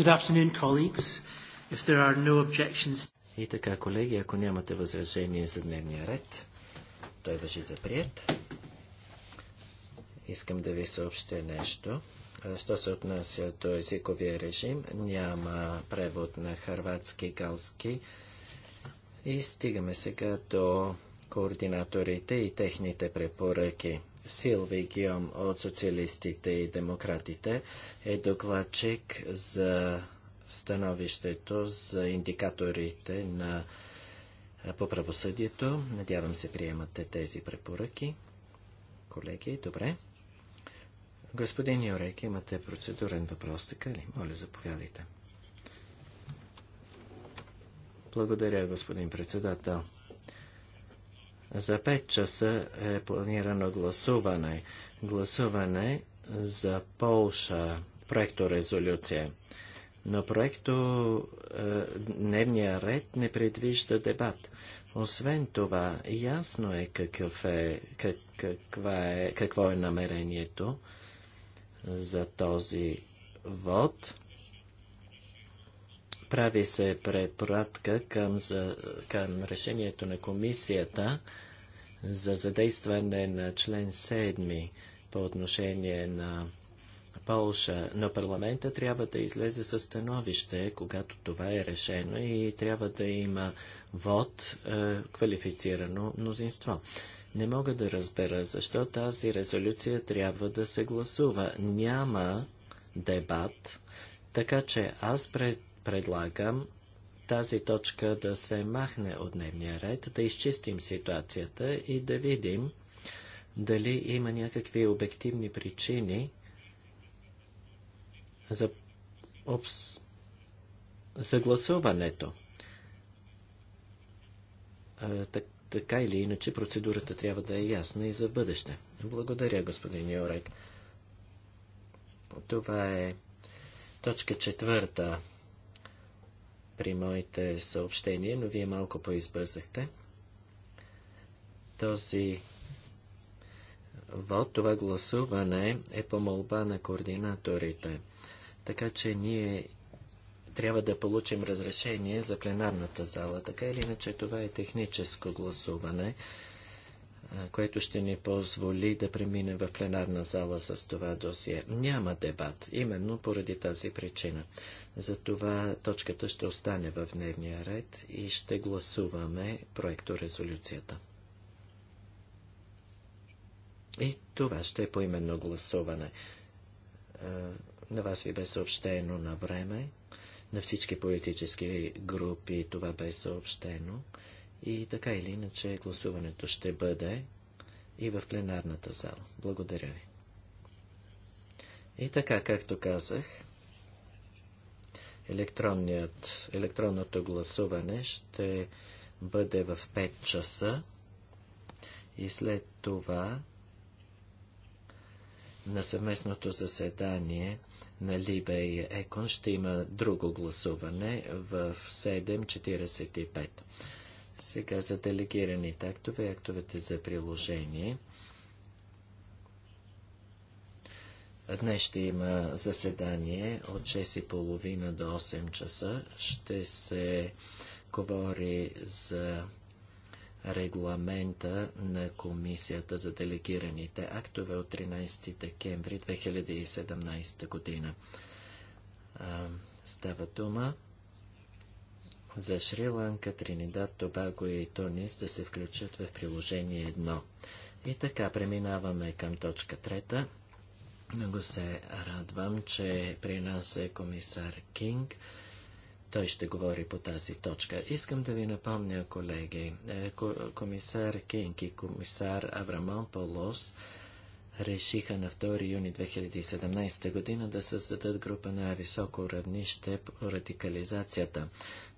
Good afternoon, colleagues. If there are no objections... И така, колеги, ако нямате възражение за дневния ред, той въжи за прият. Искам да ви съобщя нещо. Що се отнася до езиковия режим, няма превод на харватски, галски. И стигаме сега до координаторите и техните препоръки. Силви Гиом от социалистите и демократите е докладчик за становището за индикаторите на по правосъдието. Надявам се приемате тези препоръки. Колеги, добре. Господин Йорек, имате процедурен въпрос, така ли? Моля, заповядайте. Благодаря, господин председател. За 5 часа е планирано гласуване. Гласуване за Полша, проекторезолюция. Но проекто е, дневния ред не предвижда дебат. Освен това, ясно е, какъв е, как, каква е какво е намерението за този вод. Прави се препратка към, за, към решението на комисията за задействане на член 7 по отношение на Полша, но парламента трябва да излезе със становище, когато това е решено и трябва да има вод, е, квалифицирано мнозинство. Не мога да разбера защо тази резолюция трябва да се гласува. Няма дебат, така че аз пред предлагам тази точка да се махне от дневния ред, да изчистим ситуацията и да видим дали има някакви обективни причини за, обс... так, така или иначе процедурата трябва да е ясна и за бъдеще. Благодаря, господин Йорек. Това е точка четвърта при моите съобщения, но вие малко поизбързахте. Този вод, това гласуване е по молба на координаторите. Така че ние трябва да получим разрешение за пленарната зала. Така или иначе това е техническо гласуване което ще ни позволи да преминем в пленарна зала с това досие. Няма дебат, именно поради тази причина. Затова точката ще остане в дневния ред и ще гласуваме проекторезолюцията. И това ще е поименно гласуване. На вас ви бе съобщено на време, на всички политически групи това бе съобщено. И така или иначе гласуването ще бъде и в пленарната зала. Благодаря ви. И така, както казах, електронното гласуване ще бъде в 5 часа и след това на съвместното заседание на Либе и Екон ще има друго гласуване в 7.45. Сега за делегираните актове и актовете за приложение. Днес ще има заседание от 6.30 до 8 часа. Ще се говори за регламента на Комисията за делегираните актове от 13 декември 2017 година. Става дума за Шри-Ланка, Тринидад, Тобаго и Тунис да се включат в приложение 1. И така преминаваме към точка 3. Много се радвам, че при нас е комисар Кинг. Той ще говори по тази точка. Искам да ви напомня, колеги, е, комисар Кинг и комисар Аврамон Полос решиха на 2 юни 2017 година да създадат група на високо равнище по радикализацията.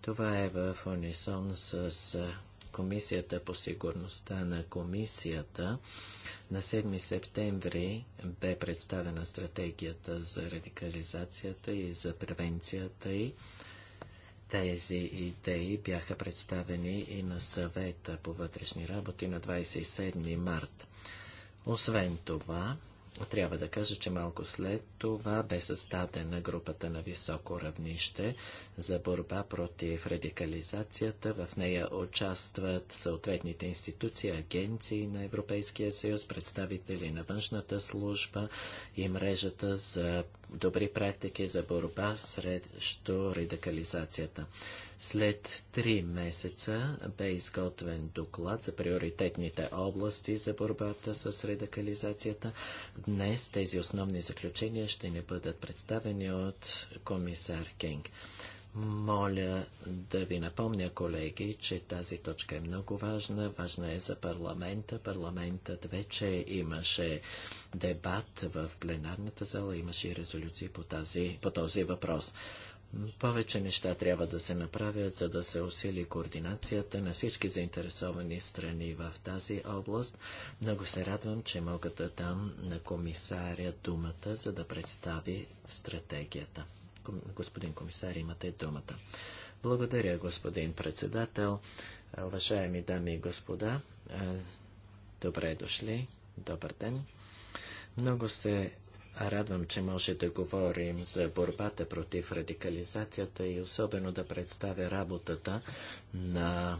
Това е в унисон с Комисията по сигурността на комисията. На 7 септември бе представена стратегията за радикализацията и за превенцията и Тези идеи бяха представени и на съвета по вътрешни работи на 27 март. Освен това, трябва да кажа, че малко след това бе създадена групата на високо равнище за борба против радикализацията. В нея участват съответните институции, агенции на Европейския съюз, представители на външната служба и мрежата за добри практики за борба срещу радикализацията. След три месеца бе изготвен доклад за приоритетните области за борбата с радикализацията. Днес тези основни заключения ще ни бъдат представени от комисар Кинг. Моля да ви напомня, колеги, че тази точка е много важна. Важна е за парламента. Парламентът вече имаше дебат в пленарната зала, имаше и резолюции по, тази, по този въпрос. Повече неща трябва да се направят, за да се усили координацията на всички заинтересовани страни в тази област. Много се радвам, че мога да дам на комисаря думата, за да представи стратегията. Господин комисар, имате думата. Благодаря, господин председател. Уважаеми дами и господа, добре дошли. Добър ден. Много се радвам, че може да говорим за борбата против радикализацията и особено да представя работата на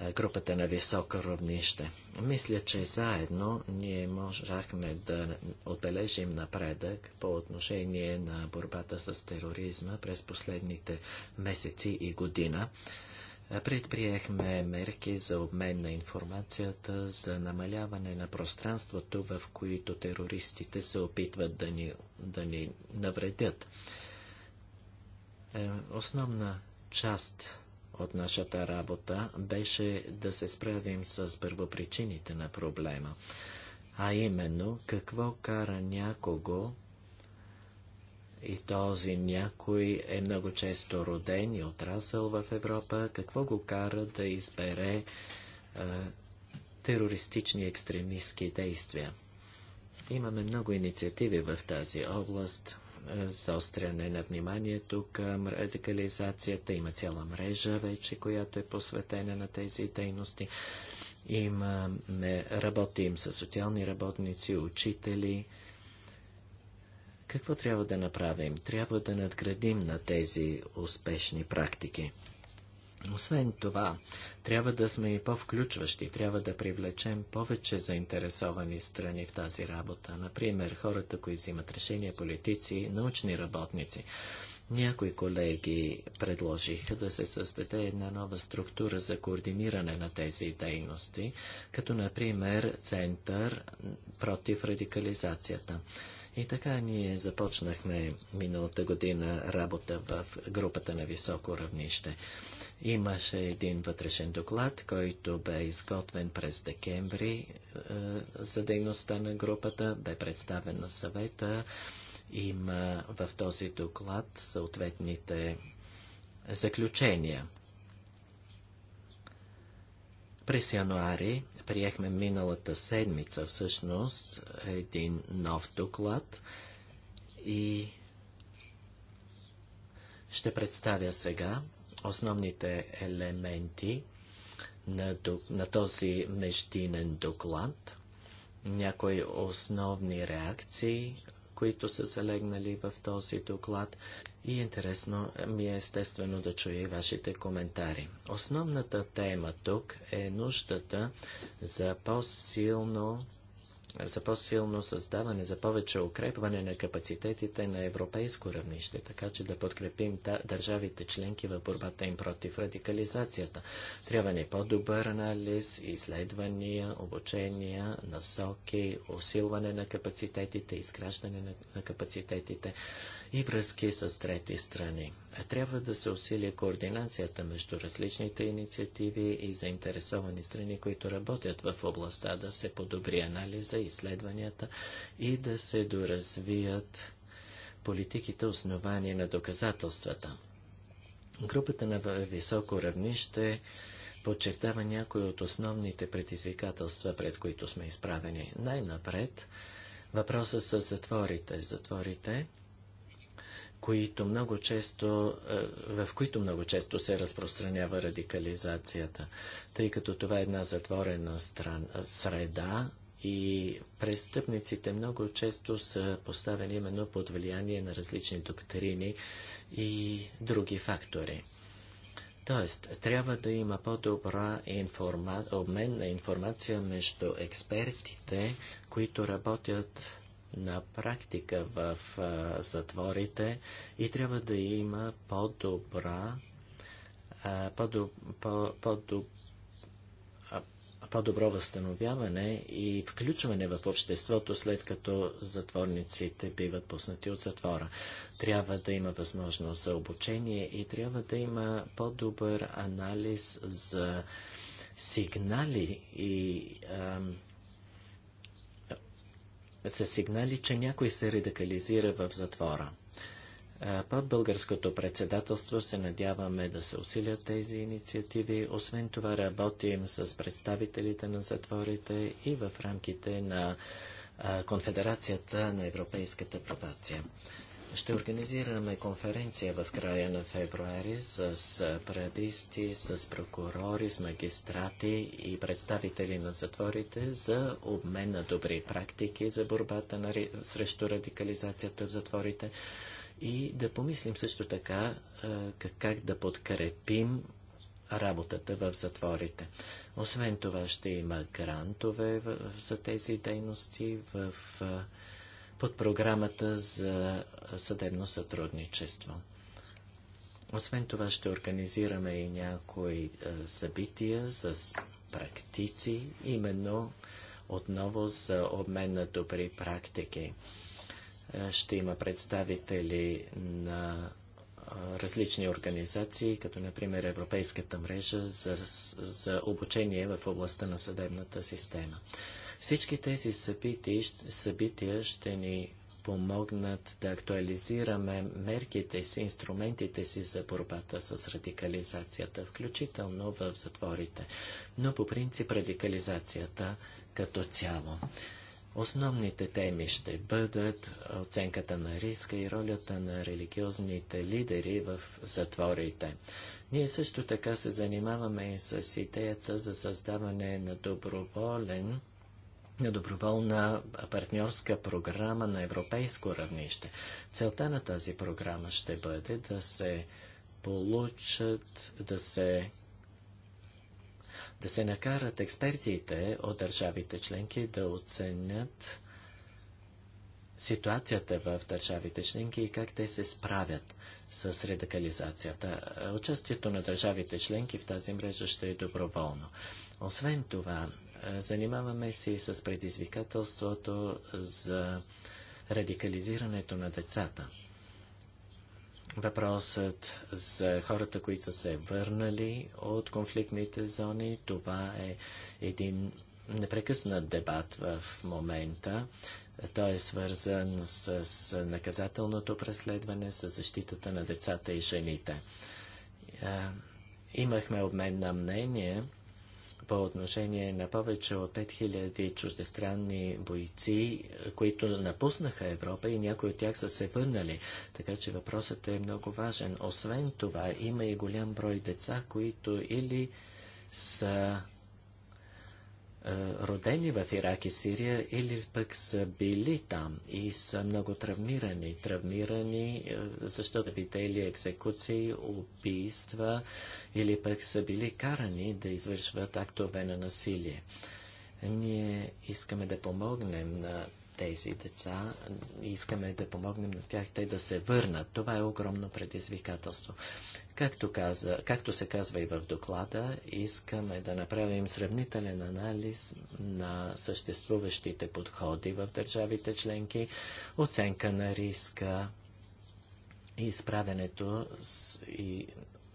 е, групата на високо равнище. Мисля, че заедно ние можахме да отбележим напредък по отношение на борбата с тероризма през последните месеци и година. Е, предприехме мерки за обмен на информацията, за намаляване на пространството, в които терористите се опитват да ни, да ни навредят. Е, основна част от нашата работа беше да се справим с първопричините на проблема. А именно, какво кара някого и този някой е много често роден и отрасъл в Европа, какво го кара да избере е, терористични екстремистски действия. Имаме много инициативи в тази област. Е, заостряне на вниманието към радикализацията. Има цяла мрежа вече, която е посветена на тези дейности. Имаме, работим с социални работници, учители. Какво трябва да направим? Трябва да надградим на тези успешни практики. Освен това, трябва да сме и по-включващи, трябва да привлечем повече заинтересовани страни в тази работа. Например, хората, които взимат решения, политици, научни работници. Някои колеги предложиха да се създаде една нова структура за координиране на тези дейности, като например Център против радикализацията. И така ние започнахме миналата година работа в групата на високо равнище. Имаше един вътрешен доклад, който бе изготвен през декември е, за дейността на групата, бе представен на съвета. Има в този доклад съответните заключения. През януари приехме миналата седмица всъщност един нов доклад и ще представя сега основните елементи на, на този междинен доклад, някои основни реакции, които са залегнали в този доклад и интересно ми е естествено да чуя и вашите коментари. Основната тема тук е нуждата за по-силно за по-силно създаване, за повече укрепване на капацитетите на европейско равнище, така че да подкрепим държавите членки в борбата им против радикализацията. Трябва ни по-добър анализ, изследвания, обучения, насоки, усилване на капацитетите, изграждане на, на капацитетите и връзки с трети страни. Трябва да се усили координацията между различните инициативи и заинтересовани страни, които работят в областта, да се подобри анализа изследванията и да се доразвият политиките основания на доказателствата. Групата на високо равнище подчертава някои от основните предизвикателства, пред които сме изправени. Най-напред въпроса с затворите. Затворите, които много често, е, в които много често се разпространява радикализацията, тъй като това е една затворена стран, среда, и престъпниците много често са поставени именно под влияние на различни доктрини и други фактори. Тоест, трябва да има по-добра информа... обмен на информация между експертите, които работят на практика в а, затворите и трябва да има по-добра по добра по-добро възстановяване и включване в обществото, след като затворниците биват пуснати от затвора. Трябва да има възможност за обучение и трябва да има по-добър анализ за сигнали и а, за сигнали, че някой се радикализира в затвора. Под българското председателство се надяваме да се усилят тези инициативи. Освен това работим с представителите на затворите и в рамките на Конфедерацията на европейската пробация. Ще организираме конференция в края на февруари с прависти, с прокурори, с магистрати и представители на затворите за обмен на добри практики за борбата на, срещу радикализацията в затворите и да помислим също така как да подкрепим работата в затворите. Освен това ще има грантове за тези дейности в, под програмата за съдебно сътрудничество. Освен това ще организираме и някои събития с практици, именно отново за обмен на добри практики ще има представители на различни организации, като например Европейската мрежа за, за обучение в областта на съдебната система. Всички тези събития, събития ще ни помогнат да актуализираме мерките си, инструментите си за борбата с радикализацията, включително в затворите, но по принцип радикализацията като цяло. Основните теми ще бъдат оценката на риска и ролята на религиозните лидери в затворите. Ние също така се занимаваме и с идеята за създаване на доброволен на доброволна партньорска програма на европейско равнище. Целта на тази програма ще бъде да се получат, да се да се накарат експертите от държавите членки да оценят ситуацията в държавите членки и как те се справят с радикализацията. Участието на държавите членки в тази мрежа ще е доброволно. Освен това, занимаваме се и с предизвикателството за радикализирането на децата. Въпросът за хората, които са се върнали от конфликтните зони, това е един непрекъснат дебат в момента. Той е свързан с, с наказателното преследване, с защитата на децата и жените. Е, имахме обмен на мнение по отношение на повече от 5000 чуждестранни бойци, които напуснаха Европа и някои от тях са се върнали. Така че въпросът е много важен. Освен това, има и голям брой деца, които или са е, родени в Ирак и Сирия или пък са били там и са много травмирани. Травмирани, е, защото видели екзекуции, убийства или пък са били карани да извършват актове на насилие. Ние искаме да помогнем на тези деца искаме да помогнем на тях те да се върнат. Това е огромно предизвикателство. Както, каза, както се казва и в доклада, искаме да направим сравнителен анализ на съществуващите подходи в държавите членки, оценка на риска и изправенето с, и,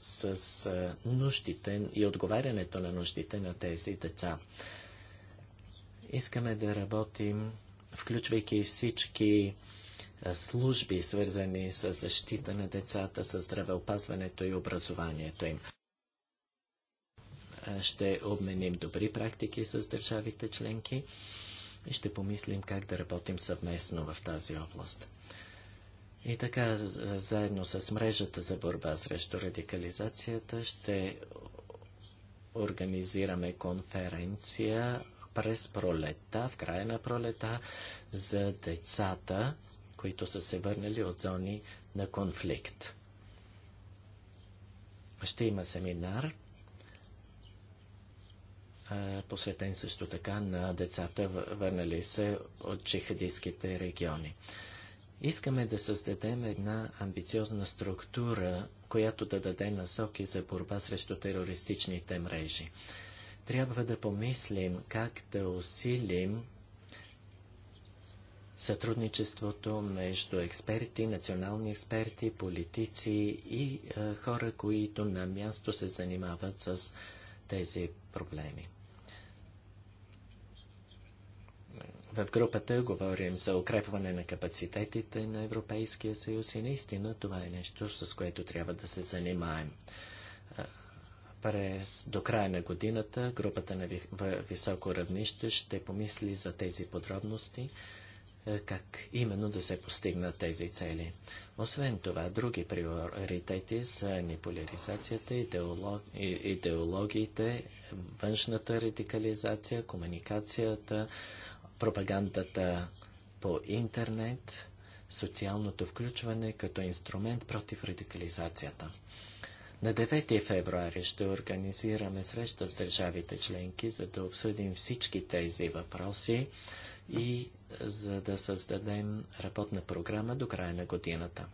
с нуждите и отговарянето на нуждите на тези деца. Искаме да работим включвайки всички служби, свързани с защита на децата, с здравеопазването и образованието им. Ще обменим добри практики с държавите членки и ще помислим как да работим съвместно в тази област. И така, заедно с мрежата за борба срещу радикализацията, ще организираме конференция през пролета, в края на пролета, за децата, които са се върнали от зони на конфликт. Ще има семинар, посветен също така на децата, върнали се от чихадийските региони. Искаме да създадем една амбициозна структура, която да даде насоки за борба срещу терористичните мрежи трябва да помислим как да усилим сътрудничеството между експерти, национални експерти, политици и е, хора, които на място се занимават с тези проблеми. В групата говорим за укрепване на капацитетите на Европейския съюз и наистина това е нещо, с което трябва да се занимаем. Е, през до края на годината групата на високо равнище ще помисли за тези подробности, е, как именно да се постигнат тези цели. Освен това, други приоритети са манипуляризацията, идеолог... идеологиите, външната радикализация, комуникацията, пропагандата по интернет, социалното включване като инструмент против радикализацията. На 9 февруари ще организираме среща с държавите членки, за да обсъдим всички тези въпроси и за да създадем работна програма до края на годината.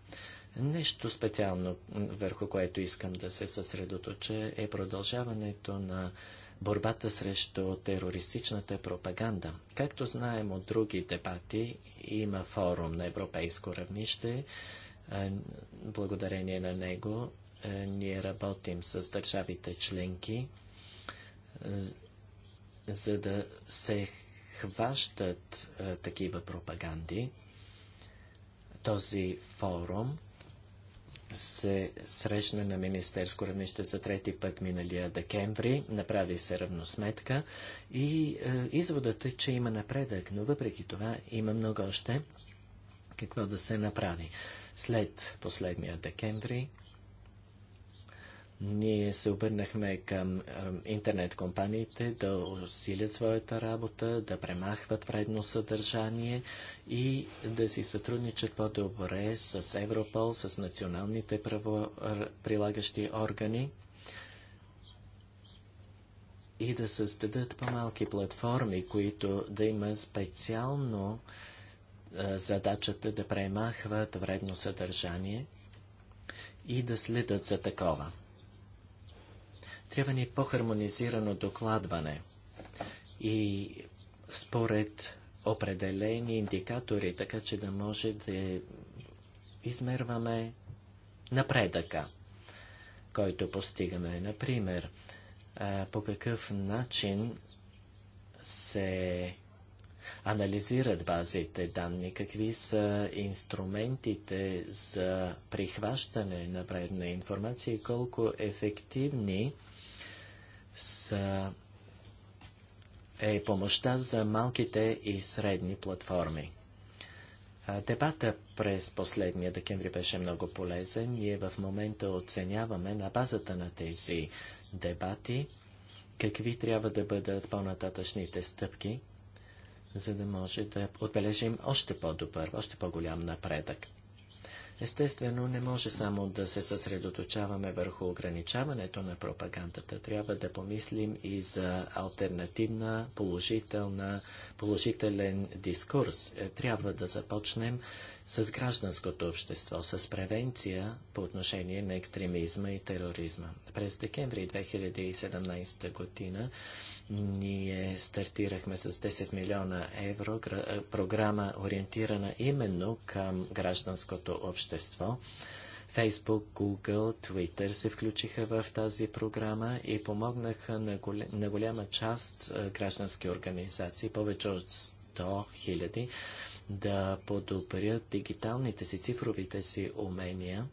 Нещо специално, върху което искам да се съсредоточа, е продължаването на борбата срещу терористичната пропаганда. Както знаем от други дебати, има форум на европейско равнище. Благодарение на него е, ние работим с държавите членки, за да се хващат е, такива пропаганди. Този форум се срещна на Министерско равнище за трети път миналия декември, направи се равносметка и е, изводът е, че има напредък, но въпреки това има много още какво да се направи. След последния декември ние се обърнахме към интернет компаниите да усилят своята работа, да премахват вредно съдържание и да си сътрудничат по-добре с Европол, с националните правоприлагащи органи и да създадат по-малки платформи, които да има специално задачата да премахват вредно съдържание и да следят за такова. Трябва ни по-хармонизирано докладване. И според определени индикатори, така че да може да измерваме напредъка, който постигаме. Например, по какъв начин се анализират базите данни, какви са инструментите за прихващане на вредна информация и колко ефективни са, е помощта за малките и средни платформи. Дебата през последния декември беше много полезен. Ние в момента оценяваме на базата на тези дебати какви трябва да бъдат по-нататъчните стъпки, за да може да отбележим още по-добър, още по-голям напредък. Естествено, не може само да се съсредоточаваме върху ограничаването на пропагандата. Трябва да помислим и за альтернативна, положителна, положителен дискурс. Е, трябва да започнем с гражданското общество, с превенция по отношение на екстремизма и тероризма. През декември 2017 година ние стартирахме с 10 милиона евро е, програма, ориентирана именно към гражданското общество. Facebook, Google, Twitter се включиха в тази програма и помогнаха на, голяма част е, граждански организации, повече от 100 хиляди, да подобрят дигиталните си, цифровите си умения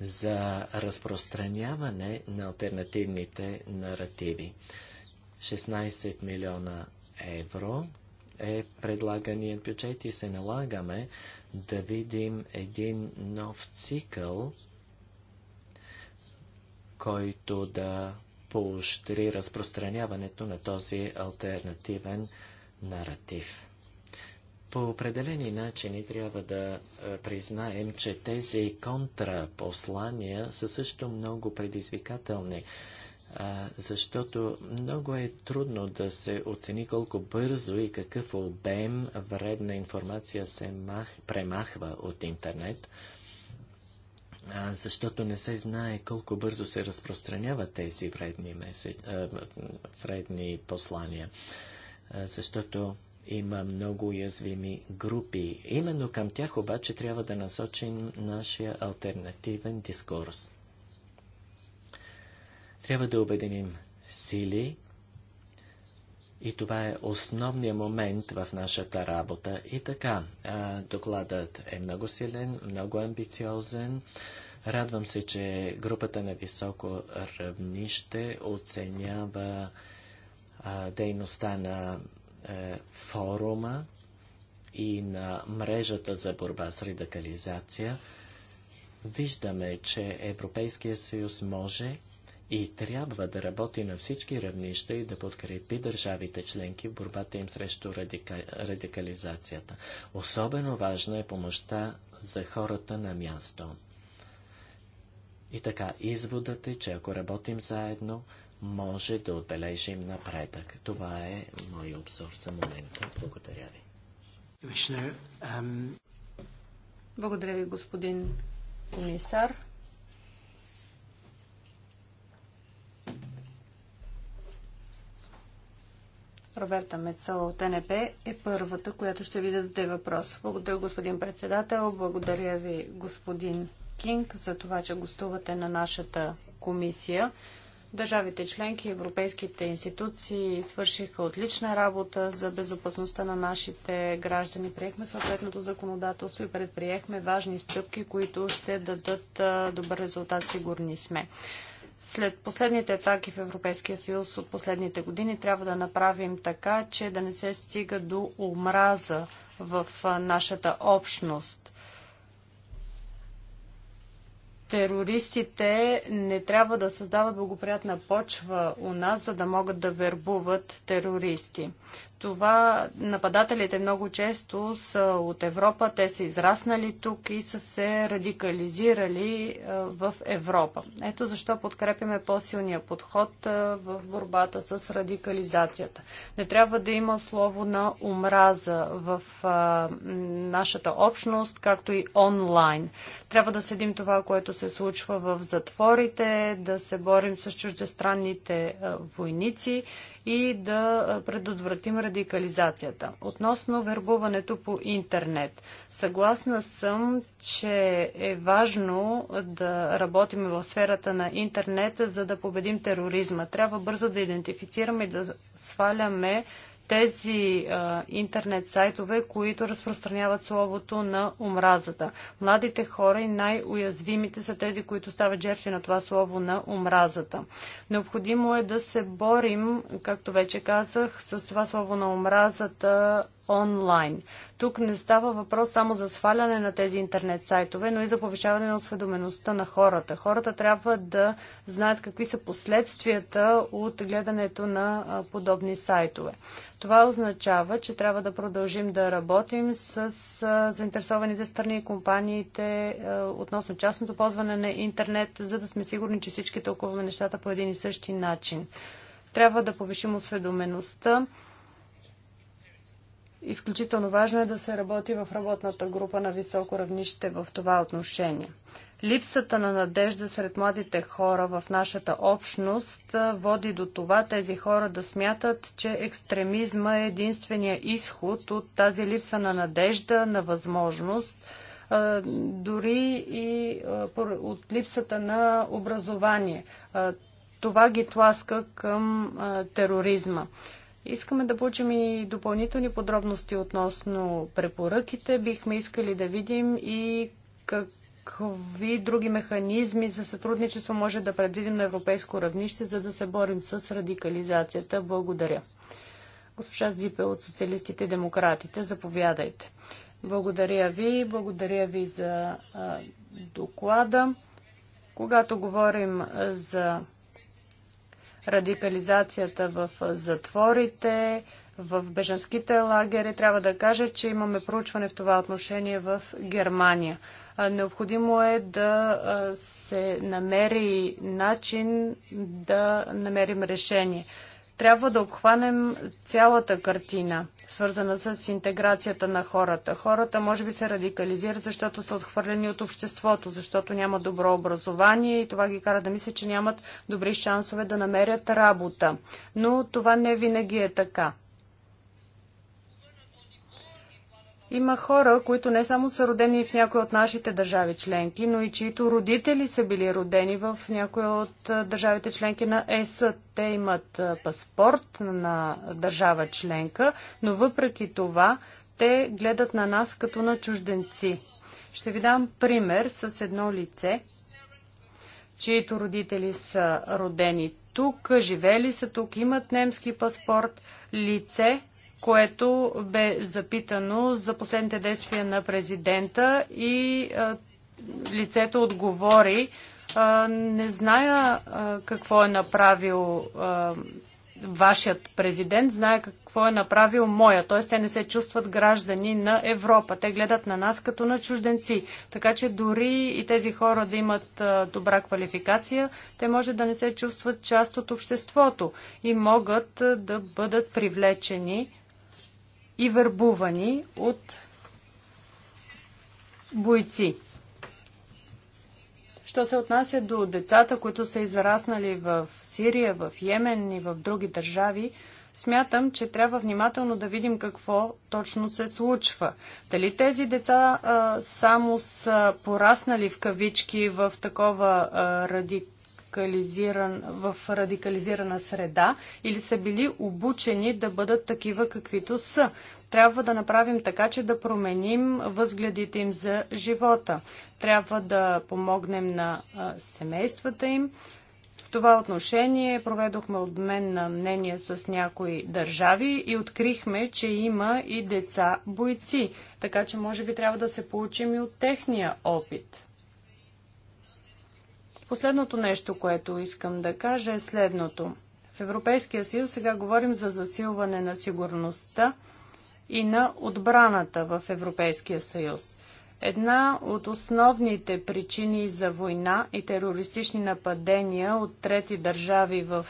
за разпространяване на альтернативните наративи. 16 милиона евро е предлаганият бюджет и се налагаме да видим един нов цикъл, който да поощри разпространяването на този альтернативен наратив. По определени начини трябва да е, признаем, че тези контрапослания са също много предизвикателни защото много е трудно да се оцени колко бързо и какъв обем вредна информация се мах, премахва от интернет, а, защото не се знае колко бързо се разпространяват тези вредни, месец, а, вредни послания, а, защото има много уязвими групи. Именно към тях обаче трябва да насочим нашия альтернативен дискурс. Трябва да обединим сили и това е основният момент в нашата работа. И така, докладът е много силен, много амбициозен. Радвам се, че групата на високо равнище оценява дейността на е, форума и на мрежата за борба с радикализация. Виждаме, че Европейския съюз може и трябва да работи на всички равнища и да подкрепи държавите членки в борбата им срещу радика... радикализацията. Особено важна е помощта за хората на място. И така, изводът е, че ако работим заедно, може да отбележим напредък. Това е мой обзор за момента. Благодаря ви. Благодаря ви, господин комисар. Роберта Мецола от НП е първата, която ще ви даде въпрос. Благодаря, господин председател. Благодаря ви, господин Кинг, за това, че гостувате на нашата комисия. Държавите членки, европейските институции свършиха отлична работа за безопасността на нашите граждани. Приехме съответното законодателство и предприехме важни стъпки, които ще дадат добър резултат, сигурни сме. След последните атаки в Европейския съюз от последните години трябва да направим така, че да не се стига до омраза в нашата общност. Терористите не трябва да създават благоприятна почва у нас, за да могат да вербуват терористи това нападателите много често са от Европа, те са израснали тук и са се радикализирали е, в Европа. Ето защо подкрепяме по-силния подход е, в борбата с радикализацията. Не трябва да има слово на омраза в е, нашата общност, както и онлайн. Трябва да седим това, което се случва в затворите, да се борим с чуждестранните войници и да предотвратим радикализацията. Относно вербуването по интернет, съгласна съм, че е важно да работим в сферата на интернет, за да победим тероризма. Трябва бързо да идентифицираме и да сваляме тези а, интернет сайтове, които разпространяват словото на омразата. Младите хора и най-уязвимите са тези, които стават жертви на това слово на омразата. Необходимо е да се борим, както вече казах, с това слово на омразата онлайн. Тук не става въпрос само за сваляне на тези интернет сайтове, но и за повишаване на осведомеността на хората. Хората трябва да знаят какви са последствията от гледането на подобни сайтове. Това означава, че трябва да продължим да работим с заинтересованите страни и компаниите относно частното ползване на интернет, за да сме сигурни, че всички тълкуваме нещата по един и същи начин. Трябва да повишим осведомеността Изключително важно е да се работи в работната група на високо равнище в това отношение. Липсата на надежда сред младите хора в нашата общност води до това тези хора да смятат, че екстремизма е единствения изход от тази липса на надежда, на възможност, дори и от липсата на образование. Това ги тласка към тероризма. Искаме да получим и допълнителни подробности относно препоръките. Бихме искали да видим и как какви други механизми за сътрудничество може да предвидим на европейско равнище, за да се борим с радикализацията. Благодаря. Госпожа Зипе от Социалистите и Демократите, заповядайте. Благодаря ви, благодаря ви за а, доклада. Когато говорим за радикализацията в затворите, в бежанските лагери. Трябва да кажа, че имаме проучване в това отношение в Германия. Необходимо е да се намери начин да намерим решение. Трябва да обхванем цялата картина, свързана с интеграцията на хората. Хората може би се радикализират, защото са отхвърлени от обществото, защото няма добро образование и това ги кара да мислят, че нямат добри шансове да намерят работа. Но това не винаги е така. Има хора, които не само са родени в някои от нашите държави членки, но и чието родители са били родени в някои от държавите членки на ЕС. Те имат паспорт на държава членка, но въпреки това те гледат на нас като на чужденци. Ще ви дам пример с едно лице, чието родители са родени тук, живели са тук, имат немски паспорт, лице, което бе запитано за последните действия на президента и а, лицето отговори. А, не зная а, какво е направил вашият президент, знае какво е направил моя. Т.е. те не се чувстват граждани на Европа. Те гледат на нас като на чужденци. Така че дори и тези хора да имат добра квалификация, те може да не се чувстват част от обществото и могат да бъдат привлечени и върбувани от бойци. Що се отнася до децата, които са израснали в Сирия, в Йемен и в други държави, смятам, че трябва внимателно да видим какво точно се случва. Дали тези деца а, само са пораснали в кавички в такова а, ради, радикализиран, в радикализирана среда или са били обучени да бъдат такива каквито са. Трябва да направим така, че да променим възгледите им за живота. Трябва да помогнем на семействата им. В това отношение проведохме обмен на мнения с някои държави и открихме, че има и деца бойци, така че може би трябва да се получим и от техния опит. Последното нещо, което искам да кажа е следното. В Европейския съюз сега говорим за засилване на сигурността и на отбраната в Европейския съюз. Една от основните причини за война и терористични нападения от трети държави в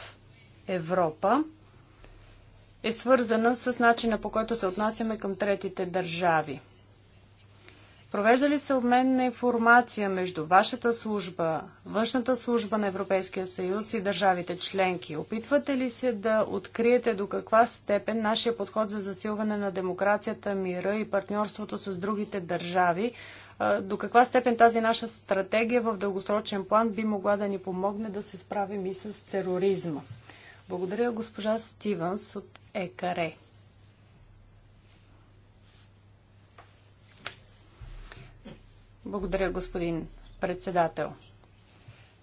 Европа е свързана с начина по който се отнасяме към третите държави. Провежда ли се обмен на информация между вашата служба, външната служба на Европейския съюз и държавите членки? Опитвате ли се да откриете до каква степен нашия подход за засилване на демокрацията, мира и партньорството с другите държави, до каква степен тази наша стратегия в дългосрочен план би могла да ни помогне да се справим и с тероризма? Благодаря госпожа Стивенс от ЕКАРЕ. Благодаря, господин председател.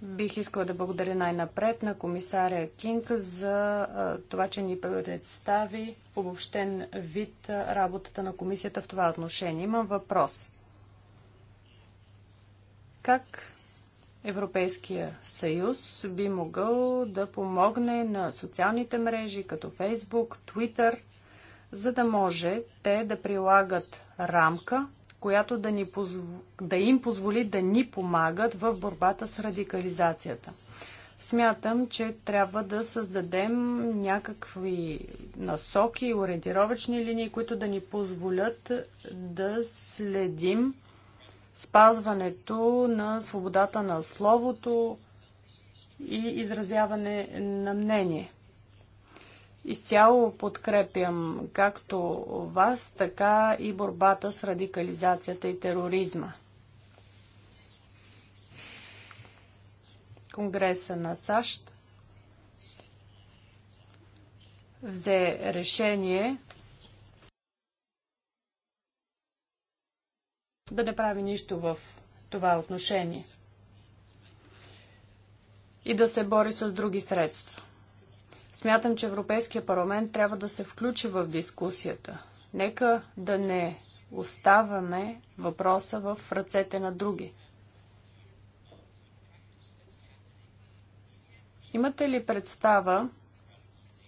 Бих искала да благодаря най-напред на комисаря Кинг за това, че ни представи обобщен вид работата на комисията в това отношение. Имам въпрос. Как Европейския съюз би могъл да помогне на социалните мрежи като Фейсбук, Twitter, за да може те да прилагат рамка, която да, ни позв... да им позволи да ни помагат в борбата с радикализацията. Смятам, че трябва да създадем някакви насоки, ориентировъчни линии, които да ни позволят да следим спазването на свободата на словото и изразяване на мнение. Изцяло подкрепям както вас, така и борбата с радикализацията и тероризма. Конгреса на САЩ взе решение да не прави нищо в това отношение и да се бори с други средства. Смятам, че Европейския парламент трябва да се включи в дискусията. Нека да не оставаме въпроса в ръцете на други. Имате ли представа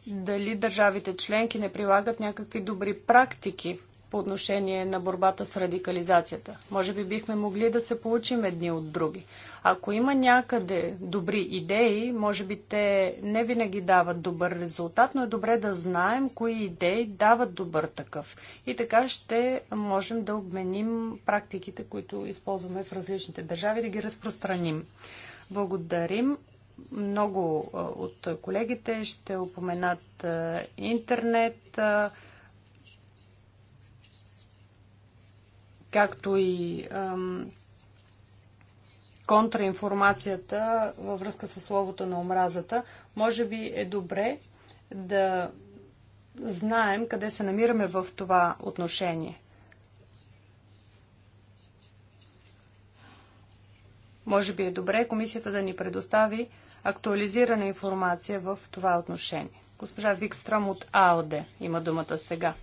дали държавите членки не прилагат някакви добри практики по отношение на борбата с радикализацията? Може би бихме могли да се получим едни от други. Ако има някъде добри идеи, може би те не винаги дават добър резултат, но е добре да знаем кои идеи дават добър такъв. И така ще можем да обменим практиките, които използваме в различните държави, да ги разпространим. Благодарим много от колегите ще упоменат интернет, както и контраинформацията във връзка с словото на омразата, може би е добре да знаем къде се намираме в това отношение. Може би е добре комисията да ни предостави актуализирана информация в това отношение. Госпожа Викстром от АОД има думата сега.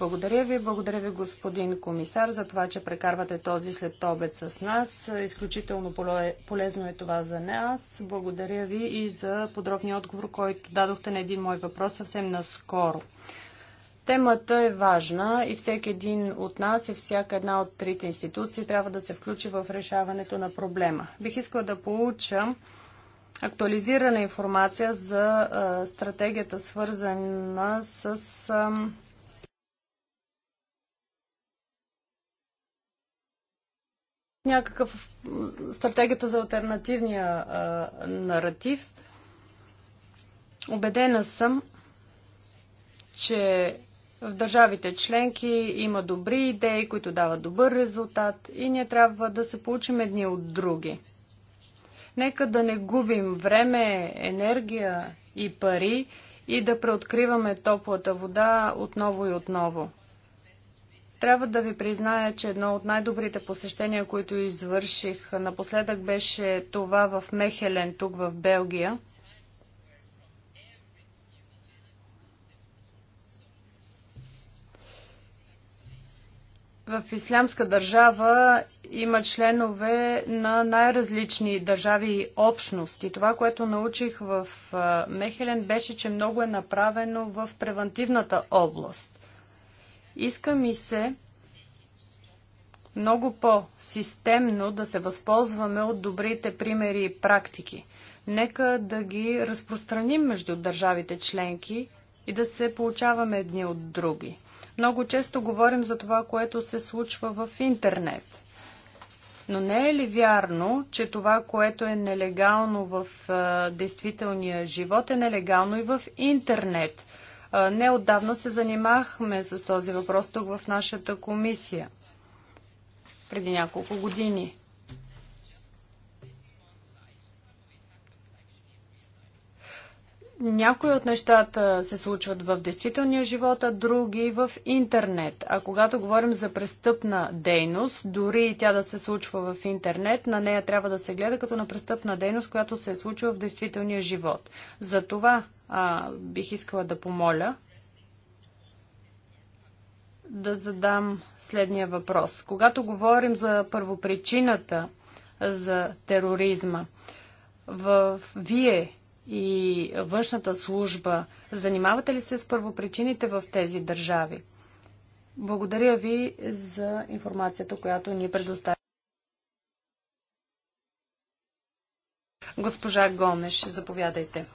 Благодаря ви, благодаря ви господин комисар за това, че прекарвате този след обед с нас. Изключително полезно е това за нас. Благодаря ви и за подробния отговор, който дадохте на един мой въпрос съвсем наскоро. Темата е важна и всеки един от нас и всяка една от трите институции трябва да се включи в решаването на проблема. Бих искала да получа актуализирана информация за а, стратегията, свързана с а, някакъв стратегията за альтернативния а, наратив. Обедена съм, че в държавите членки има добри идеи, които дават добър резултат и ние трябва да се получим едни от други. Нека да не губим време, енергия и пари и да преоткриваме топлата вода отново и отново. Трябва да ви призная, че едно от най-добрите посещения, които извърших напоследък, беше това в Мехелен, тук в Белгия. в Ислямска държава има членове на най-различни държави и общности. Това, което научих в Мехелен, беше, че много е направено в превантивната област. Иска ми се много по-системно да се възползваме от добрите примери и практики. Нека да ги разпространим между държавите членки и да се получаваме едни от други. Много често говорим за това, което се случва в интернет. Но не е ли вярно, че това, което е нелегално в е, действителния живот, е нелегално и в интернет? Неотдавна се занимахме с този въпрос тук в нашата комисия. Преди няколко години. някои от нещата се случват в действителния живот, а други в интернет. А когато говорим за престъпна дейност, дори и тя да се случва в интернет, на нея трябва да се гледа като на престъпна дейност, която се е случва в действителния живот. Затова а, бих искала да помоля да задам следния въпрос. Когато говорим за първопричината за тероризма, в вие и външната служба, занимавате ли се с първопричините в тези държави? Благодаря ви за информацията, която ни предоставя. Госпожа Гомеш, заповядайте.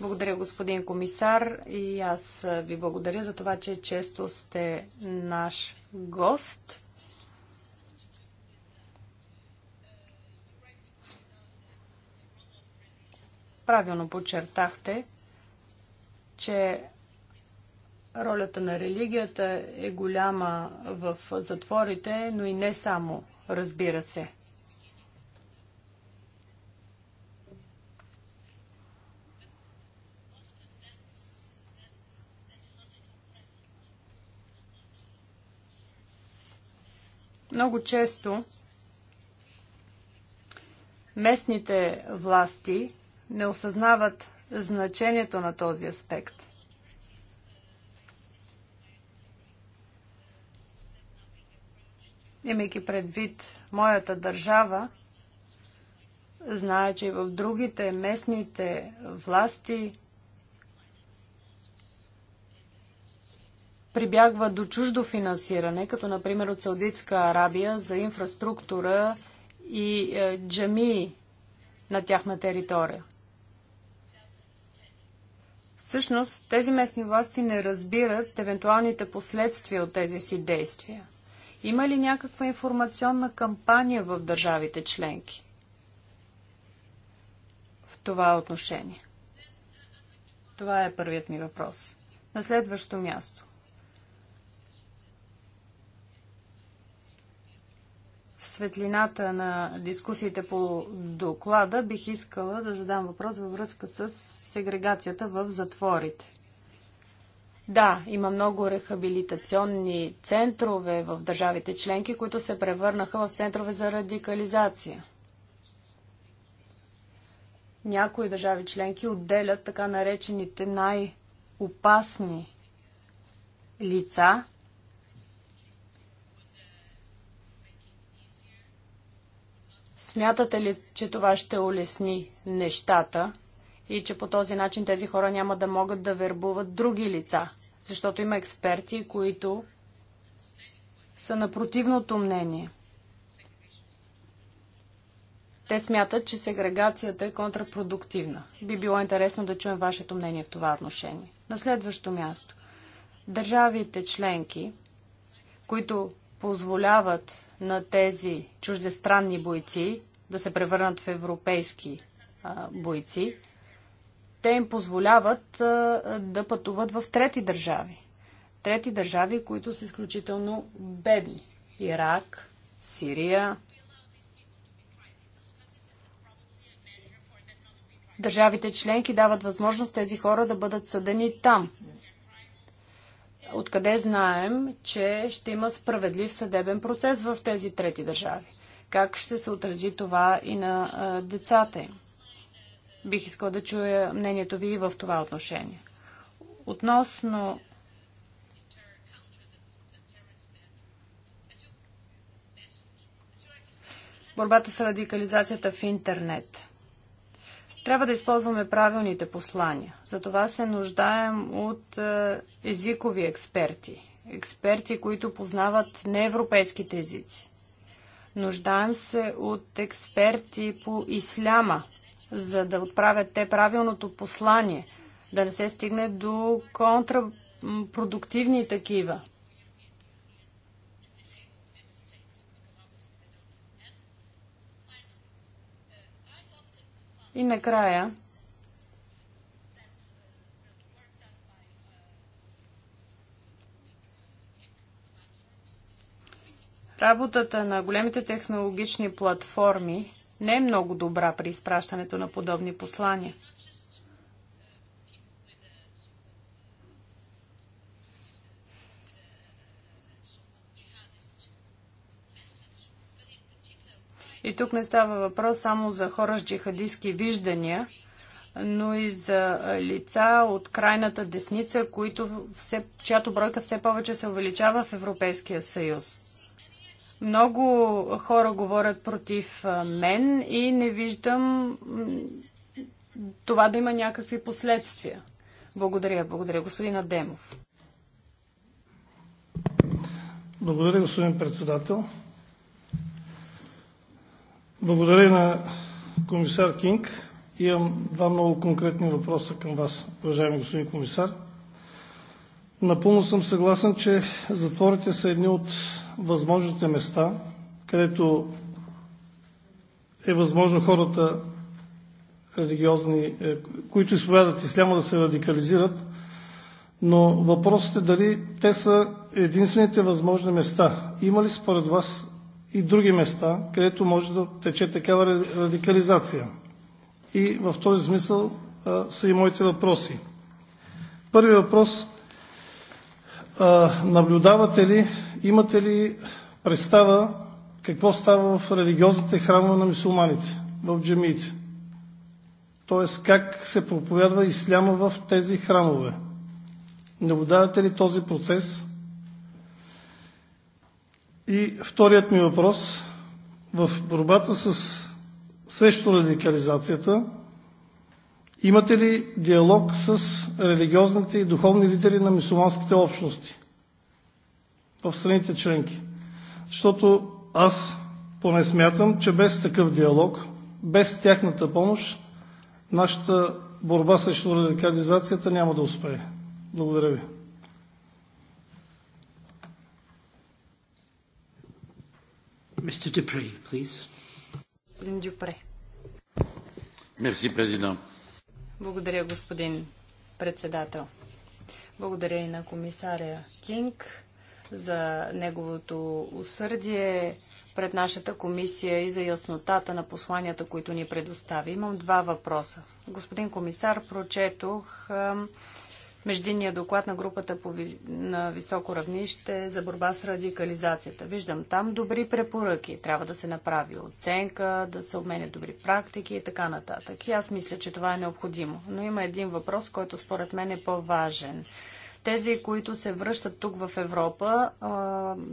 Благодаря, господин комисар. И аз ви благодаря за това, че често сте наш гост. Правилно подчертахте, че ролята на религията е голяма в затворите, но и не само, разбира се. Много често местните власти не осъзнават значението на този аспект. Имайки предвид моята държава, зная, че и в другите местните власти прибягва до чуждо финансиране, като например от Саудитска Арабия за инфраструктура и е, джами джамии на тяхна територия. Всъщност, тези местни власти не разбират евентуалните последствия от тези си действия. Има ли някаква информационна кампания в държавите членки в това отношение? Това е първият ми въпрос. На следващо място. светлината на дискусиите по доклада бих искала да задам въпрос във връзка с сегрегацията в затворите. Да, има много рехабилитационни центрове в държавите членки, които се превърнаха в центрове за радикализация. Някои държави членки отделят така наречените най-опасни лица Смятате ли, че това ще улесни нещата и че по този начин тези хора няма да могат да вербуват други лица? Защото има експерти, които са на противното мнение. Те смятат, че сегрегацията е контрапродуктивна. Би било интересно да чуем вашето мнение в това отношение. На следващо място. Държавите членки, които позволяват на тези чуждестранни бойци да се превърнат в европейски бойци, те им позволяват да пътуват в трети държави. Трети държави, които са изключително бедни. Ирак, Сирия. Държавите членки дават възможност тези хора да бъдат съдени там. Откъде знаем, че ще има справедлив съдебен процес в тези трети държави? Как ще се отрази това и на децата им? Бих искал да чуя мнението ви и в това отношение. Относно борбата с радикализацията в интернет – трябва да използваме правилните послания. Затова се нуждаем от е, езикови експерти. Експерти, които познават неевропейските езици. Нуждаем се от експерти по исляма, за да отправят те правилното послание, да не се стигне до контрапродуктивни такива. И накрая, работата на големите технологични платформи не е много добра при изпращането на подобни послания – И тук не става въпрос само за хора с джихадистски виждания, но и за лица от крайната десница, които все, чиято бройка все повече се увеличава в Европейския съюз. Много хора говорят против мен и не виждам това да има някакви последствия. Благодаря, благодаря. Господин Адемов. Благодаря, господин председател. Благодаря на комисар Кинг. Имам два много конкретни въпроса към Вас, уважаеми господин комисар. Напълно съм съгласен, че затворите са едни от възможните места, където е възможно хората, религиозни, е, които изповядат исляма, да се радикализират. Но въпросът е дали те са единствените възможни места. Има ли според Вас и други места, където може да тече такава радикализация. И в този смисъл а, са и моите въпроси. Първи въпрос. А, наблюдавате ли, имате ли представа какво става в религиозните храмове на мусулманите, в джамиите? Тоест как се проповядва исляма в тези храмове? Наблюдавате ли този процес? И вторият ми въпрос в борбата с срещу радикализацията имате ли диалог с религиозните и духовни лидери на мусулманските общности в страните членки? Защото аз поне смятам, че без такъв диалог, без тяхната помощ, нашата борба срещу радикализацията няма да успее. Благодаря ви. Mr. Господин Дюпре. Мерси, президент. Благодаря, господин председател. Благодаря и на комисаря Кинг за неговото усърдие пред нашата комисия и за яснотата на посланията, които ни предостави. Имам два въпроса. Господин комисар, прочетох междинния доклад на групата по ви... на високо равнище за борба с радикализацията. Виждам там добри препоръки. Трябва да се направи оценка, да се обменят добри практики и така нататък. И аз мисля, че това е необходимо. Но има един въпрос, който според мен е по-важен. Тези, които се връщат тук в Европа,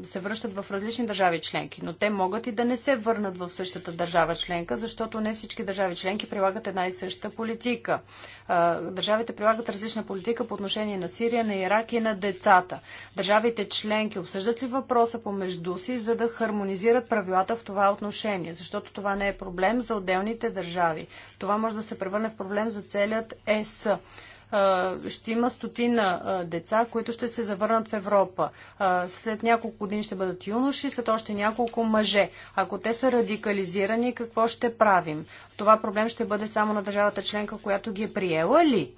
се връщат в различни държави членки, но те могат и да не се върнат в същата държава членка, защото не всички държави членки прилагат една и съща политика. Държавите прилагат различна политика по отношение на Сирия, на Ирак и на децата. Държавите членки обсъждат ли въпроса помежду си, за да хармонизират правилата в това отношение, защото това не е проблем за отделните държави. Това може да се превърне в проблем за целият ЕС ще има стотина деца, които ще се завърнат в Европа. След няколко години ще бъдат юноши, след още няколко мъже. Ако те са радикализирани, какво ще правим? Това проблем ще бъде само на държавата членка, която ги е приела ли?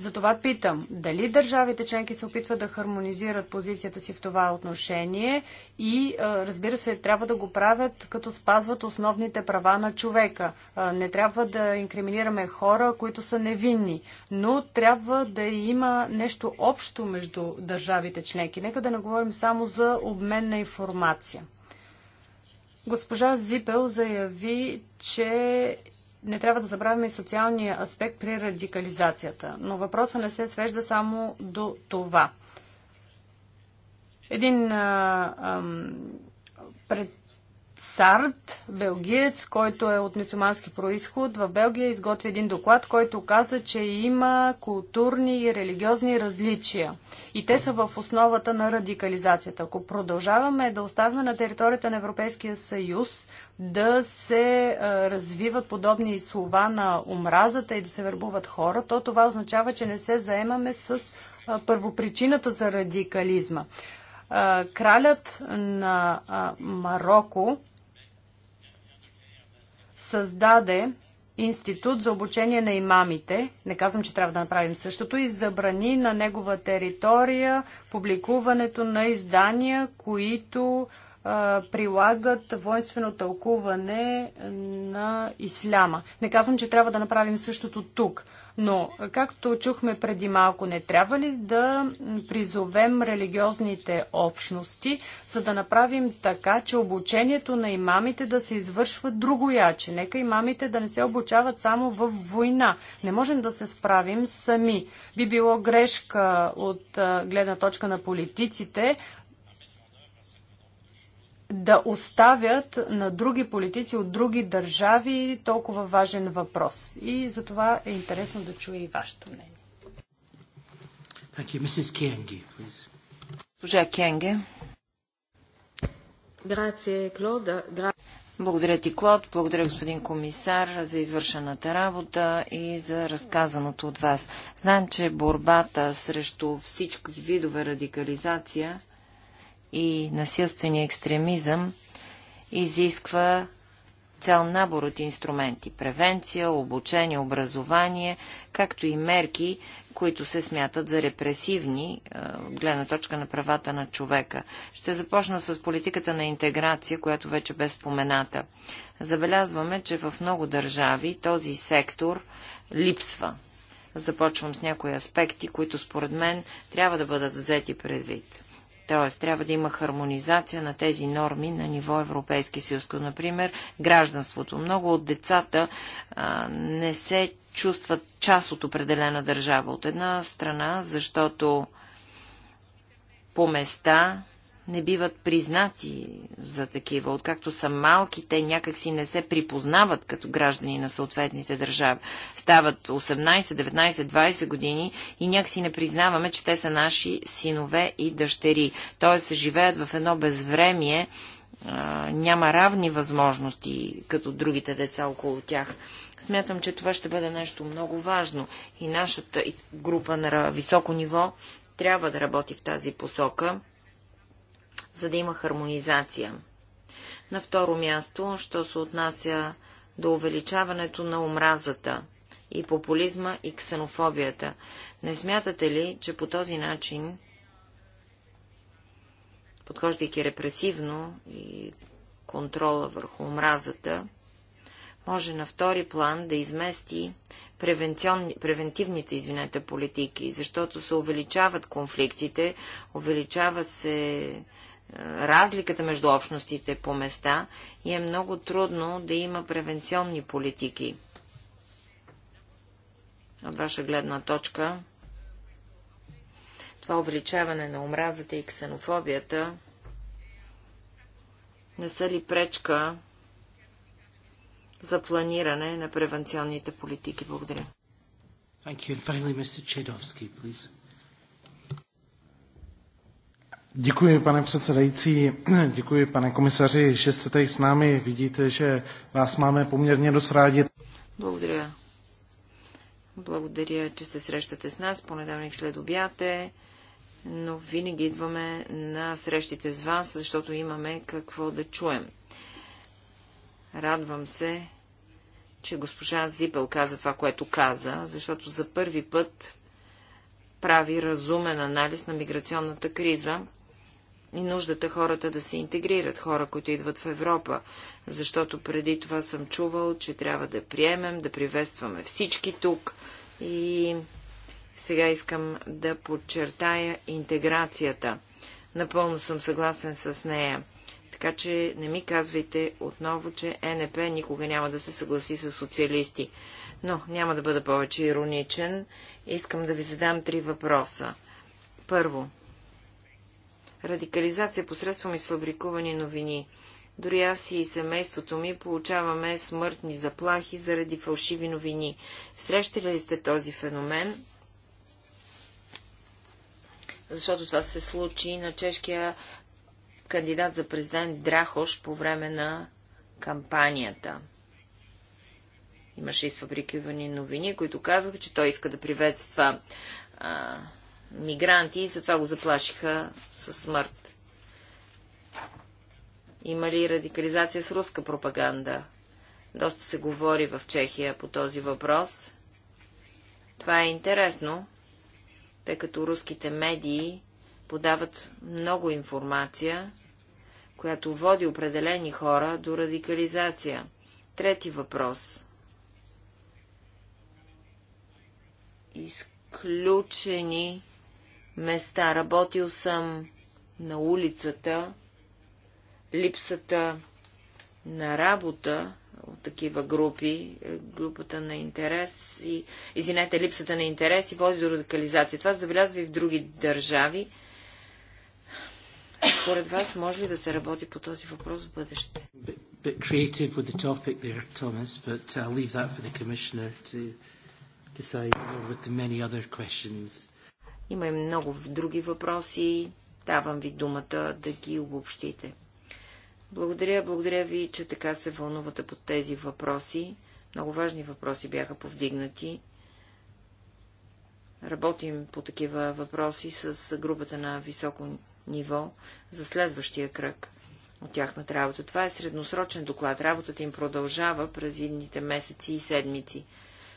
Затова питам, дали държавите членки се опитват да хармонизират позицията си в това отношение и разбира се, трябва да го правят като спазват основните права на човека. Не трябва да инкриминираме хора, които са невинни, но трябва да има нещо общо между държавите членки. Нека да не говорим само за обмен на информация. Госпожа Зипел заяви, че не трябва да забравяме и социалния аспект при радикализацията. Но въпросът не се свежда само до това. Един а, а, пред Сард, белгиец, който е от мусулмански происход, в Белгия изготви един доклад, който каза, че има културни и религиозни различия. И те са в основата на радикализацията. Ако продължаваме да оставяме на територията на Европейския съюз да се развиват подобни слова на омразата и да се вербуват хора, то това означава, че не се заемаме с първопричината за радикализма. Кралят на Марокко създаде институт за обучение на имамите. Не казвам, че трябва да направим същото. И забрани на негова територия публикуването на издания, които прилагат воинствено тълкуване на исляма. Не казвам, че трябва да направим същото тук. Но, както чухме преди малко, не трябва ли да призовем религиозните общности, за да направим така, че обучението на имамите да се извършва другояче? Нека имамите да не се обучават само в война. Не можем да се справим сами. Би било грешка от гледна точка на политиците да оставят на други политици от други държави толкова важен въпрос. И за това е интересно да чуя и вашето мнение. Госпожа Кенге. Благодаря ти, Клод. Благодаря, господин комисар, за извършената работа и за разказаното от вас. Знаем, че борбата срещу всички видове радикализация и насилствения екстремизъм изисква цял набор от инструменти – превенция, обучение, образование, както и мерки, които се смятат за репресивни гледна точка на правата на човека. Ще започна с политиката на интеграция, която вече бе спомената. Забелязваме, че в много държави този сектор липсва. Започвам с някои аспекти, които според мен трябва да бъдат взети предвид. Т.е. трябва да има хармонизация на тези норми на ниво Европейски съюз. Например, гражданството. Много от децата а, не се чувстват част от определена държава. От една страна, защото по места не биват признати за такива. Откакто са малки, те някакси не се припознават като граждани на съответните държави. Стават 18, 19, 20 години и някакси не признаваме, че те са наши синове и дъщери. Тоест, живеят в едно безвремие, няма равни възможности като другите деца около тях. Смятам, че това ще бъде нещо много важно и нашата група на високо ниво трябва да работи в тази посока за да има хармонизация. На второ място, що се отнася до увеличаването на омразата и популизма и ксенофобията. Не смятате ли, че по този начин, подхождайки репресивно и контрола върху омразата, може на втори план да измести превентивните извинете, политики, защото се увеличават конфликтите, увеличава се е, разликата между общностите по места и е много трудно да има превенционни политики. От ваша гледна точка, това увеличаване на омразата и ксенофобията не са ли пречка за планиране на превенционните политики. Благодаря. Děkuji, pane předsedající, děkuji, pane komisaři, že jste tady s námi. Vidíte, že vás máme poměrně dost rádi. Благодаря. Благодаря, че се срещате с нас. Понеделник след обяд е, но винаги идваме на срещите с вас, защото имаме какво да чуем. Радвам се, че госпожа Зипел каза това, което каза, защото за първи път прави разумен анализ на миграционната криза и нуждата хората да се интегрират, хора, които идват в Европа, защото преди това съм чувал, че трябва да приемем, да приветстваме всички тук и сега искам да подчертая интеграцията. Напълно съм съгласен с нея. Така че не ми казвайте отново, че НП никога няма да се съгласи с социалисти. Но няма да бъда повече ироничен. Искам да ви задам три въпроса. Първо. Радикализация посредством изфабрикувани новини. Дори аз и семейството ми получаваме смъртни заплахи заради фалшиви новини. Срещали ли сте този феномен? Защото това се случи на чешкия кандидат за президент Драхош по време на кампанията. Имаше изфабрикувани новини, които казваха, че той иска да приветства а, мигранти и затова го заплашиха със смърт. Има ли радикализация с руска пропаганда? Доста се говори в Чехия по този въпрос. Това е интересно, тъй като руските медии подават много информация, която води определени хора до радикализация. Трети въпрос. Изключени места. Работил съм на улицата. Липсата на работа от такива групи, е, групата на интерес и, извинете, липсата на интерес и води до радикализация. Това забелязва и в други държави. Според вас може ли да се работи по този въпрос в бъдеще? Bit creative with the topic there, Thomas, but I'll leave that for the commissioner to decide with the many other questions. Има и много други въпроси. Давам ви думата да ги обобщите. Благодаря, благодаря ви, че така се вълнувате по тези въпроси. Много важни въпроси бяха повдигнати. Работим по такива въпроси с групата на високо ниво за следващия кръг от тяхната работа. Това е средносрочен доклад. Работата им продължава през едните месеци и седмици.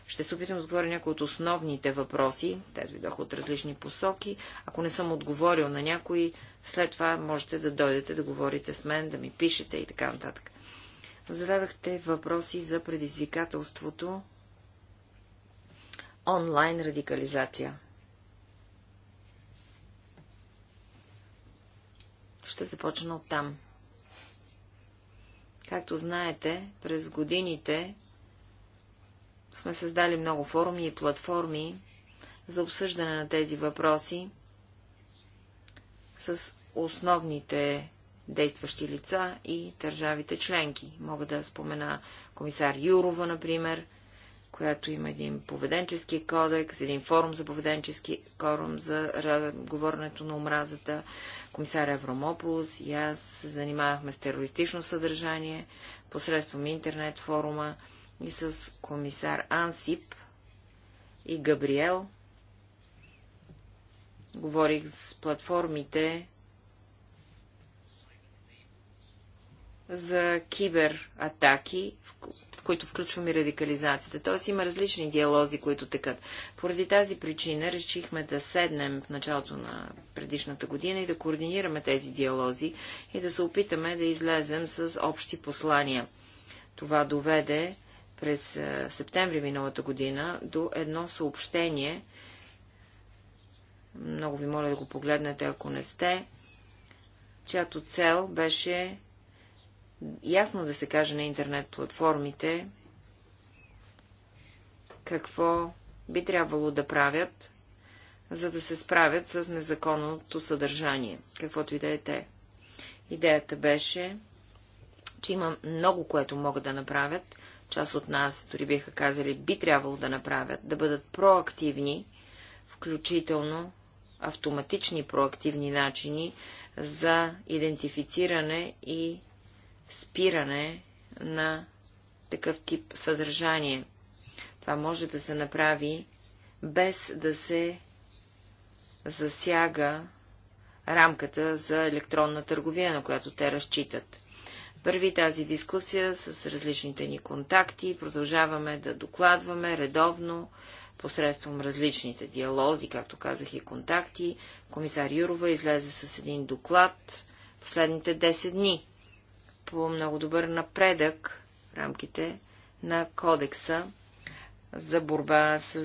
Ще се опитам да отговоря някои от основните въпроси. Те дойдоха от различни посоки. Ако не съм отговорил на някои, след това можете да дойдете да говорите с мен, да ми пишете и така нататък. Зададахте въпроси за предизвикателството онлайн радикализация. Ще започна от там. Както знаете, през годините сме създали много форуми и платформи за обсъждане на тези въпроси с основните действащи лица и държавите членки. Мога да спомена комисар Юрова, например – която има един поведенчески кодекс, един форум за поведенчески форум за говоренето на омразата. Комисар Евромополос и аз се занимавахме с терористично съдържание посредством интернет форума и с комисар Ансип и Габриел. Говорих с платформите за кибератаки, в които включвам и радикализацията. Тоест има различни диалози, които текат. Поради тази причина решихме да седнем в началото на предишната година и да координираме тези диалози и да се опитаме да излезем с общи послания. Това доведе през септември миналата година до едно съобщение. Много ви моля да го погледнете, ако не сте чиято цел беше ясно да се каже на интернет платформите какво би трябвало да правят, за да се справят с незаконното съдържание, каквото и да е те. Идеята беше, че има много, което могат да направят. Част от нас, дори биха казали, би трябвало да направят, да бъдат проактивни, включително автоматични проактивни начини за идентифициране и спиране на такъв тип съдържание. Това може да се направи без да се засяга рамката за електронна търговия, на която те разчитат. Първи тази дискусия с различните ни контакти. Продължаваме да докладваме редовно посредством различните диалози, както казах и контакти. Комисар Юрова излезе с един доклад последните 10 дни по много добър напредък в рамките на кодекса за борба с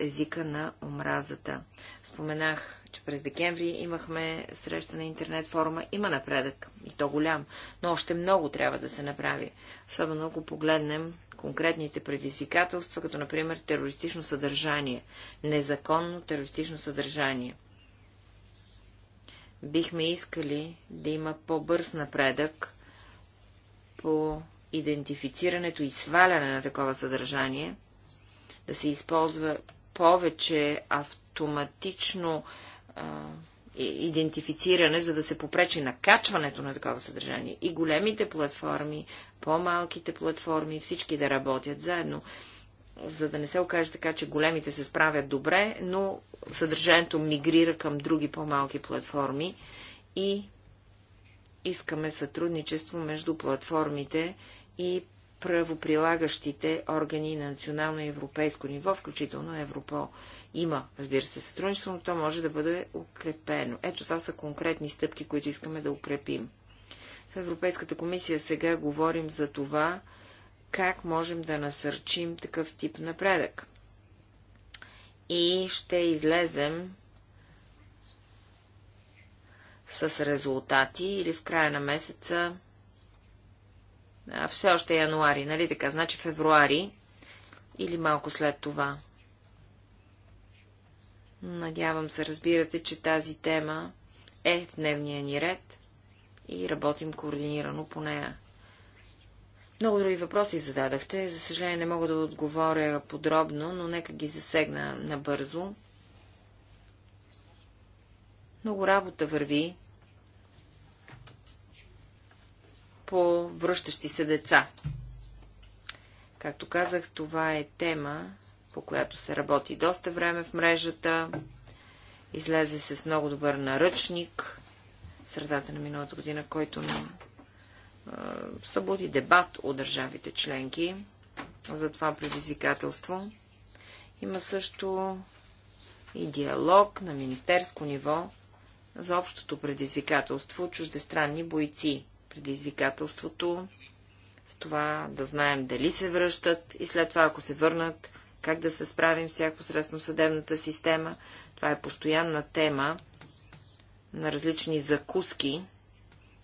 езика на омразата. Споменах, че през декември имахме среща на интернет форума. Има напредък, и то голям, но още много трябва да се направи. Особено ако погледнем конкретните предизвикателства, като например терористично съдържание, незаконно терористично съдържание. Бихме искали да има по-бърз напредък по идентифицирането и сваляне на такова съдържание, да се използва повече автоматично а, идентифициране, за да се попречи накачването на такова съдържание. И големите платформи, по-малките платформи, всички да работят заедно, за да не се окаже така, че големите се справят добре, но съдържанието мигрира към други по-малки платформи и Искаме сътрудничество между платформите и правоприлагащите органи на национално и европейско ниво, включително Европол. Има, разбира се, сътрудничество, но то може да бъде укрепено. Ето това са конкретни стъпки, които искаме да укрепим. В Европейската комисия сега говорим за това, как можем да насърчим такъв тип напредък. И ще излезем с резултати или в края на месеца, а, все още е януари, нали така, значи февруари или малко след това. Надявам се, разбирате, че тази тема е в дневния ни ред и работим координирано по нея. Много други въпроси зададахте. За съжаление не мога да отговоря подробно, но нека ги засегна набързо. Много работа върви по връщащи се деца. Както казах, това е тема, по която се работи доста време в мрежата. Излезе се с много добър наръчник в средата на миналата година, който на, събуди дебат от държавите членки за това предизвикателство. Има също и диалог на министерско ниво за общото предизвикателство чуждестранни бойци. Предизвикателството с това да знаем дали се връщат и след това, ако се върнат, как да се справим с тях посредством съдебната система. Това е постоянна тема на различни закуски,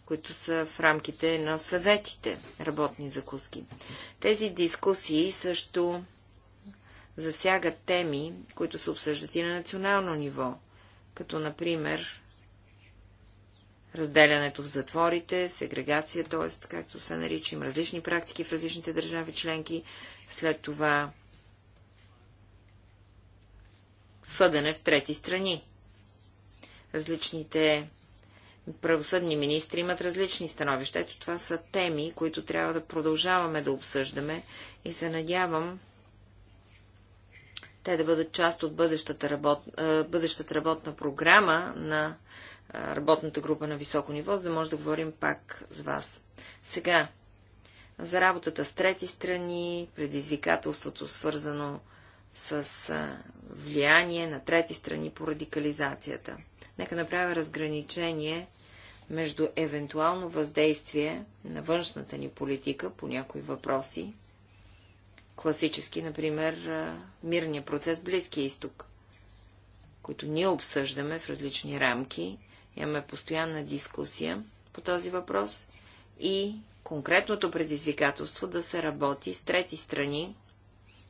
които са в рамките на съветите, работни закуски. Тези дискусии също засягат теми, които се обсъждат и на национално ниво, като например разделянето в затворите, сегрегация, т.е. както се нарича, различни практики в различните държави членки, след това съдене в трети страни. Различните правосъдни министри имат различни становища. Ето това са теми, които трябва да продължаваме да обсъждаме и се надявам те да бъдат част от бъдещата, работ... бъдещата работна програма на работната група на високо ниво, за да може да говорим пак с вас. Сега, за работата с трети страни, предизвикателството свързано с влияние на трети страни по радикализацията. Нека направя разграничение между евентуално въздействие на външната ни политика по някои въпроси, класически, например, мирния процес Близкия изток, който ние обсъждаме в различни рамки Имаме постоянна дискусия по този въпрос и конкретното предизвикателство да се работи с трети страни,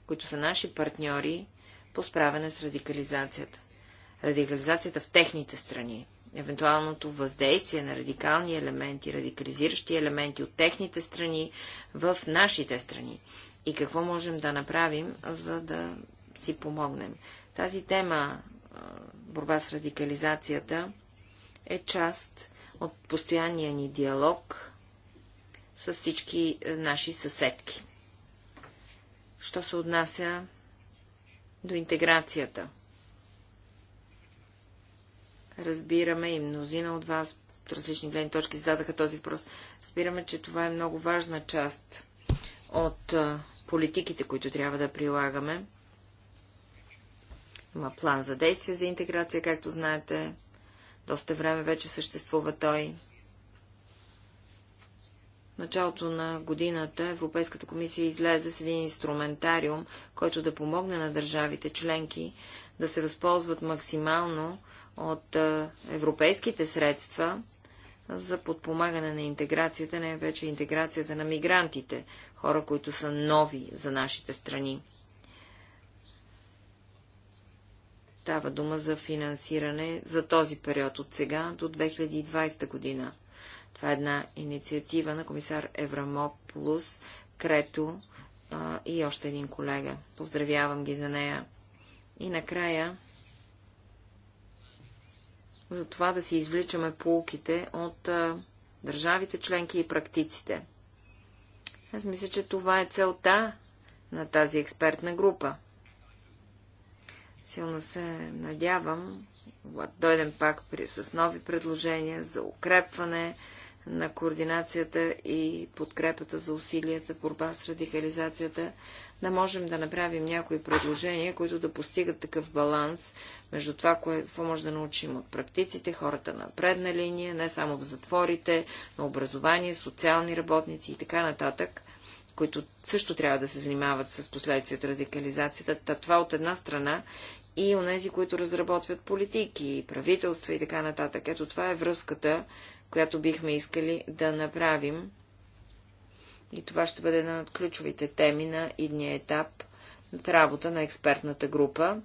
които са наши партньори по справяне с радикализацията. Радикализацията в техните страни, евентуалното въздействие на радикални елементи, радикализиращи елементи от техните страни в нашите страни и какво можем да направим, за да си помогнем. Тази тема борба с радикализацията е част от постоянния ни диалог с всички е, наши съседки. Що се отнася до интеграцията? Разбираме и мнозина от вас от различни гледни точки зададаха този въпрос. Разбираме, че това е много важна част от е, политиките, които трябва да прилагаме. Има план за действие за интеграция, както знаете. Доста време вече съществува той. В началото на годината Европейската комисия излезе с един инструментариум, който да помогне на държавите членки да се възползват максимално от европейските средства за подпомагане на интеграцията, не вече интеграцията на мигрантите, хора, които са нови за нашите страни. Става дума за финансиране за този период от сега до 2020 година. Това е една инициатива на комисар Плюс, Крето а, и още един колега. Поздравявам ги за нея. И накрая за това да си извличаме полуките от а, държавите членки и практиците. Аз мисля, че това е целта на тази експертна група. Силно се надявам, когато дойдем пак при, с нови предложения за укрепване на координацията и подкрепата за усилията, борба с радикализацията, да можем да направим някои предложения, които да постигат такъв баланс между това, което какво може да научим от практиците, хората на предна линия, не само в затворите, на образование, социални работници и така нататък, които също трябва да се занимават с последствия от радикализацията. това от една страна и онези, които разработват политики, правителства и така нататък. Ето това е връзката, която бихме искали да направим. И това ще бъде една от ключовите теми на идния етап от работа на експертната група.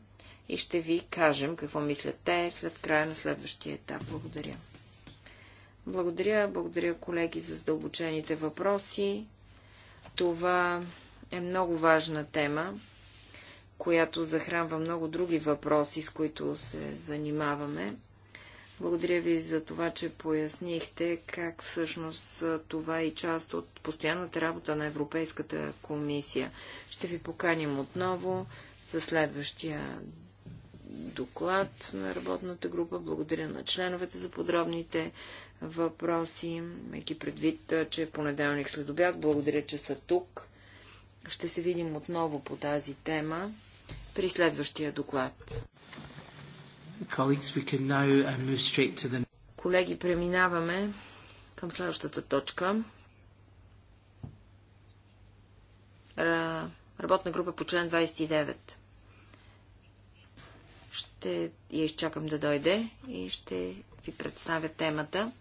И ще ви кажем какво мислят те след края на следващия етап. Благодаря. Благодаря, благодаря колеги за задълбочените въпроси. Това е много важна тема която захранва много други въпроси, с които се занимаваме. Благодаря ви за това, че пояснихте как всъщност това е част от постоянната работа на Европейската комисия. Ще ви поканим отново за следващия доклад на работната група. Благодаря на членовете за подробните въпроси, меки предвид, че е понеделник след обяд. Благодаря, че са тук. Ще се видим отново по тази тема при следващия доклад. Uh, Колеги, преминаваме към следващата точка. Работна група по член 29. Ще я изчакам да дойде и ще ви представя темата.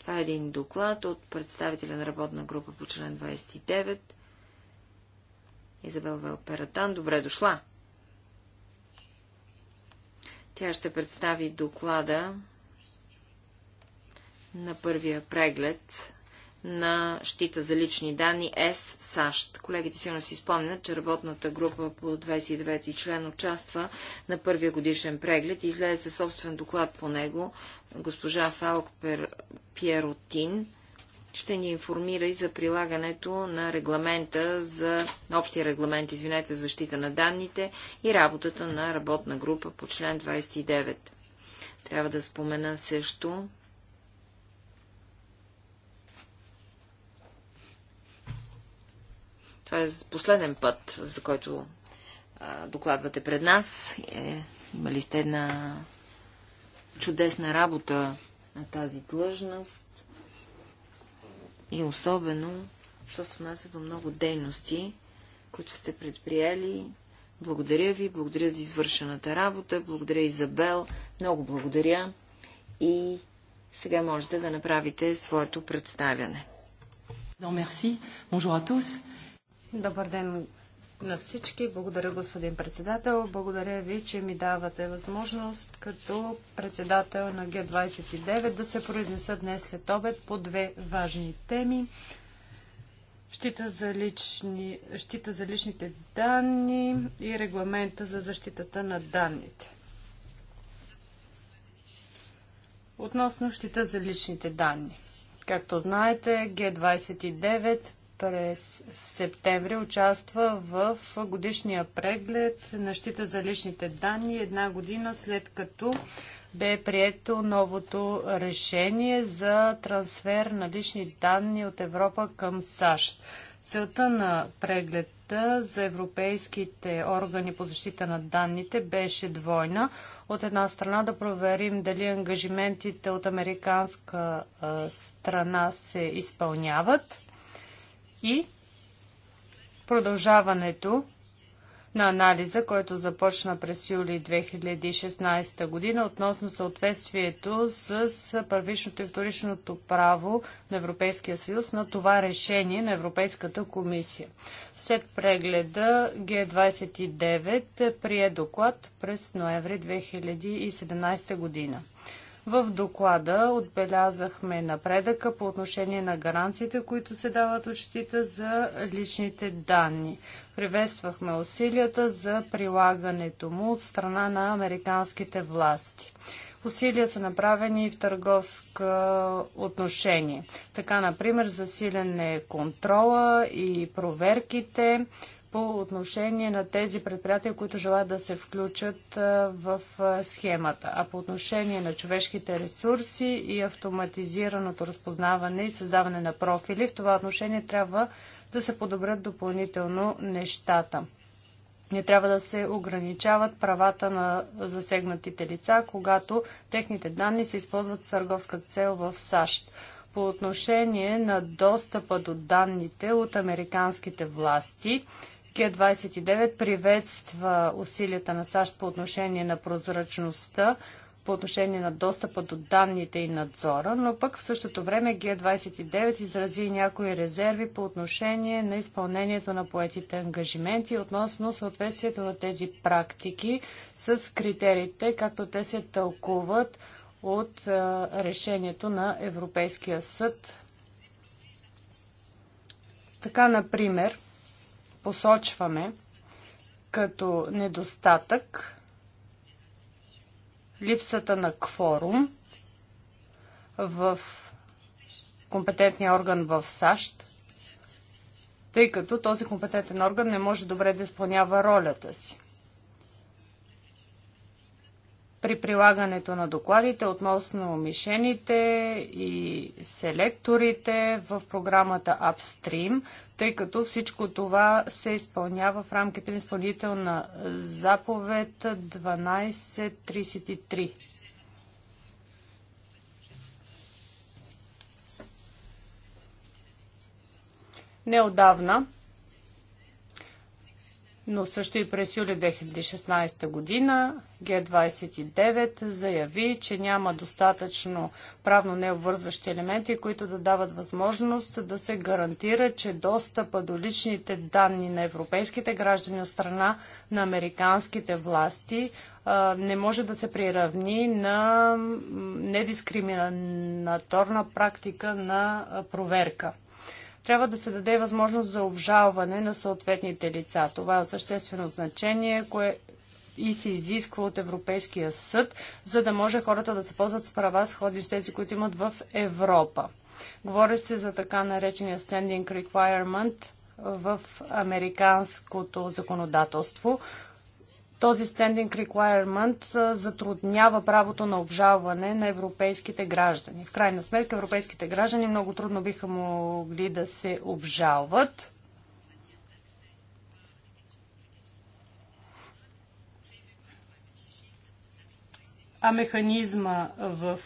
Това е един доклад от представителя на работна група по член 29 Изабел Велператан, добре дошла! Тя ще представи доклада на първия преглед на щита за лични данни С САЩ. Колегите силно си спомнят, че работната група по 29 ти член участва на първия годишен преглед и излезе със собствен доклад по него госпожа Фалк Пер... Пьеротин ще ни информира и за прилагането на регламента за общия регламент, извинете, защита на данните и работата на работна група по член 29. Трябва да спомена също, Това е последен път, за който а, докладвате пред нас. Е, имали сте една чудесна работа на тази длъжност и особено, що се отнася до много дейности, които сте предприели. Благодаря ви, благодаря за извършената работа, благодаря Изабел, много благодаря и сега можете да направите своето представяне. Добър ден, на всички. Благодаря, господин председател. Благодаря ви, че ми давате възможност като председател на Г29 да се произнеса днес след обед по две важни теми. Щита за, лични, щита за личните данни и регламента за защитата на данните. Относно щита за личните данни. Както знаете, Г29 през септември участва в годишния преглед на щита за личните данни една година след като бе прието новото решение за трансфер на лични данни от Европа към САЩ. Целта на прегледа за европейските органи по защита на данните беше двойна. От една страна да проверим дали ангажиментите от американска страна се изпълняват и продължаването на анализа, който започна през юли 2016 година относно съответствието с първичното и вторичното право на Европейския съюз на това решение на Европейската комисия. След прегледа Г29 прие доклад през ноември 2017 година. В доклада отбелязахме напредъка по отношение на гаранциите, които се дават от щита за личните данни. Приветствахме усилията за прилагането му от страна на американските власти. Усилия са направени и в търговско отношение. Така, например, засилен е контрола и проверките по отношение на тези предприятия, които желаят да се включат в схемата. А по отношение на човешките ресурси и автоматизираното разпознаване и създаване на профили, в това отношение трябва да се подобрят допълнително нещата. Не трябва да се ограничават правата на засегнатите лица, когато техните данни се използват с търговска цел в САЩ. По отношение на достъпа до данните от американските власти, г-29 приветства усилията на САЩ по отношение на прозрачността, по отношение на достъпа до данните и надзора, но пък в същото време Г-29 изрази някои резерви по отношение на изпълнението на поетите ангажименти относно съответствието на тези практики с критериите, както те се тълкуват от решението на Европейския съд. Така, например, посочваме като недостатък липсата на кворум в компетентния орган в САЩ, тъй като този компетентен орган не може добре да изпълнява ролята си при прилагането на докладите относно мишените и селекторите в програмата Upstream, тъй като всичко това се изпълнява в рамките на изпълнителна заповед 1233. Неодавна но също и през юли 2016 година Г-29 заяви, че няма достатъчно правно необвързващи елементи, които да дават възможност да се гарантира, че достъпа до личните данни на европейските граждани от страна на американските власти не може да се приравни на недискриминаторна практика на проверка. Трябва да се даде възможност за обжалване на съответните лица. Това е от съществено значение, кое и се изисква от Европейския съд, за да може хората да се ползват с права сходни с тези, които имат в Европа. Говори се за така наречения standing requirement в американското законодателство, този standing requirement затруднява правото на обжалване на европейските граждани. В крайна сметка европейските граждани много трудно биха могли да се обжалват. А механизма в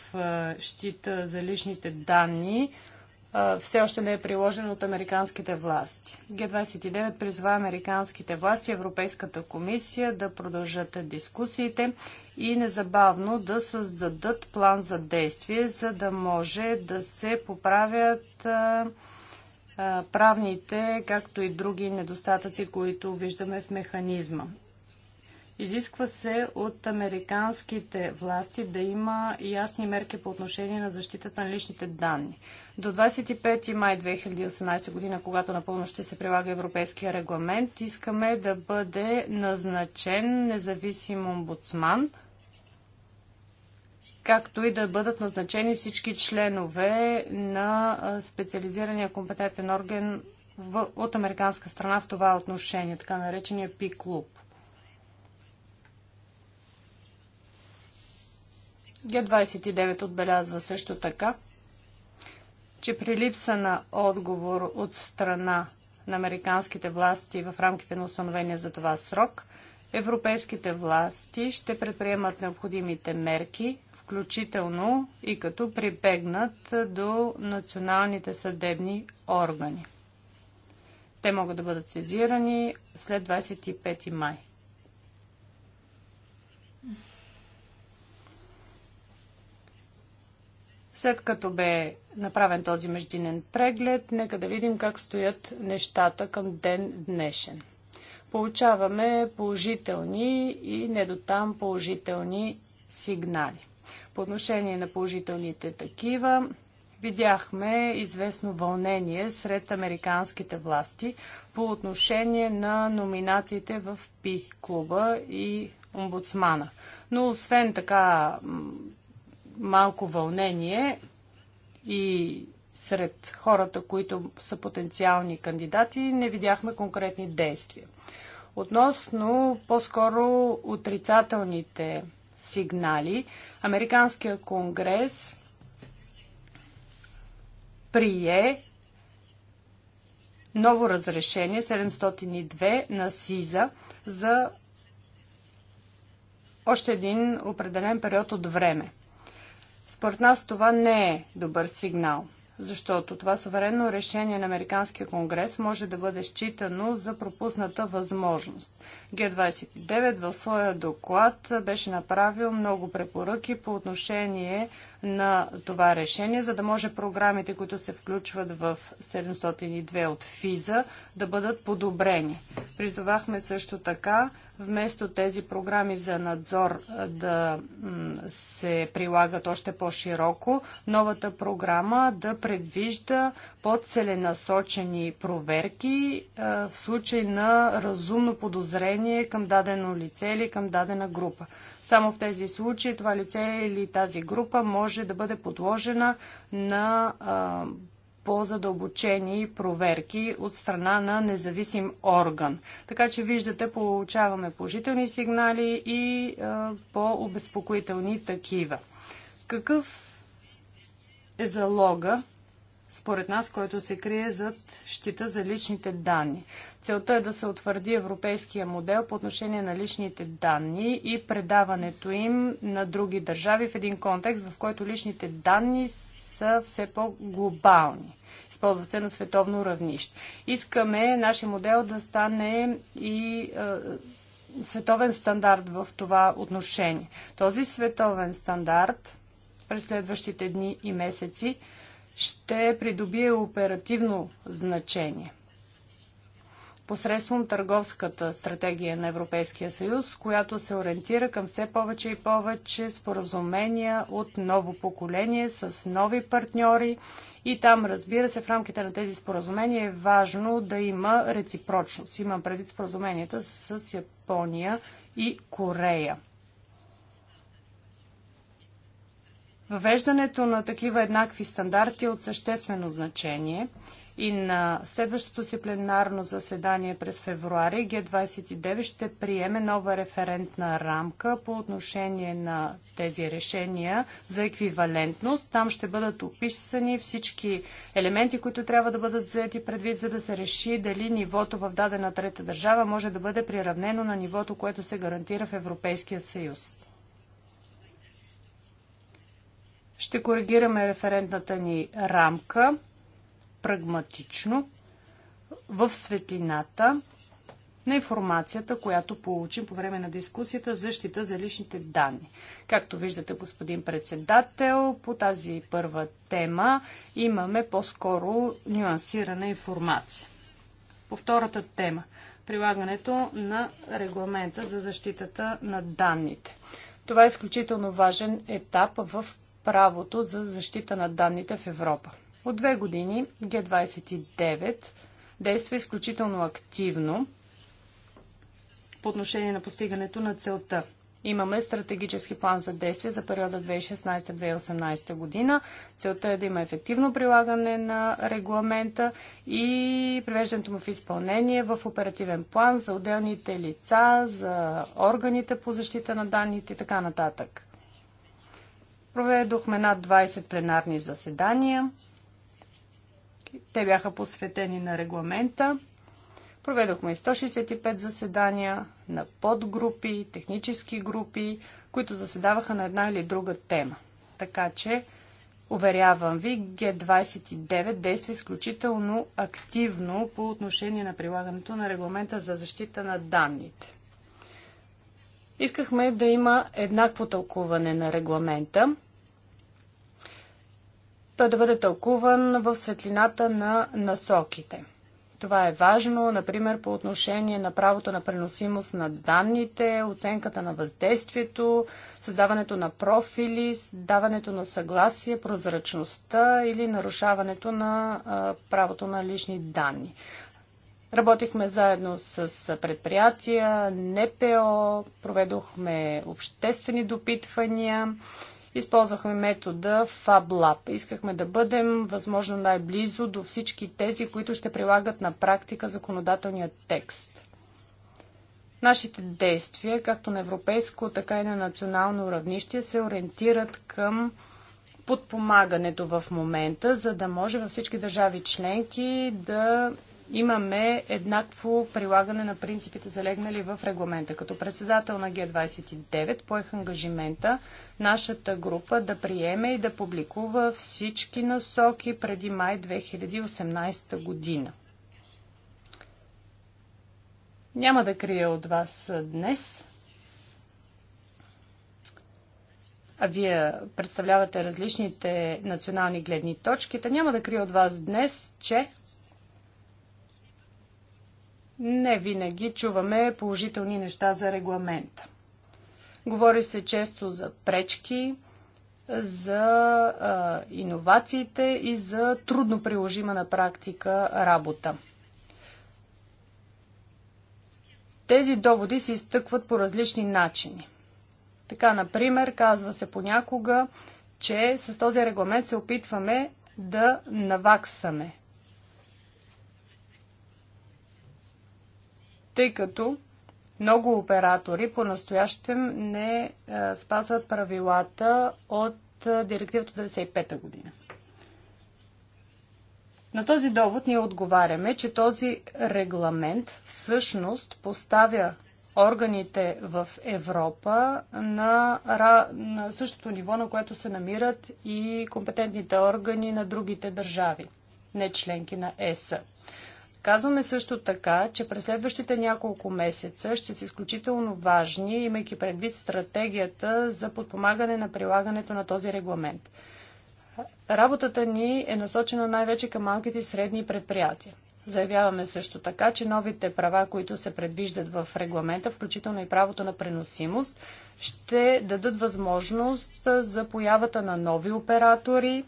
щита за личните данни все още не е приложен от американските власти. Г-29 призва американските власти и Европейската комисия да продължат дискусиите и незабавно да създадат план за действие, за да може да се поправят правните, както и други недостатъци, които виждаме в механизма. Изисква се от американските власти да има ясни мерки по отношение на защитата на личните данни. До 25 май 2018 година, когато напълно ще се прилага европейския регламент, искаме да бъде назначен независим омбудсман, както и да бъдат назначени всички членове на специализирания компетентен орган от американска страна в това отношение, така наречения ПИ-клуб. Г29 отбелязва също така, че при липса на отговор от страна на американските власти в рамките на установения за това срок, европейските власти ще предприемат необходимите мерки, включително и като прибегнат до националните съдебни органи. Те могат да бъдат сезирани след 25 май. След като бе направен този междинен преглед, нека да видим как стоят нещата към ден днешен. Получаваме положителни и не до там положителни сигнали. По отношение на положителните такива, видяхме известно вълнение сред американските власти по отношение на номинациите в ПИ клуба и омбудсмана. Но освен така малко вълнение и сред хората, които са потенциални кандидати, не видяхме конкретни действия. Относно по-скоро отрицателните сигнали, Американския конгрес прие ново разрешение 702 на СИЗА за още един определен период от време. Според нас това не е добър сигнал, защото това суверенно решение на Американския конгрес може да бъде считано за пропусната възможност. Г-29 в своя доклад беше направил много препоръки по отношение на това решение, за да може програмите, които се включват в 702 от ФИЗа, да бъдат подобрени. Призовахме също така вместо тези програми за надзор да се прилагат още по-широко, новата програма да предвижда по-целенасочени проверки в случай на разумно подозрение към дадено лице или към дадена група. Само в тези случаи това лице или тази група може да бъде подложена на по-задълбочени проверки от страна на независим орган. Така че виждате, получаваме положителни сигнали и по-обезпокоителни такива. Какъв е залога, според нас, който се крие зад щита за личните данни? Целта е да се утвърди европейския модел по отношение на личните данни и предаването им на други държави в един контекст, в който личните данни са все по-глобални. Използват се на световно равнище. Искаме нашия модел да стане и е, световен стандарт в това отношение. Този световен стандарт през следващите дни и месеци ще придобие оперативно значение – посредством търговската стратегия на Европейския съюз, която се ориентира към все повече и повече споразумения от ново поколение с нови партньори. И там, разбира се, в рамките на тези споразумения е важно да има реципрочност. Имам предвид споразуменията с Япония и Корея. Въвеждането на такива еднакви стандарти е от съществено значение – и на следващото си пленарно заседание през февруари Г29 ще приеме нова референтна рамка по отношение на тези решения за еквивалентност. Там ще бъдат описани всички елементи, които трябва да бъдат взети предвид, за да се реши дали нивото в дадена трета държава може да бъде приравнено на нивото, което се гарантира в Европейския съюз. Ще коригираме референтната ни рамка прагматично в светлината на информацията, която получим по време на дискусията защита за личните данни. Както виждате, господин председател, по тази първа тема имаме по-скоро нюансирана информация. По втората тема прилагането на регламента за защитата на данните. Това е изключително важен етап в правото за защита на данните в Европа. От две години Г-29 действа изключително активно по отношение на постигането на целта. Имаме стратегически план за действие за периода 2016-2018 година. Целта е да има ефективно прилагане на регламента и привеждането му в изпълнение в оперативен план за отделните лица, за органите по защита на данните и така нататък. Проведохме над 20 пленарни заседания. Те бяха посветени на регламента. Проведохме 165 заседания на подгрупи, технически групи, които заседаваха на една или друга тема. Така че, уверявам ви, Г29 действа изключително активно по отношение на прилагането на регламента за защита на данните. Искахме да има еднакво тълкуване на регламента той да бъде тълкуван в светлината на насоките. Това е важно, например, по отношение на правото на преносимост на данните, оценката на въздействието, създаването на профили, даването на съгласие, прозрачността или нарушаването на а, правото на лични данни. Работихме заедно с предприятия, НПО, проведохме обществени допитвания Използвахме метода FabLab. Искахме да бъдем възможно най-близо до всички тези, които ще прилагат на практика законодателния текст. Нашите действия, както на европейско, така и на национално равнище, се ориентират към подпомагането в момента, за да може във всички държави членки да имаме еднакво прилагане на принципите залегнали в регламента. Като председател на Г29 поех ангажимента нашата група да приеме и да публикува всички насоки преди май 2018 година. Няма да крия от вас днес, а вие представлявате различните национални гледни точки, та няма да крия от вас днес, че не винаги чуваме положителни неща за регламента. Говори се често за пречки, за а, иновациите и за трудно приложима на практика работа. Тези доводи се изтъкват по различни начини. Така, например, казва се понякога, че с този регламент се опитваме да наваксаме, тъй като много оператори по-настоящем не е, спазват правилата от е, директивата 95-та година. На този довод ние отговаряме, че този регламент всъщност поставя органите в Европа на, на същото ниво, на което се намират и компетентните органи на другите държави, не членки на ЕСА. Казваме също така, че през следващите няколко месеца ще са изключително важни, имайки предвид стратегията за подпомагане на прилагането на този регламент. Работата ни е насочена най-вече към малките и средни предприятия. Заявяваме също така, че новите права, които се предвиждат в регламента, включително и правото на преносимост, ще дадат възможност за появата на нови оператори,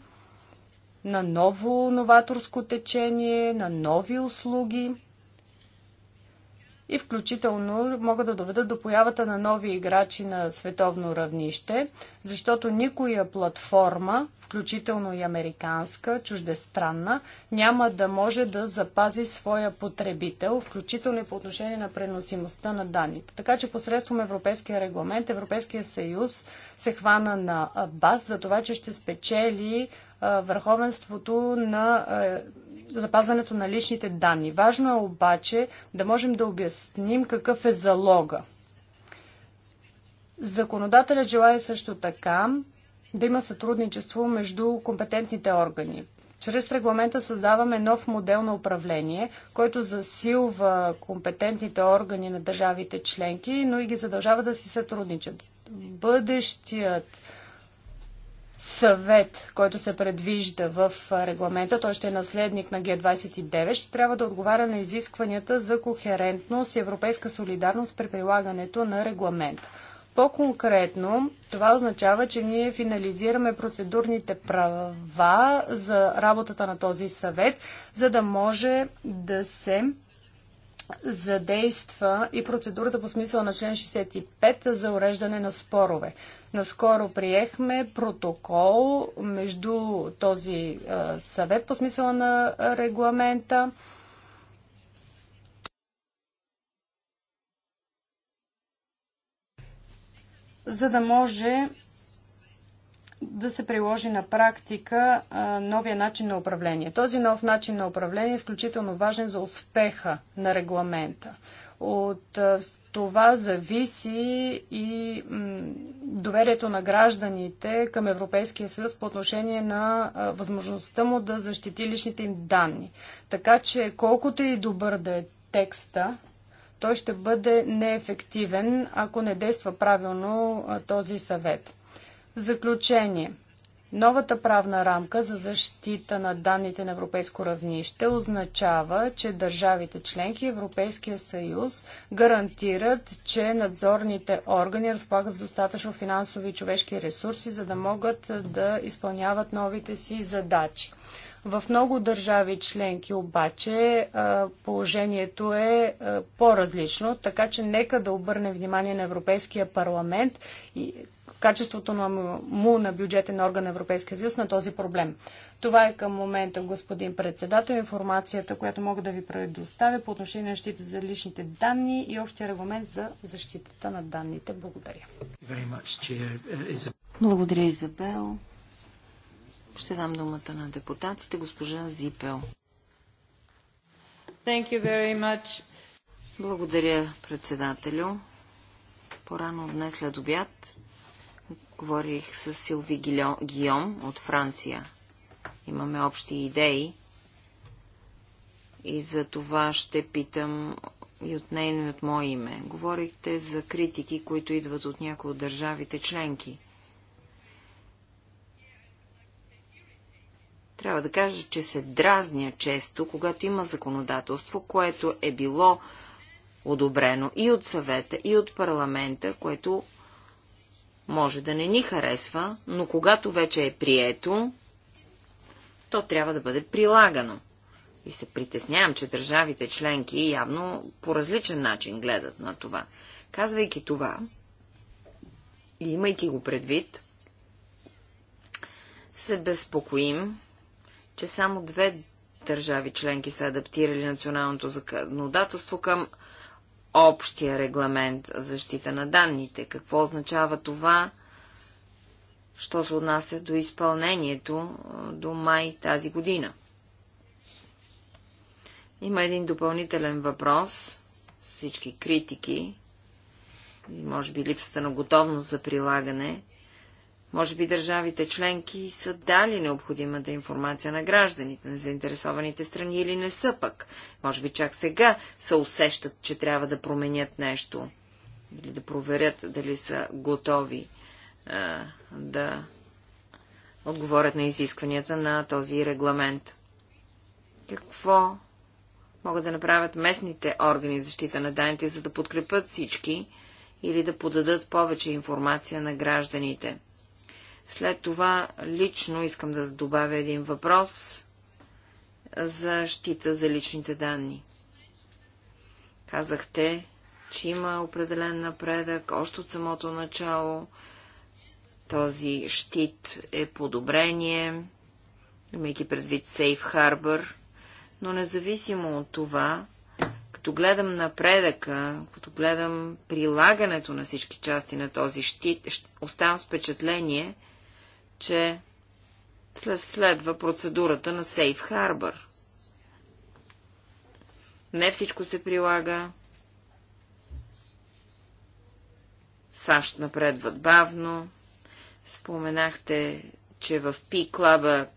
на ново новаторско течение, на нови услуги и включително могат да доведат до появата на нови играчи на световно равнище, защото никоя платформа, включително и американска, чуждестранна, няма да може да запази своя потребител, включително и по отношение на преносимостта на данните. Така че посредством Европейския регламент Европейския съюз се хвана на бас за това, че ще спечели върховенството на запазването на личните данни. Важно е обаче да можем да обясним какъв е залога. Законодателят желая също така да има сътрудничество между компетентните органи. Чрез регламента създаваме нов модел на управление, който засилва компетентните органи на държавите членки, но и ги задължава да си сътрудничат. Бъдещият съвет, който се предвижда в регламента, той ще е наследник на Г29, ще трябва да отговаря на изискванията за кохерентност и европейска солидарност при прилагането на регламента. По-конкретно, това означава, че ние финализираме процедурните права за работата на този съвет, за да може да се задейства и процедурата по смисъла на член 65 за уреждане на спорове. Наскоро приехме протокол между този съвет по смисъла на регламента. за да може да се приложи на практика новия начин на управление. Този нов начин на управление е изключително важен за успеха на регламента. От това зависи и доверието на гражданите към Европейския съюз по отношение на възможността му да защити личните им данни. Така че колкото и добър да е текста, той ще бъде неефективен, ако не действа правилно този съвет. заключение – Новата правна рамка за защита на данните на европейско равнище означава, че държавите членки Европейския съюз гарантират, че надзорните органи разполагат с достатъчно финансови и човешки ресурси, за да могат да изпълняват новите си задачи. В много държави членки обаче положението е по-различно, така че нека да обърнем внимание на Европейския парламент, качеството на му на бюджетен орган на Европейския съюз на този проблем. Това е към момента, господин председател, информацията, която мога да ви предоставя по отношение на защита за личните данни и общия регламент за защитата на данните. Благодаря. Благодаря, Изабел. Ще дам думата на депутатите. Госпожа Зипел. Thank you very much. Благодаря, председателю. Порано днес след обяд Говорих с Силви Гиом от Франция. Имаме общи идеи и за това ще питам и от нейно и от мое име. Говорихте за критики, които идват от някои от държавите членки. Трябва да кажа, че се дразня често, когато има законодателство, което е било одобрено и от съвета, и от парламента, което може да не ни харесва, но когато вече е прието, то трябва да бъде прилагано. И се притеснявам, че държавите членки явно по различен начин гледат на това. Казвайки това, и имайки го предвид, се безпокоим, че само две държави членки са адаптирали националното законодателство към общия регламент защита на данните. Какво означава това, що се отнася до изпълнението до май тази година? Има един допълнителен въпрос. Всички критики, може би липсата на готовност за прилагане – може би държавите членки са дали необходимата е информация на гражданите, на заинтересованите страни или не са пък. Може би чак сега се усещат, че трябва да променят нещо или да проверят дали са готови а, да отговорят на изискванията на този регламент. Какво могат да направят местните органи защита на данните, за да подкрепят всички или да подадат повече информация на гражданите? След това лично искам да добавя един въпрос за щита за личните данни. Казахте, че има определен напредък още от самото начало. Този щит е подобрение, имайки предвид Сейф Harbor, но независимо от това, като гледам напредъка, като гледам прилагането на всички части на този щит, оставам с впечатление, че следва процедурата на Сейф Harbor. Не всичко се прилага. САЩ напредват бавно. Споменахте, че в Пи Клаба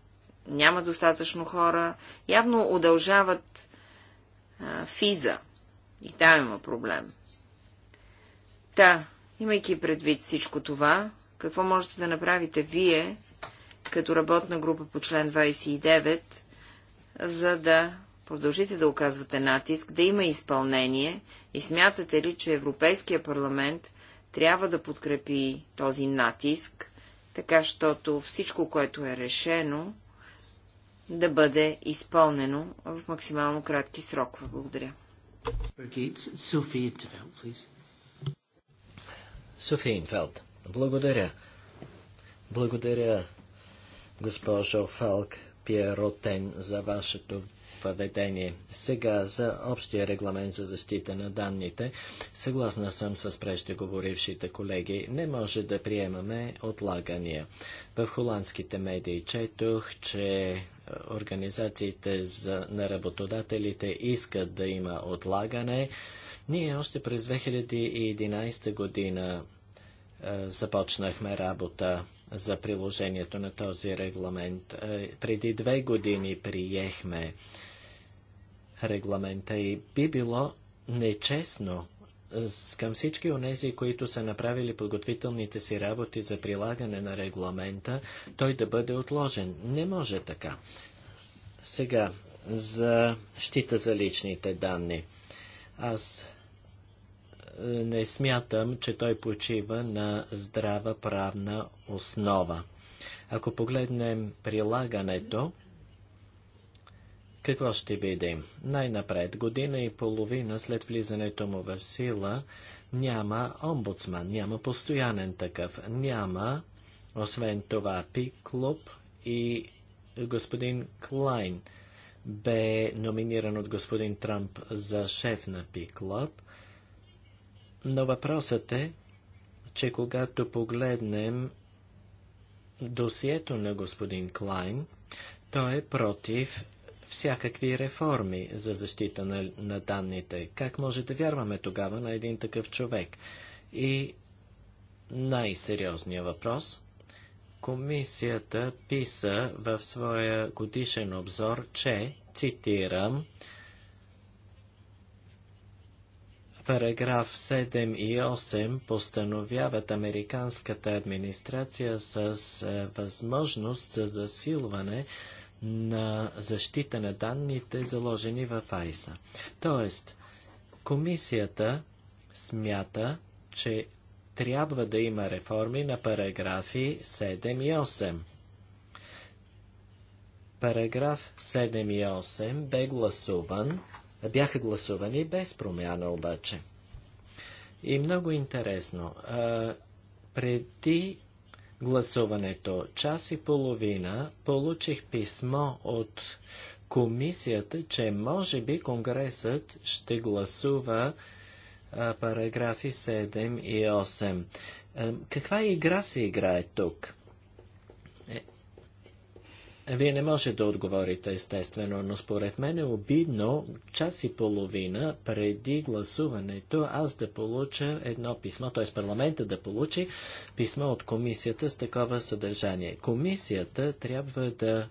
няма достатъчно хора. Явно удължават а, физа. И там има проблем. Та, имайки предвид всичко това, какво можете да направите вие, като работна група по член 29, за да продължите да оказвате натиск, да има изпълнение и смятате ли, че Европейския парламент трябва да подкрепи този натиск, така щото всичко, което е решено, да бъде изпълнено в максимално кратки срокове. Благодаря. Софи Инфелд. Благодаря. Благодаря, госпожо Фалк Пиеротен, за вашето въведение. Сега за общия регламент за защита на данните. Съгласна съм с преждеговорившите колеги. Не може да приемаме отлагания. В холандските медии четох, че е, организациите за, на работодателите искат да има отлагане. Ние още през 2011 година е, започнахме работа за приложението на този регламент. Е, преди две години приехме регламента и би било нечестно е, към всички онези, които са направили подготвителните си работи за прилагане на регламента, той да бъде отложен. Не може така. Сега, за щита за личните данни. Аз не смятам, че той почива на здрава правна основа. Ако погледнем прилагането, какво ще видим? Най-напред, година и половина след влизането му в сила, няма омбудсман, няма постоянен такъв, няма, освен това, Пик-клуб и господин Клайн бе номиниран от господин Трамп за шеф на Пик-клуб – но въпросът е, че когато погледнем досието на господин Клайн, той е против всякакви реформи за защита на, на данните. Как може да вярваме тогава на един такъв човек? И най-сериозният въпрос. Комисията писа в своя годишен обзор, че, цитирам, Параграф 7 и 8 постановяват американската администрация с е, възможност за засилване на защита на данните, заложени в АИСа. Тоест, комисията смята, че трябва да има реформи на параграфи 7 и 8. Параграф 7 и 8 бе гласуван бяха гласувани без промяна обаче. И много интересно, а, преди гласуването, час и половина, получих писмо от комисията, че може би Конгресът ще гласува а, параграфи 7 и 8. А, каква игра се играе тук? Вие не можете да отговорите, естествено, но според мен е обидно час и половина преди гласуването аз да получа едно писмо, т.е. парламента да получи писмо от комисията с такова съдържание. Комисията трябва да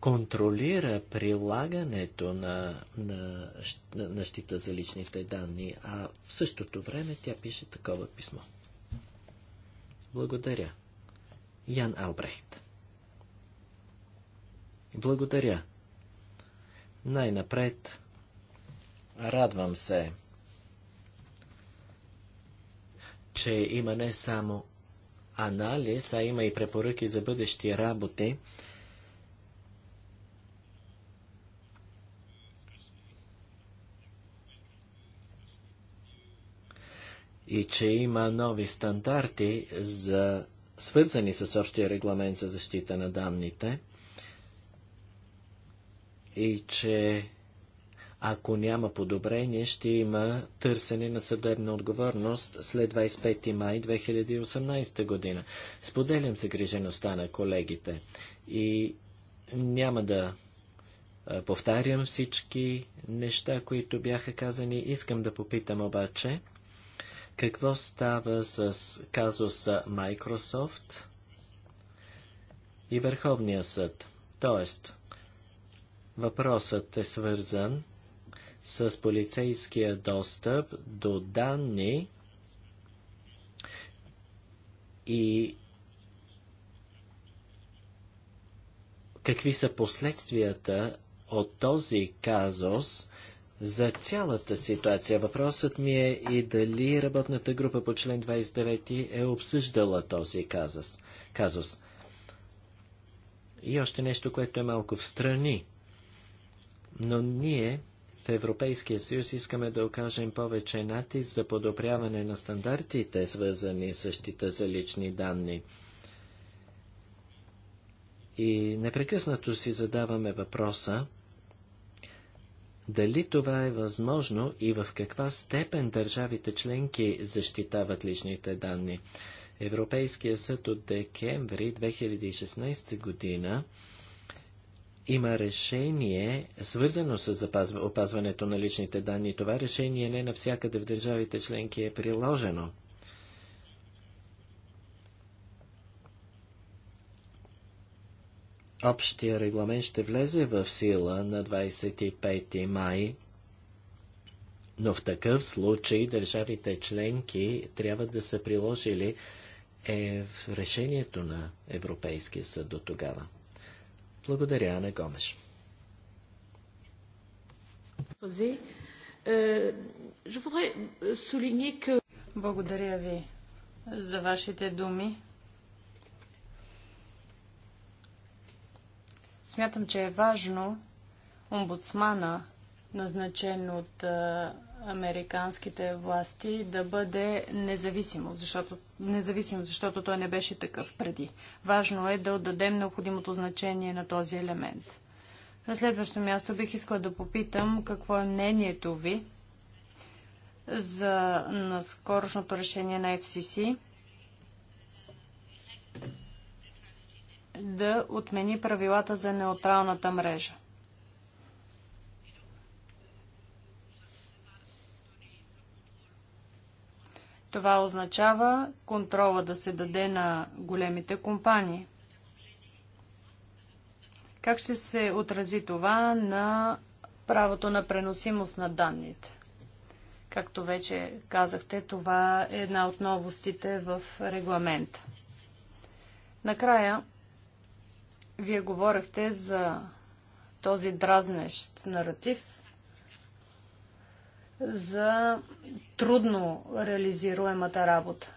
контролира прилагането на, на, на щита за личните данни, а в същото време тя пише такова писмо. Благодаря. Ян Албрехт. Благодаря. Най-напред радвам се, че има не само анализ, а има и препоръки за бъдещи работи. И че има нови стандарти за свързани с общия регламент за защита на данните – и че ако няма подобрение, ще има търсене на съдебна отговорност след 25 май 2018 година. Споделям загрижеността на колегите и няма да повтарям всички неща, които бяха казани. Искам да попитам обаче, какво става с казуса Microsoft и Върховния съд? Тоест, Въпросът е свързан с полицейския достъп до данни и какви са последствията от този казус за цялата ситуация. Въпросът ми е и дали работната група по член 29 е обсъждала този казус. казус. И още нещо, което е малко встрани. Но ние в Европейския съюз искаме да окажем повече натиск за подобряване на стандартите, свързани с щита за лични данни. И непрекъснато си задаваме въпроса, дали това е възможно и в каква степен държавите членки защитават личните данни. Европейския съд от декември 2016 година има решение, свързано с опазването на личните данни. Това решение не навсякъде в държавите членки е приложено. Общия регламент ще влезе в сила на 25 май, но в такъв случай държавите членки трябва да са приложили е в решението на Европейския съд до тогава. Благодаря, Ана Гомеш. Е, е, Благодаря ви за вашите думи. Смятам, че е важно омбудсмана, назначен от е, американските власти да бъде независимо, защото, независимо, защото той не беше такъв преди. Важно е да отдадем необходимото значение на този елемент. На следващо място бих искала да попитам какво е мнението ви за наскорошното решение на FCC да отмени правилата за неутралната мрежа. Това означава контрола да се даде на големите компании. Как ще се отрази това на правото на преносимост на данните? Както вече казахте, това е една от новостите в регламента. Накрая, вие говорихте за този дразнещ наратив, за трудно реализируемата работа.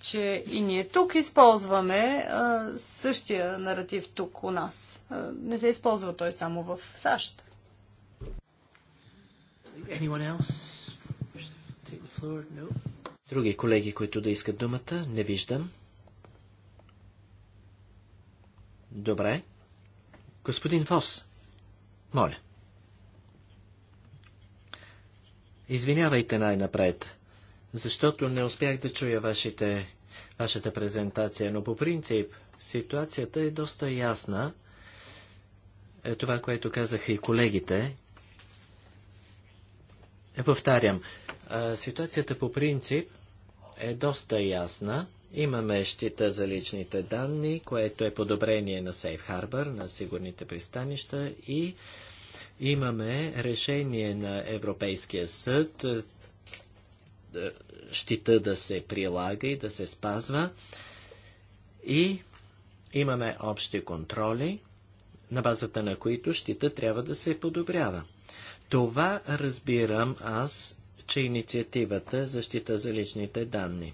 Че и ние тук използваме а, същия наратив тук у нас. А, не се използва той само в САЩ. Други колеги, които да искат думата, не виждам. Добре. Господин Фос, моля. Извинявайте най-напред, защото не успях да чуя вашите, вашата презентация, но по принцип ситуацията е доста ясна. Е това, което казаха и колегите. Е, повтарям, ситуацията по принцип е доста ясна. Имаме щита за личните данни, което е подобрение на Сейф Harbor, на сигурните пристанища и Имаме решение на Европейския съд, е, е, щита да се прилага и да се спазва. И имаме общи контроли, на базата на които щита трябва да се подобрява. Това разбирам аз, че инициативата защита за личните данни.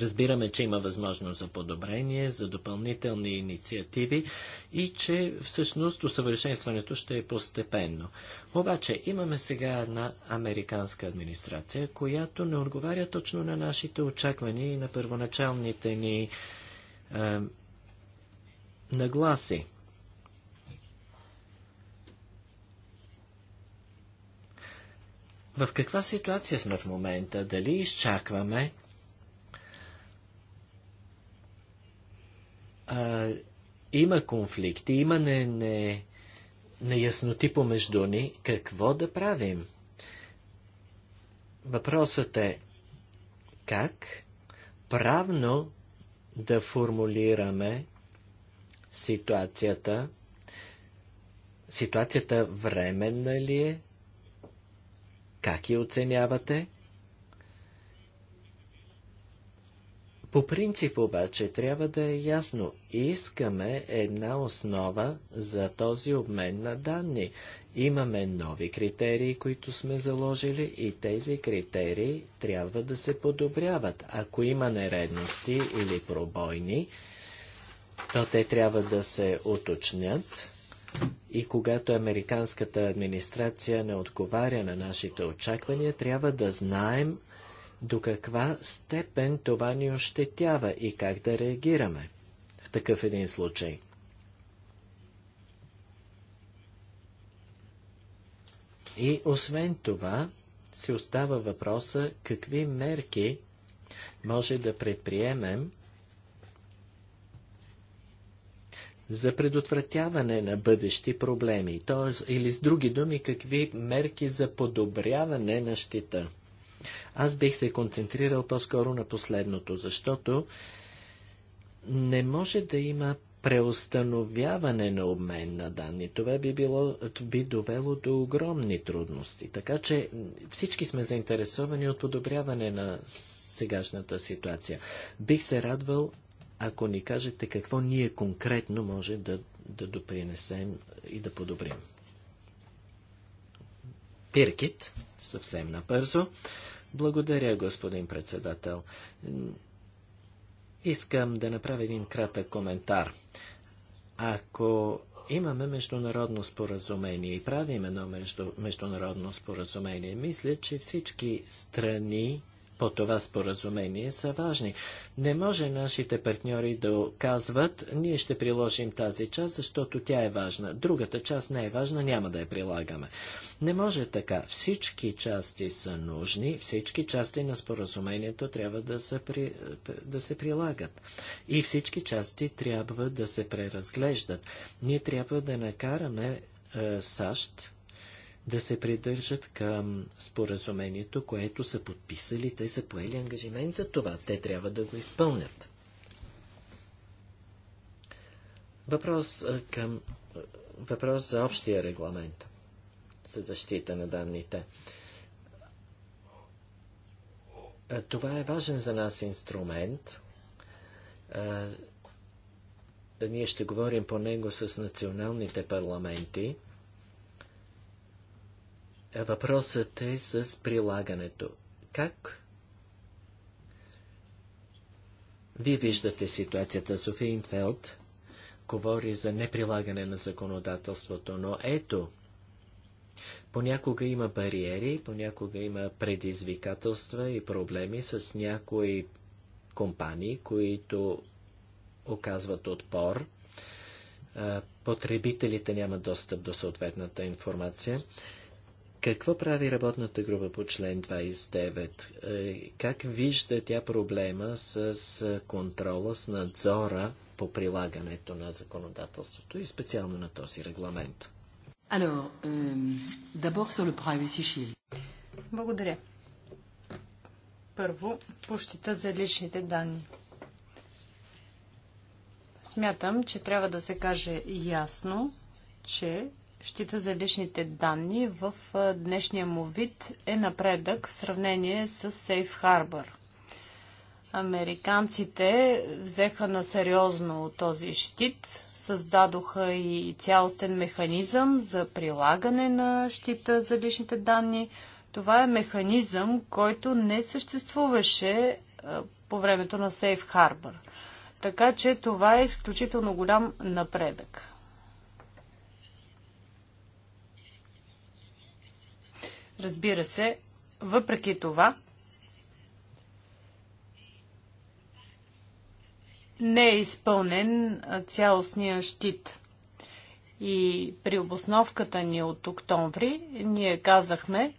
Разбираме, че има възможност за подобрение, за допълнителни инициативи и че всъщност усъвършенстването ще е постепенно. Обаче имаме сега една американска администрация, която не отговаря точно на нашите очаквания и на първоначалните ни е, нагласи. В каква ситуация сме в момента? Дали изчакваме? а, има конфликти, има не, не, неясноти помежду ни, какво да правим? Въпросът е как правно да формулираме ситуацията. Ситуацията временна ли е? Как я оценявате? По принцип обаче трябва да е ясно, искаме една основа за този обмен на данни. Имаме нови критерии, които сме заложили и тези критерии трябва да се подобряват. Ако има нередности или пробойни, то те трябва да се уточнят и когато американската администрация не отговаря на нашите очаквания, трябва да знаем до каква степен това ни ощетява и как да реагираме в такъв един случай. И освен това, си остава въпроса какви мерки може да предприемем за предотвратяване на бъдещи проблеми, т.е. или с други думи, какви мерки за подобряване на щита. Аз бих се концентрирал по-скоро на последното, защото не може да има преустановяване на обмен на данни. Това би, било, би довело до огромни трудности. Така че всички сме заинтересовани от подобряване на сегашната ситуация. Бих се радвал, ако ни кажете какво ние конкретно може да, да допринесем и да подобрим. Пиркит, съвсем набързо. Благодаря, господин председател. Искам да направя един кратък коментар. Ако имаме международно споразумение и правим едно между, международно споразумение, мисля, че всички страни по това споразумение са важни. Не може нашите партньори да казват, ние ще приложим тази част, защото тя е важна. Другата част не е важна, няма да я прилагаме. Не може така. Всички части са нужни, всички части на споразумението трябва да се, при... да се прилагат. И всички части трябва да се преразглеждат. Ние трябва да накараме е, САЩ да се придържат към споразумението, което са подписали. Те са поели ангажимент за това. Те трябва да го изпълнят. Въпрос, към, въпрос за общия регламент за защита на данните. Това е важен за нас инструмент. Ние ще говорим по него с националните парламенти. Въпросът е с прилагането. Как вие виждате ситуацията? Софи Инфелд говори за неприлагане на законодателството, но ето, понякога има бариери, понякога има предизвикателства и проблеми с някои компании, които оказват отпор. Потребителите нямат достъп до съответната информация. Какво прави работната група по член 29? Е, как вижда тя проблема с контрола, с надзора по прилагането на законодателството и специално на този регламент? Alors, euh, Благодаря. Първо, пощита за личните данни. Смятам, че трябва да се каже ясно, че щита за личните данни в днешния му вид е напредък в сравнение с Safe Harbor. Американците взеха на сериозно този щит, създадоха и цялостен механизъм за прилагане на щита за личните данни. Това е механизъм, който не съществуваше по времето на Safe Harbor. Така че това е изключително голям напредък. Разбира се, въпреки това, не е изпълнен цялостния щит. И при обосновката ни от октомври ние казахме,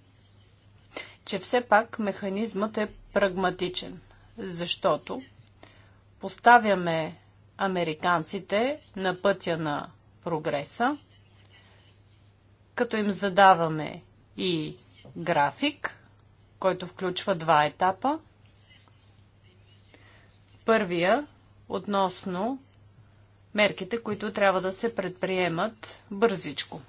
че все пак механизмът е прагматичен, защото поставяме американците на пътя на прогреса, като им задаваме и график, който включва два етапа. Първия относно мерките, които трябва да се предприемат бързичко.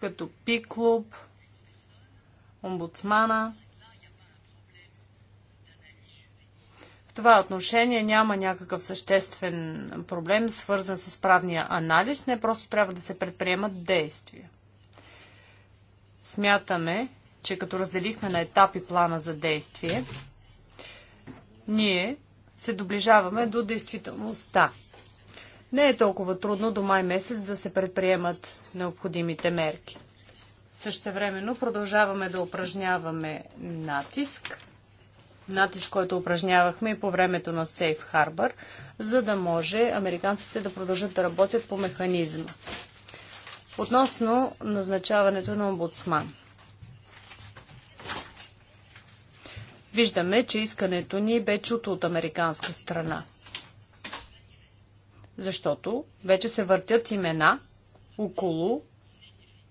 Като ПИКЛУБ, омбудсмана, това отношение няма някакъв съществен проблем, свързан с правния анализ, не просто трябва да се предприемат действия. Смятаме, че като разделихме на етапи плана за действие, ние се доближаваме до действителността. Не е толкова трудно до май месец да се предприемат необходимите мерки. Същевременно продължаваме да упражняваме натиск натиск, който упражнявахме и по времето на Safe Harbor, за да може американците да продължат да работят по механизма. Относно назначаването на омбудсман. Виждаме, че искането ни бе чуто от американска страна. Защото вече се въртят имена около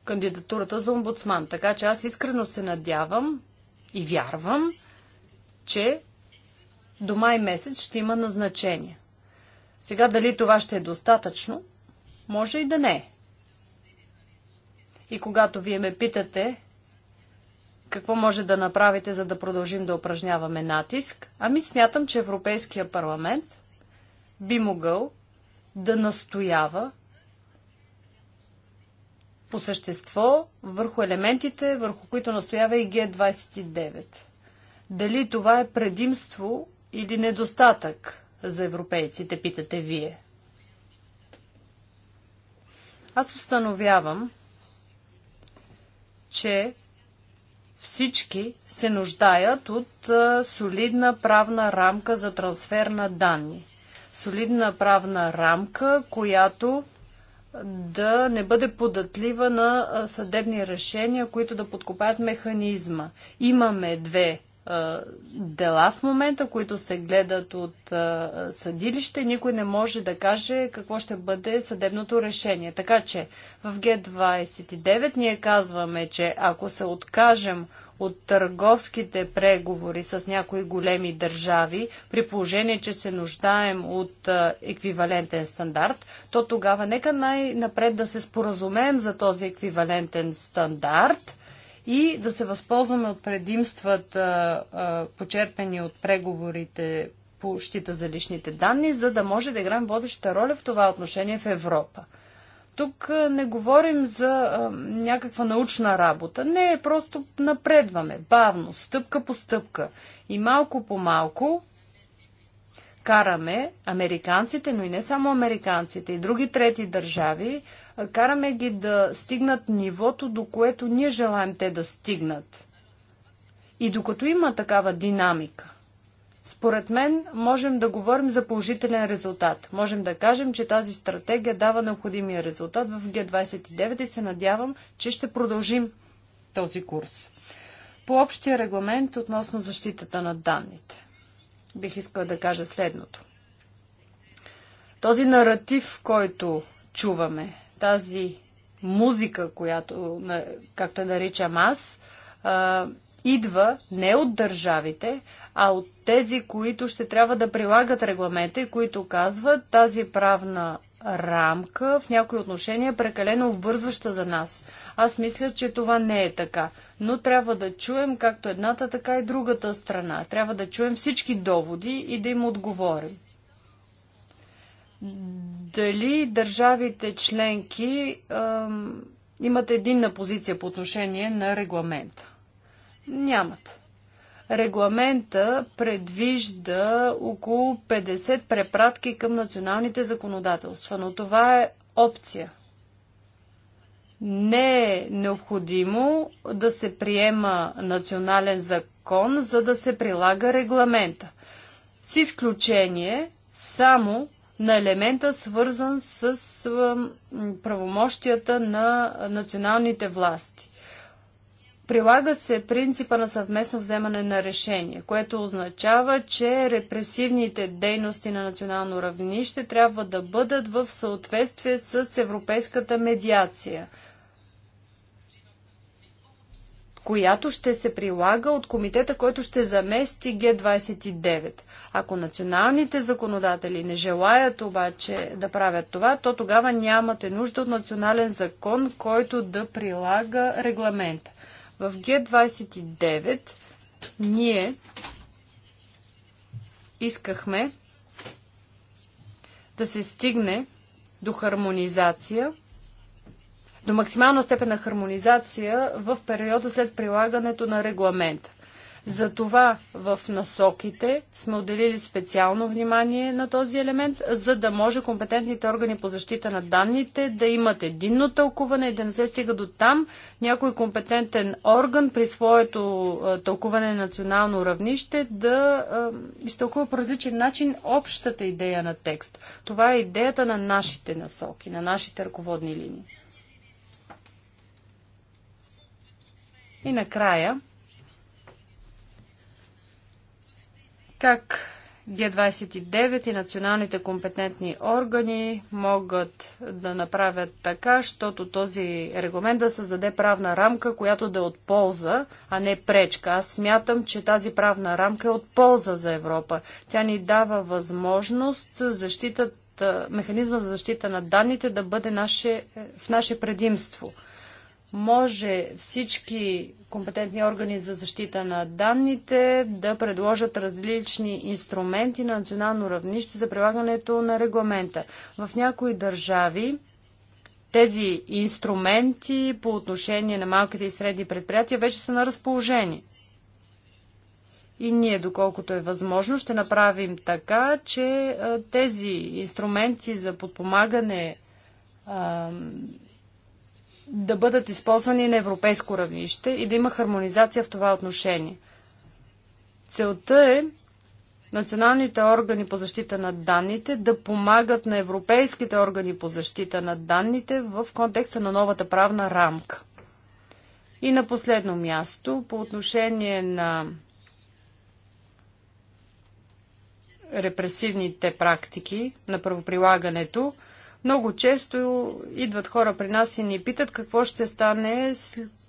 кандидатурата за омбудсман. Така че аз искрено се надявам и вярвам, че до май месец ще има назначение. Сега дали това ще е достатъчно, може и да не е. И когато вие ме питате какво може да направите, за да продължим да упражняваме натиск, ами смятам, че Европейския парламент би могъл да настоява по същество върху елементите, върху които настоява и Г-29. Дали това е предимство или недостатък за европейците, питате вие? Аз установявам, че всички се нуждаят от солидна правна рамка за трансфер на данни. Солидна правна рамка, която да не бъде податлива на съдебни решения, които да подкопаят механизма. Имаме две дела в момента, които се гледат от съдилище, никой не може да каже какво ще бъде съдебното решение. Така че в Г29 ние казваме, че ако се откажем от търговските преговори с някои големи държави, при положение, че се нуждаем от еквивалентен стандарт, то тогава нека най-напред да се споразумеем за този еквивалентен стандарт – и да се възползваме от предимствата, почерпени от преговорите по щита за личните данни, за да може да играем водеща роля в това отношение в Европа. Тук не говорим за а, някаква научна работа. Не, просто напредваме бавно, стъпка по стъпка. И малко по малко караме американците, но и не само американците, и други трети държави караме ги да стигнат нивото, до което ние желаем те да стигнат. И докато има такава динамика, според мен можем да говорим за положителен резултат. Можем да кажем, че тази стратегия дава необходимия резултат в Г29 и се надявам, че ще продължим този курс. По общия регламент относно защитата на данните, бих искала да кажа следното. Този наратив, който чуваме, тази музика, която, както я наричам аз, идва не от държавите, а от тези, които ще трябва да прилагат регламента и които казват тази правна рамка в някои отношения е прекалено обвързваща за нас. Аз мисля, че това не е така. Но трябва да чуем както едната, така и другата страна. Трябва да чуем всички доводи и да им отговорим дали държавите членки ам, имат единна позиция по отношение на регламента? Нямат. Регламента предвижда около 50 препратки към националните законодателства, но това е опция. Не е необходимо да се приема национален закон, за да се прилага регламента. С изключение само на елемента, свързан с правомощията на националните власти. Прилага се принципа на съвместно вземане на решение, което означава, че репресивните дейности на национално равнище трябва да бъдат в съответствие с европейската медиация – която ще се прилага от комитета, който ще замести Г-29. Ако националните законодатели не желаят обаче да правят това, то тогава нямате нужда от национален закон, който да прилага регламента. В Г-29 ние искахме да се стигне до хармонизация – до максимална степен на хармонизация в периода след прилагането на регламента. Затова в насоките сме отделили специално внимание на този елемент, за да може компетентните органи по защита на данните да имат единно тълкуване и да не се стига до там някой компетентен орган при своето тълкуване на национално равнище да изтълкува по различен начин общата идея на текст. Това е идеята на нашите насоки, на нашите ръководни линии. И накрая, как Г-29 и националните компетентни органи могат да направят така, защото този регламент да създаде правна рамка, която да е от полза, а не пречка. Аз смятам, че тази правна рамка е от полза за Европа. Тя ни дава възможност защитата, механизма за защита на данните да бъде наше, в наше предимство може всички компетентни органи за защита на данните да предложат различни инструменти на национално равнище за прилагането на регламента. В някои държави тези инструменти по отношение на малките и средни предприятия вече са на разположение. И ние, доколкото е възможно, ще направим така, че тези инструменти за подпомагане да бъдат използвани на европейско равнище и да има хармонизация в това отношение. Целта е националните органи по защита на данните да помагат на европейските органи по защита на данните в контекста на новата правна рамка. И на последно място, по отношение на репресивните практики на правоприлагането, много често идват хора при нас и ни питат какво ще стане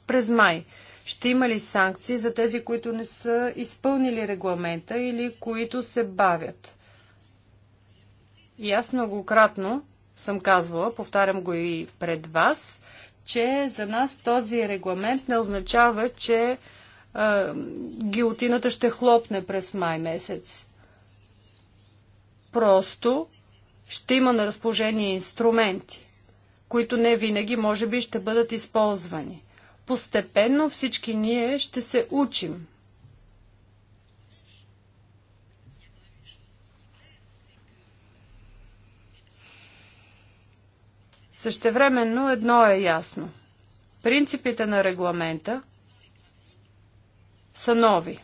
през май. Ще има ли санкции за тези, които не са изпълнили регламента или които се бавят? И аз многократно съм казвала, повтарям го и пред вас, че за нас този регламент не означава, че а, гилотината ще хлопне през май месец. Просто ще има на разположение инструменти, които не винаги може би ще бъдат използвани. Постепенно всички ние ще се учим. Същевременно едно е ясно. Принципите на регламента са нови.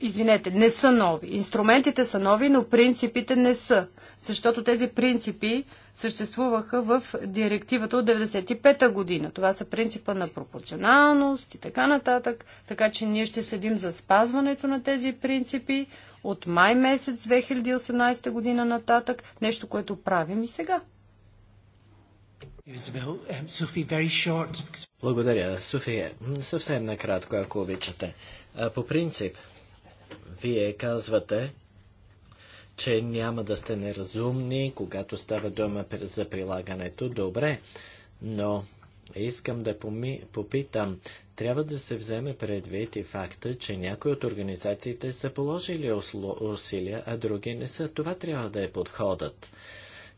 Извинете, не са нови. Инструментите са нови, но принципите не са, защото тези принципи съществуваха в директивата от 95-та година. Това са принципа на пропорционалност и така нататък, така че ние ще следим за спазването на тези принципи от май месец 2018 година нататък, нещо, което правим и сега. Um, Благодаря, София. Съвсем накратко, ако обичате. По принцип, вие казвате, че няма да сте неразумни, когато става дума за прилагането. Добре, но искам да поми... попитам, трябва да се вземе предвид и факта, че някои от организациите са положили усилия, а други не са. Това трябва да е подходът.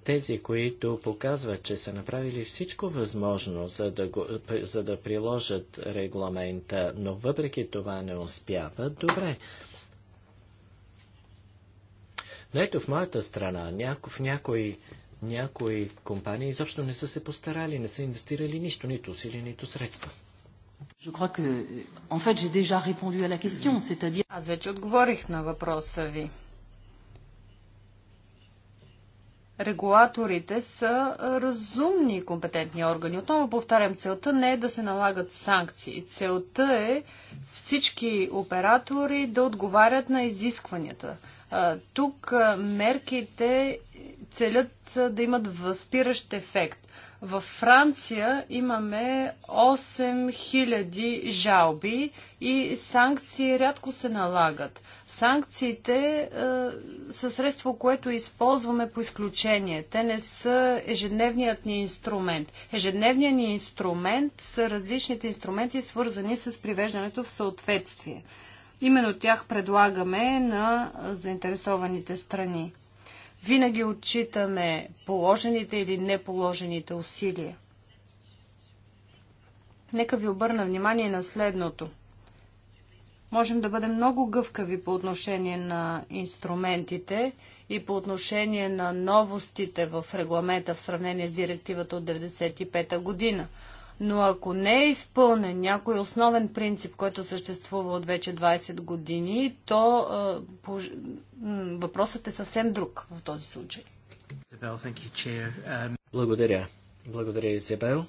Тези, които показват, че са направили всичко възможно, за да, го, за да приложат регламента, но въпреки това не успяват, добре. Но ето в моята страна, няко, в някои, някои компании изобщо не са се постарали, не са инвестирали нищо, нито усилия, нито средства. Аз вече отговорих на въпроса ви. Регулаторите са разумни и компетентни органи. Отново повтарям, целта не е да се налагат санкции. Целта е всички оператори да отговарят на изискванията. Тук мерките целят да имат възпиращ ефект. Във Франция имаме 8000 жалби и санкции рядко се налагат. Санкциите е, са средство, което използваме по изключение. Те не са ежедневният ни инструмент. Ежедневният ни инструмент са различните инструменти, свързани с привеждането в съответствие. Именно тях предлагаме на заинтересованите страни. Винаги отчитаме положените или неположените усилия. Нека ви обърна внимание на следното. Можем да бъдем много гъвкави по отношение на инструментите и по отношение на новостите в регламента в сравнение с директивата от 1995 година. Но ако не е изпълнен някой основен принцип, който съществува от вече 20 години, то въпросът е съвсем друг в този случай. Um, Благодаря. Благодаря, Изабел.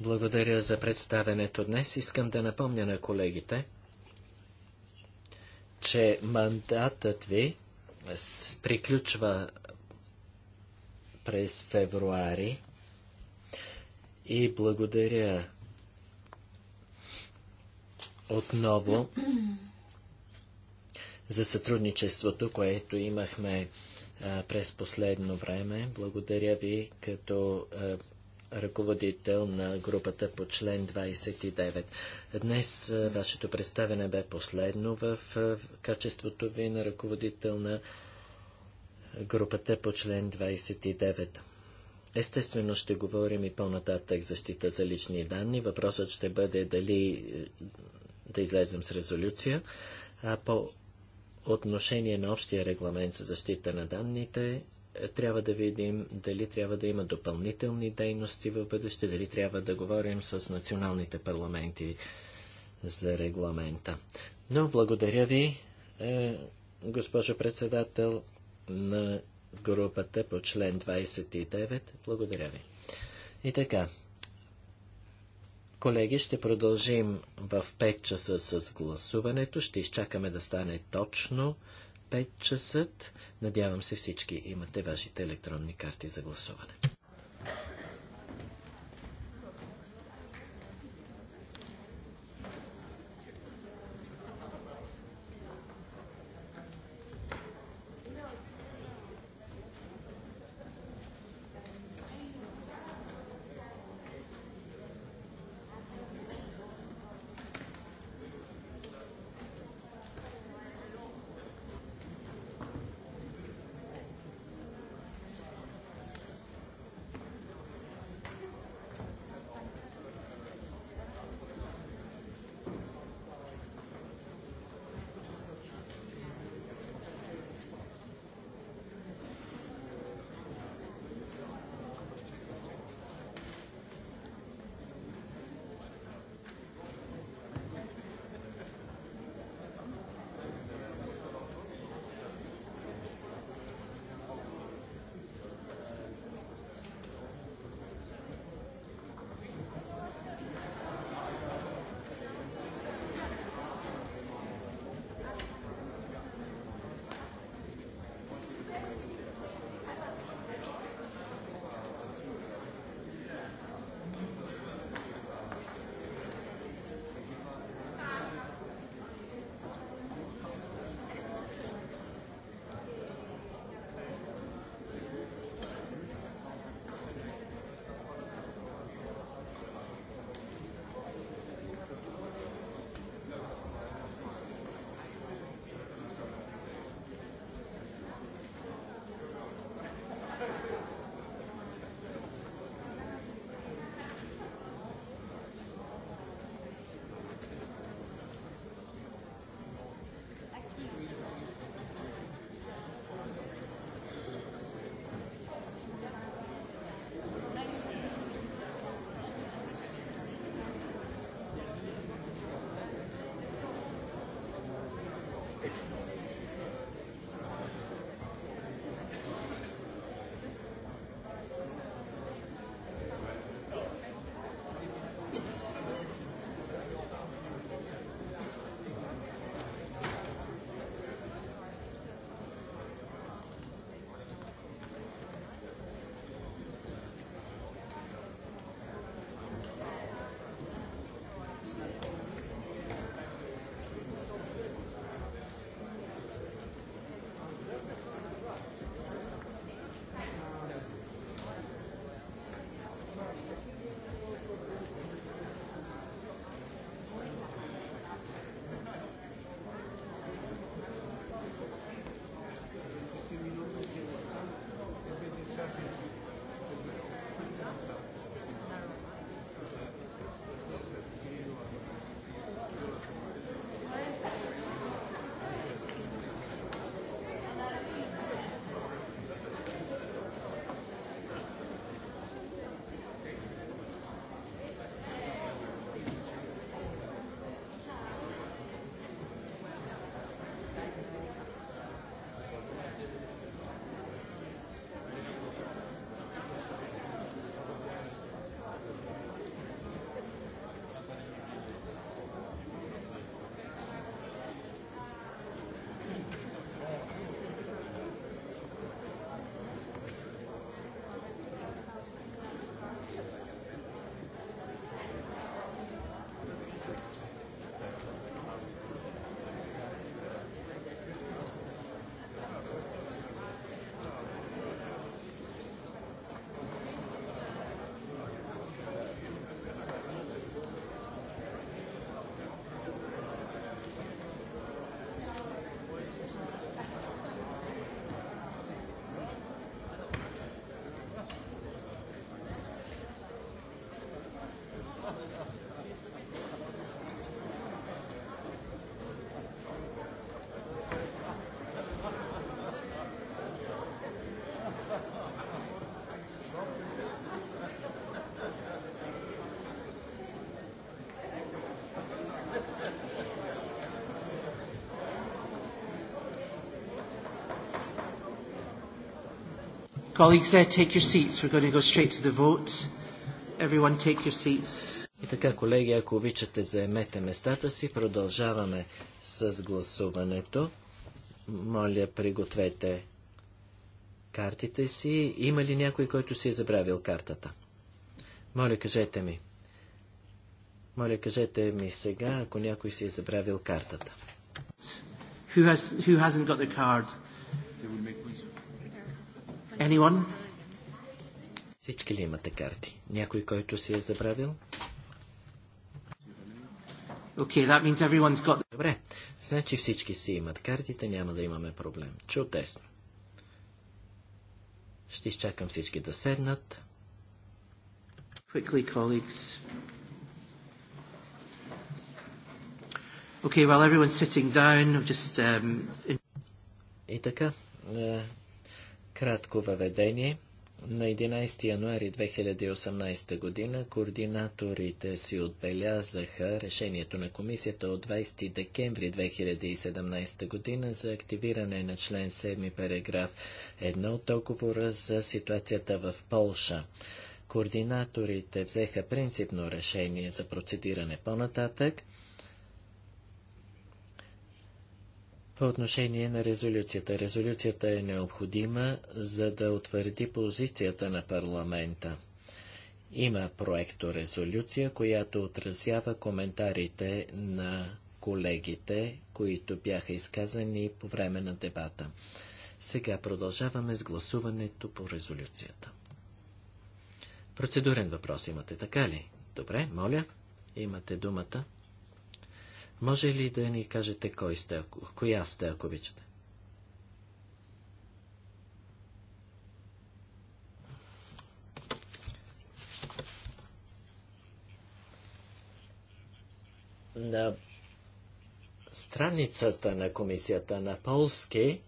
Благодаря за представенето днес. Искам да напомня на колегите, че мандатът ви приключва през февруари и благодаря отново за сътрудничеството, което имахме а, през последно време. Благодаря ви като а, ръководител на групата по член 29. Днес а, вашето представене бе последно в, в качеството ви на ръководител на групата по член 29. Естествено ще говорим и по-нататък защита за лични данни. Въпросът ще бъде дали е, да излезем с резолюция. А по отношение на общия регламент за защита на данните, е, трябва да видим дали трябва да има допълнителни дейности в бъдеще, дали трябва да говорим с националните парламенти за регламента. Но благодаря ви, е, госпожо председател, на групата по член 29. Благодаря ви. И така, колеги, ще продължим в 5 часа с гласуването. Ще изчакаме да стане точно 5 часа. Надявам се всички имате вашите електронни карти за гласуване. Colleagues, uh, take your seats. We're going to go straight to the vote. Everyone take your seats. И така, колеги, ако обичате, заемете местата си. Продължаваме с гласуването. Моля, пригответе картите си. Има ли някой, който си е забравил картата? Моля, кажете ми. Моля, кажете ми сега, ако някой си е забравил картата. Who, has, who hasn't got the card? Anyone? Всички ли имате карти? Някой, който си е забравил? Okay, that means everyone's got... Добре, значи всички си имат картите, няма да имаме проблем. Чудесно. Ще изчакам всички да седнат. Quickly, colleagues. Okay, while everyone's sitting down, just... Um... И така, е, Кратко въведение. На 11 януари 2018 година координаторите си отбелязаха решението на комисията от 20 декември 2017 година за активиране на член 7 параграф 1 от договора за ситуацията в Полша. Координаторите взеха принципно решение за процедиране по-нататък. по отношение на резолюцията. Резолюцията е необходима, за да утвърди позицията на парламента. Има проекто резолюция, която отразява коментарите на колегите, които бяха изказани по време на дебата. Сега продължаваме с гласуването по резолюцията. Процедурен въпрос имате, така ли? Добре, моля, имате думата. Може ли да ни кажете кой сте, коя сте, ако обичате? На страницата на комисията на полски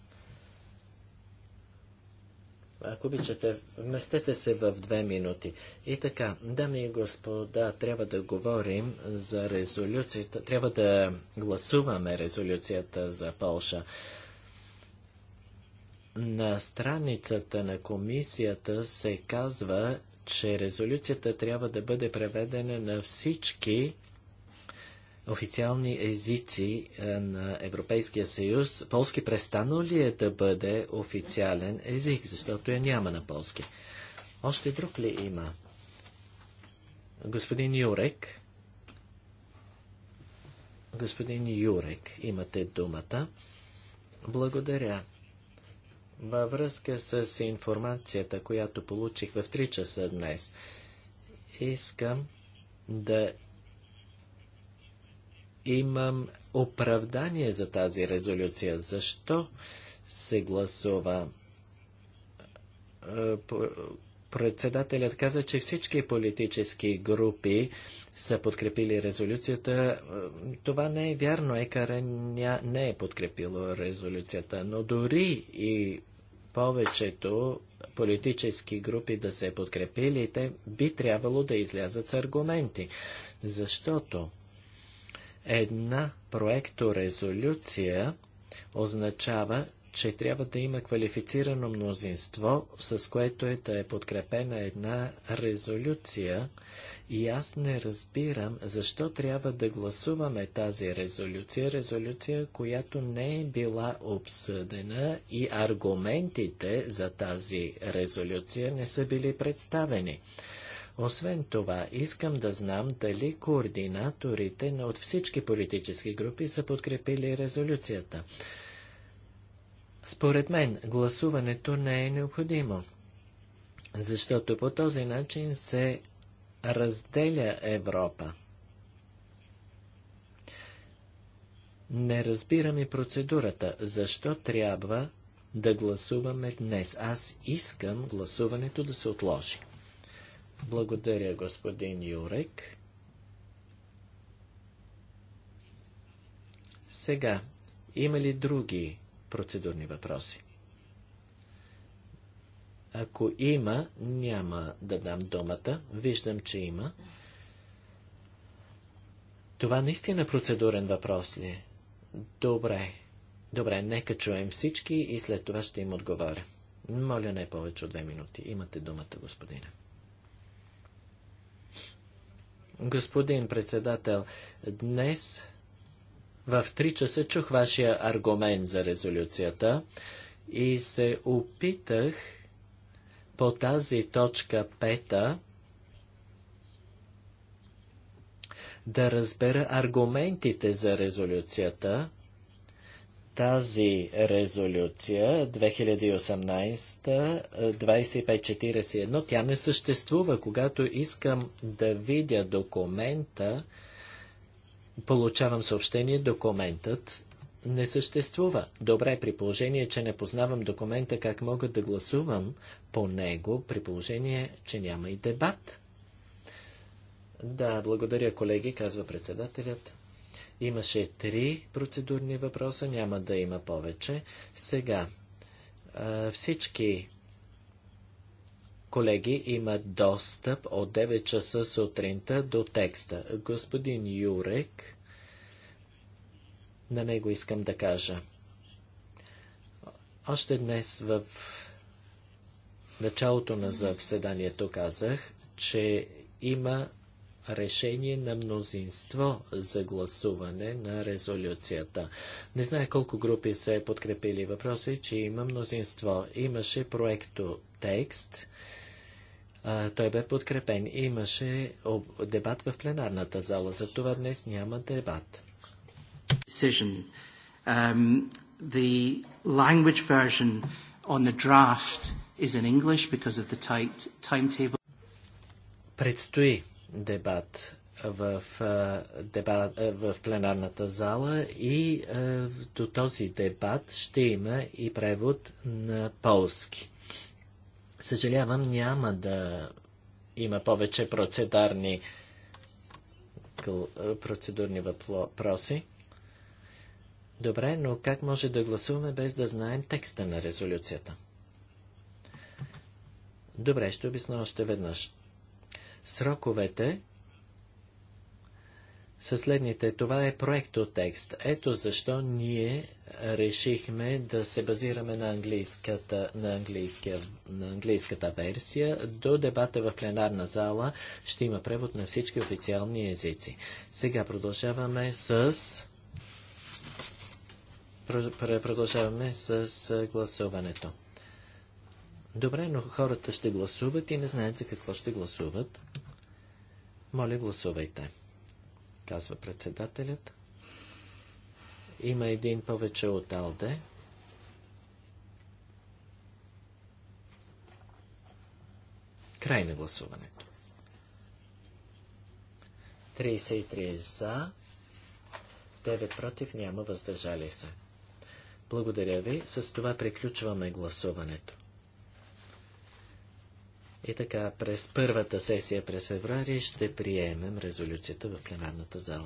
ако обичате, вместете се в две минути. И така, дами и господа, трябва да говорим за резолюцията, трябва да гласуваме резолюцията за Полша. На страницата на комисията се казва, че резолюцията трябва да бъде преведена на всички официални езици е, на Европейския съюз, полски престано ли е да бъде официален език, защото я няма на полски? Още друг ли има? Господин Юрек. Господин Юрек, имате думата. Благодаря. Във връзка с информацията, която получих в 3 часа днес, искам да имам оправдание за тази резолюция. Защо се гласува? Е, председателят каза, че всички политически групи са подкрепили резолюцията. Е, това не е вярно. Екаре не е подкрепило резолюцията, но дори и повечето политически групи да се подкрепили, те би трябвало да излязат с аргументи. Защото Една проекторезолюция означава, че трябва да има квалифицирано мнозинство, с което е да е подкрепена една резолюция и аз не разбирам защо трябва да гласуваме тази резолюция, резолюция, която не е била обсъдена и аргументите за тази резолюция не са били представени. Освен това, искам да знам дали координаторите от всички политически групи са подкрепили резолюцията. Според мен, гласуването не е необходимо, защото по този начин се разделя Европа. Не и процедурата, защо трябва да гласуваме днес. Аз искам гласуването да се отложи. Благодаря, господин Юрек. Сега, има ли други процедурни въпроси? Ако има, няма да дам думата. Виждам, че има. Това наистина процедурен въпрос ли е? Добре. Добре, нека чуем всички и след това ще им отговоря. Моля не повече от две минути. Имате думата, господине. Господин председател, днес в 3 часа чух вашия аргумент за резолюцията и се опитах по тази точка пета да разбера аргументите за резолюцията тази резолюция 2018-2541, е, тя не съществува. Когато искам да видя документа, получавам съобщение, документът не съществува. Добре, при положение, че не познавам документа, как мога да гласувам по него, при положение, че няма и дебат. Да, благодаря, колеги, казва председателят. Имаше три процедурни въпроса, няма да има повече. Сега всички колеги имат достъп от 9 часа сутринта до текста. Господин Юрек, на него искам да кажа. Още днес в началото на заседанието казах, че има решение на мнозинство за гласуване на резолюцията. Не знае колко групи са е подкрепили въпроси, че има мнозинство. Имаше проекто текст, а, той бе подкрепен. Имаше об... дебат в пленарната зала, за това днес няма дебат. Um, the language version on the draft is in English because of the tight timetable. Предстои дебат в, дебат, в пленарната зала и до този дебат ще има и превод на полски. Съжалявам, няма да има повече процедарни, процедурни въпроси. Добре, но как може да гласуваме без да знаем текста на резолюцията? Добре, ще обясня още веднъж. Сроковете са следните. Това е проектотекст. Ето защо ние решихме да се базираме на английската, на английския, на английската версия. До дебата в пленарна зала ще има превод на всички официални езици. Сега продължаваме с продължаваме с гласуването. Добре, но хората ще гласуват и не знаят за какво ще гласуват. Моля, гласувайте, казва председателят. Има един повече от Алде. Край на гласуването. 33 за, 9 против, няма въздържали се. Благодаря ви. С това приключваме гласуването. И така, през първата сесия през феврари ще приемем резолюцията в пленарната зала.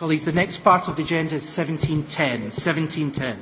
Colleagues, the next part of the agenda is 1710. 1710.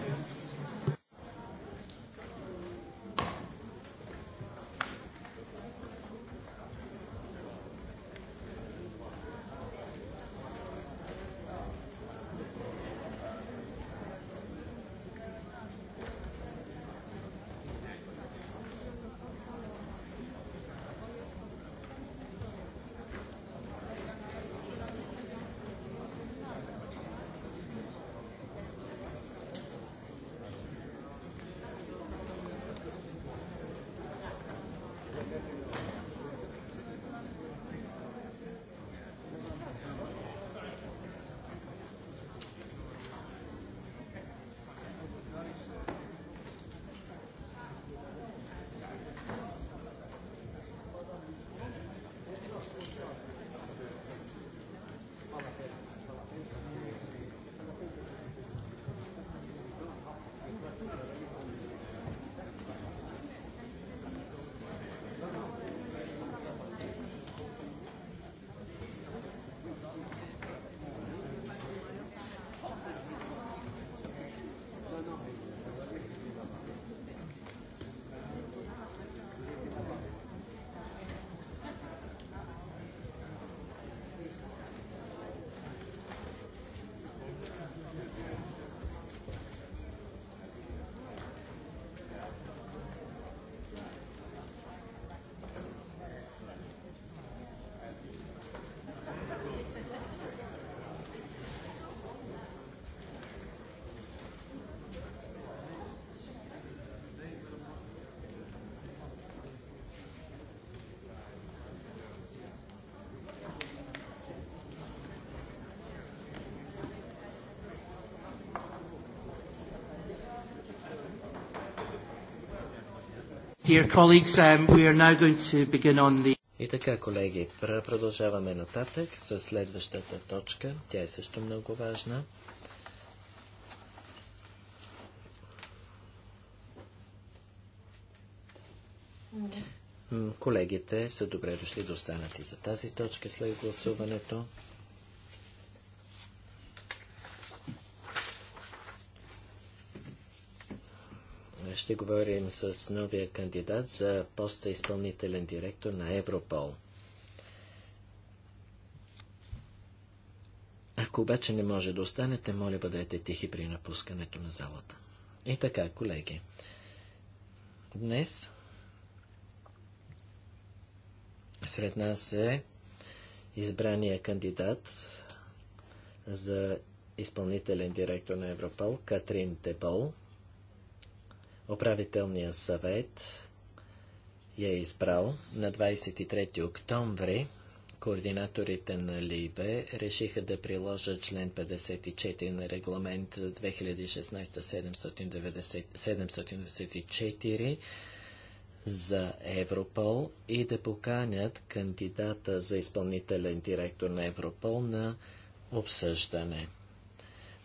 Dear colleagues, um, we are now going to begin on the... И така, колеги, продължаваме нататък с следващата точка. Тя е също много важна. Колегите са добре дошли да останат и за тази точка след гласуването. ще говорим с новия кандидат за поста изпълнителен директор на Европол. Ако обаче не може да останете, моля бъдете тихи при напускането на залата. И така, колеги, днес сред нас е избрания кандидат за изпълнителен директор на Европол Катрин Тепол. Управителният съвет я е избрал на 23 октомври. Координаторите на Либе решиха да приложат член 54 на регламент 2016-794 за Европол и да поканят кандидата за изпълнителен директор на Европол на обсъждане.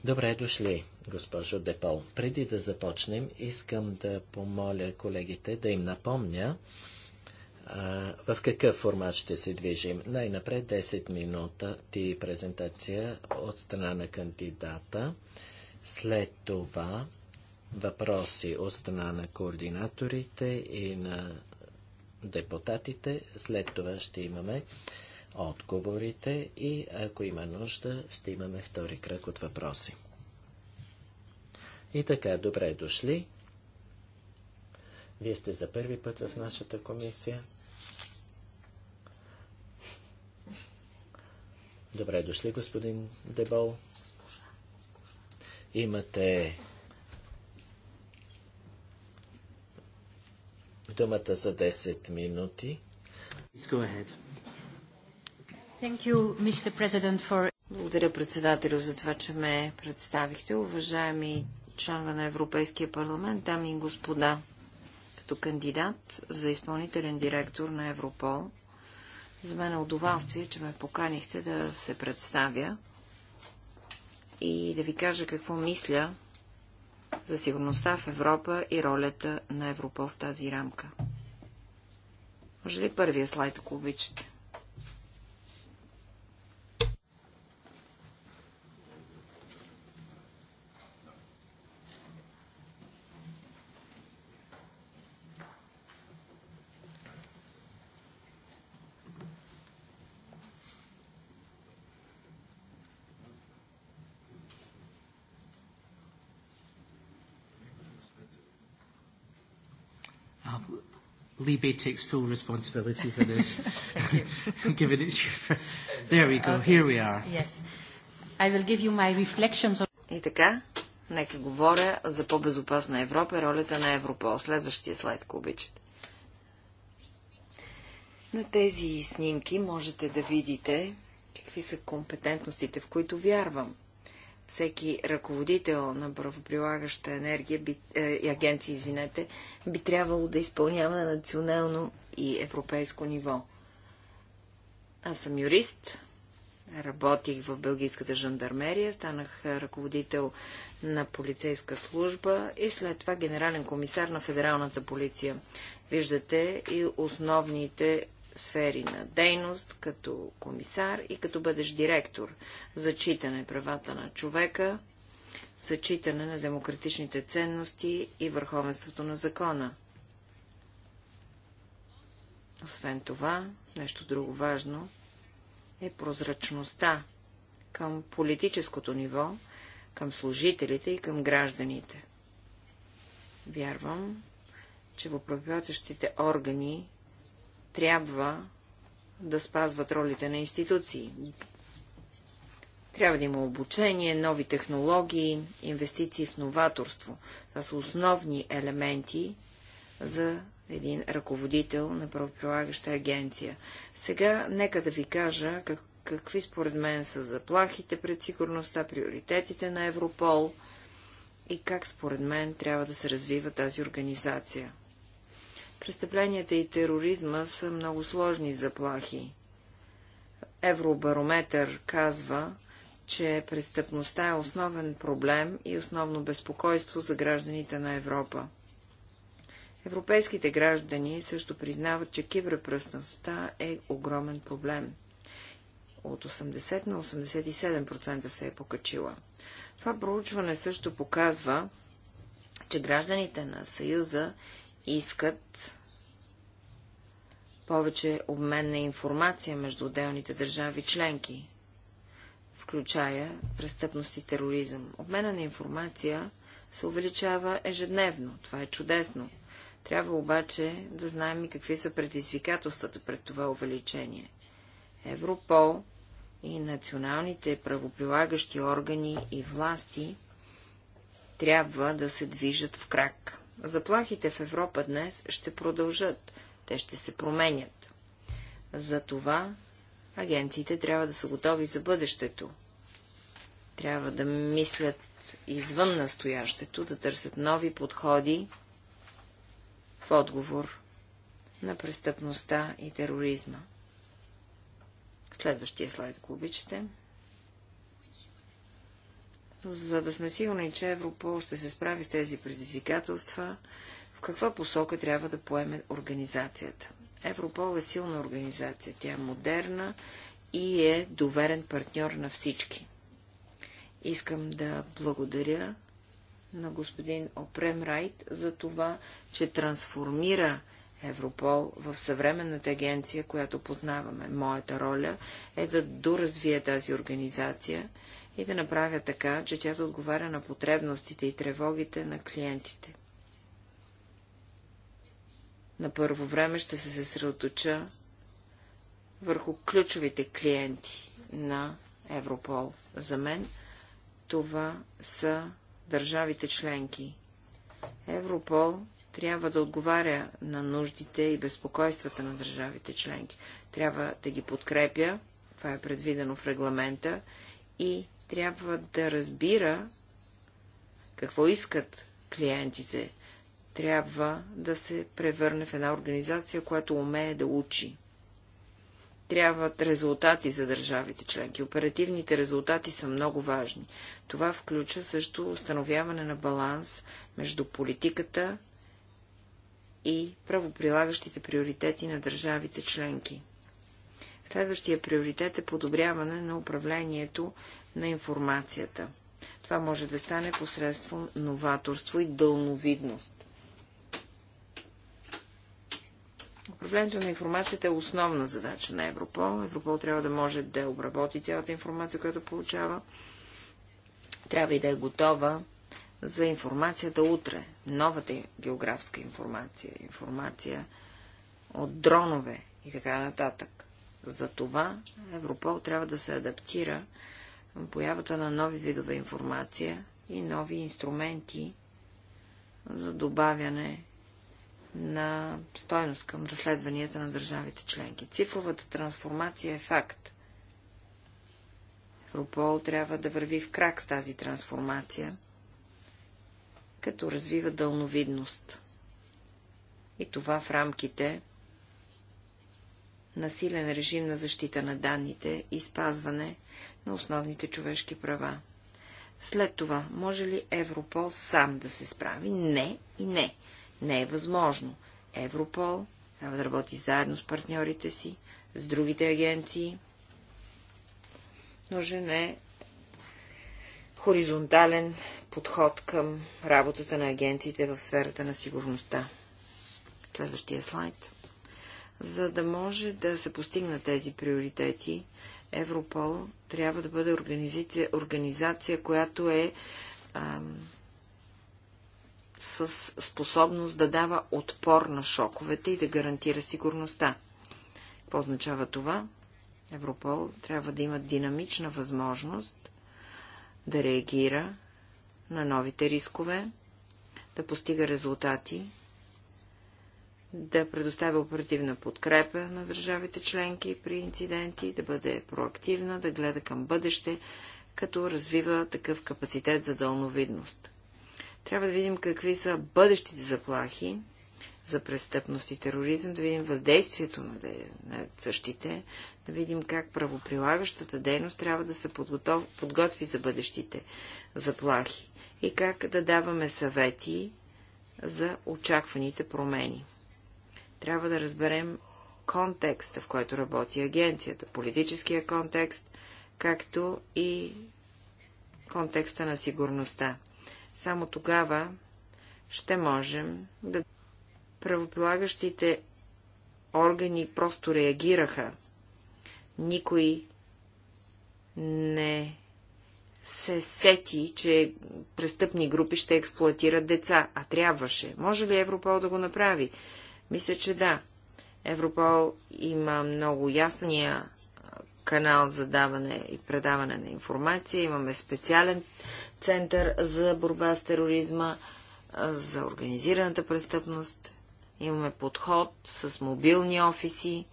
Добре дошли, госпожо Депол. Преди да започнем, искам да помоля колегите да им напомня а, в какъв формат ще се движим. Най-напред 10 минута ти презентация от страна на кандидата. След това въпроси от страна на координаторите и на депутатите. След това ще имаме отговорите и ако има нужда, ще имаме втори кръг от въпроси. И така, добре дошли. Вие сте за първи път в нашата комисия. Добре дошли, господин Дебол. Имате думата за 10 минути. Let's go ahead. Благодаря председателю за това, че ме представихте. Уважаеми членове на Европейския парламент, дами и господа, като кандидат за изпълнителен директор на Европол, за мен е удоволствие, че ме поканихте да се представя и да ви кажа какво мисля за сигурността в Европа и ролята на Европол в тази рамка. Може ли първия слайд, ако обичате? Libby takes full responsibility for this, given it's your first. There we go, okay. here we are. Yes. I will give you my reflections on... И така, нека говоря за по-безопасна Европа ролята на Европол. Следващия слайд, ако обичате. На тези снимки можете да видите какви са компетентностите, в които вярвам всеки ръководител на правоприлагаща енергия би, е, агенция, извинете, би трябвало да изпълнява на национално и европейско ниво. Аз съм юрист, работих в Белгийската жандармерия, станах ръководител на полицейска служба и след това генерален комисар на Федералната полиция. Виждате и основните сфери на дейност, като комисар и като бъдеш директор. Зачитане правата на човека, зачитане на демократичните ценности и върховенството на закона. Освен това, нещо друго важно е прозрачността към политическото ниво, към служителите и към гражданите. Вярвам, че въпропятащите органи трябва да спазват ролите на институции. Трябва да има обучение, нови технологии, инвестиции в новаторство. Това са основни елементи за един ръководител на правоприлагаща агенция. Сега нека да ви кажа как, какви според мен са заплахите пред сигурността, приоритетите на Европол и как според мен трябва да се развива тази организация. Престъпленията и тероризма са много сложни заплахи. Евробарометър казва, че престъпността е основен проблем и основно безпокойство за гражданите на Европа. Европейските граждани също признават, че киберпръстността е огромен проблем. От 80 на 87% се е покачила. Това проучване също показва, че гражданите на Съюза искат повече обмен на информация между отделните държави членки, включая престъпност и тероризъм. Обмена на информация се увеличава ежедневно. Това е чудесно. Трябва обаче да знаем и какви са предизвикателствата пред това увеличение. Европол и националните правоприлагащи органи и власти трябва да се движат в крак. Заплахите в Европа днес ще продължат, те ще се променят. Затова агенциите трябва да са готови за бъдещето. Трябва да мислят извън настоящето, да търсят нови подходи в отговор на престъпността и тероризма. Следващия слайд, ако обичате за да сме сигурни, че Европол ще се справи с тези предизвикателства, в каква посока трябва да поеме организацията. Европол е силна организация, тя е модерна и е доверен партньор на всички. Искам да благодаря на господин Опрем Райт за това, че трансформира Европол в съвременната агенция, която познаваме. Моята роля е да доразвия тази организация и да направя така, че тя да отговаря на потребностите и тревогите на клиентите. На първо време ще се съсредоточа върху ключовите клиенти на Европол. За мен това са държавите членки. Европол трябва да отговаря на нуждите и безпокойствата на държавите членки. Трябва да ги подкрепя, това е предвидено в регламента, и трябва да разбира какво искат клиентите. Трябва да се превърне в една организация, която умее да учи. Трябват резултати за държавите членки. Оперативните резултати са много важни. Това включва също установяване на баланс между политиката и правоприлагащите приоритети на държавите членки. Следващия приоритет е подобряване на управлението на информацията. Това може да стане посредством новаторство и дълновидност. Управлението на информацията е основна задача на Европол. Европол трябва да може да обработи цялата информация, която получава. Трябва и да е готова за информацията утре. Новата географска информация, информация от дронове и така нататък. За това Европол трябва да се адаптира появата на нови видове информация и нови инструменти за добавяне на стойност към разследванията на държавите членки. Цифровата трансформация е факт. Европол трябва да върви в крак с тази трансформация, като развива дълновидност. И това в рамките на силен режим на защита на данните и спазване на основните човешки права. След това, може ли Европол сам да се справи? Не и не. Не е възможно. Европол трябва да работи заедно с партньорите си, с другите агенции. Нужен е хоризонтален подход към работата на агенциите в сферата на сигурността. Следващия слайд. За да може да се постигнат тези приоритети, Европол трябва да бъде организация, организация която е ам, с способност да дава отпор на шоковете и да гарантира сигурността. Какво означава това? Европол трябва да има динамична възможност да реагира на новите рискове, да постига резултати да предоставя оперативна подкрепа на държавите членки при инциденти, да бъде проактивна, да гледа към бъдеще, като развива такъв капацитет за дълновидност. Трябва да видим какви са бъдещите заплахи за престъпност и тероризъм, да видим въздействието на, де... на същите, да видим как правоприлагащата дейност трябва да се подготов... подготви за бъдещите заплахи и как да даваме съвети за очакваните промени. Трябва да разберем контекста, в който работи агенцията, политическия контекст, както и контекста на сигурността. Само тогава ще можем да... Правополагащите органи просто реагираха. Никой не се сети, че престъпни групи ще експлуатират деца, а трябваше. Може ли Европол да го направи? Мисля, че да. Европол има много ясния канал за даване и предаване на информация. Имаме специален център за борба с тероризма, за организираната престъпност. Имаме подход с мобилни офиси.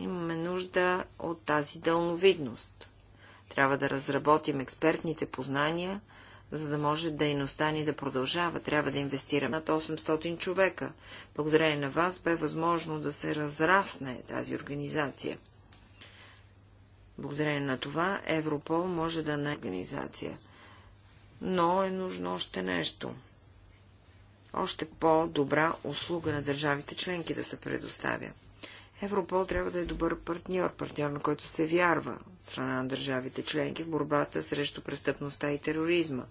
Имаме нужда от тази дълновидност. Трябва да разработим експертните познания – за да може дейността ни да продължава, трябва да инвестираме над 800 човека. Благодарение на вас бе възможно да се разрасне тази организация. Благодарение на това Европол може да не е организация. Но е нужно още нещо. Още по-добра услуга на държавите членки да се предоставя. Европол трябва да е добър партньор, партньор, на който се вярва от страна на държавите членки в борбата срещу престъпността и тероризма.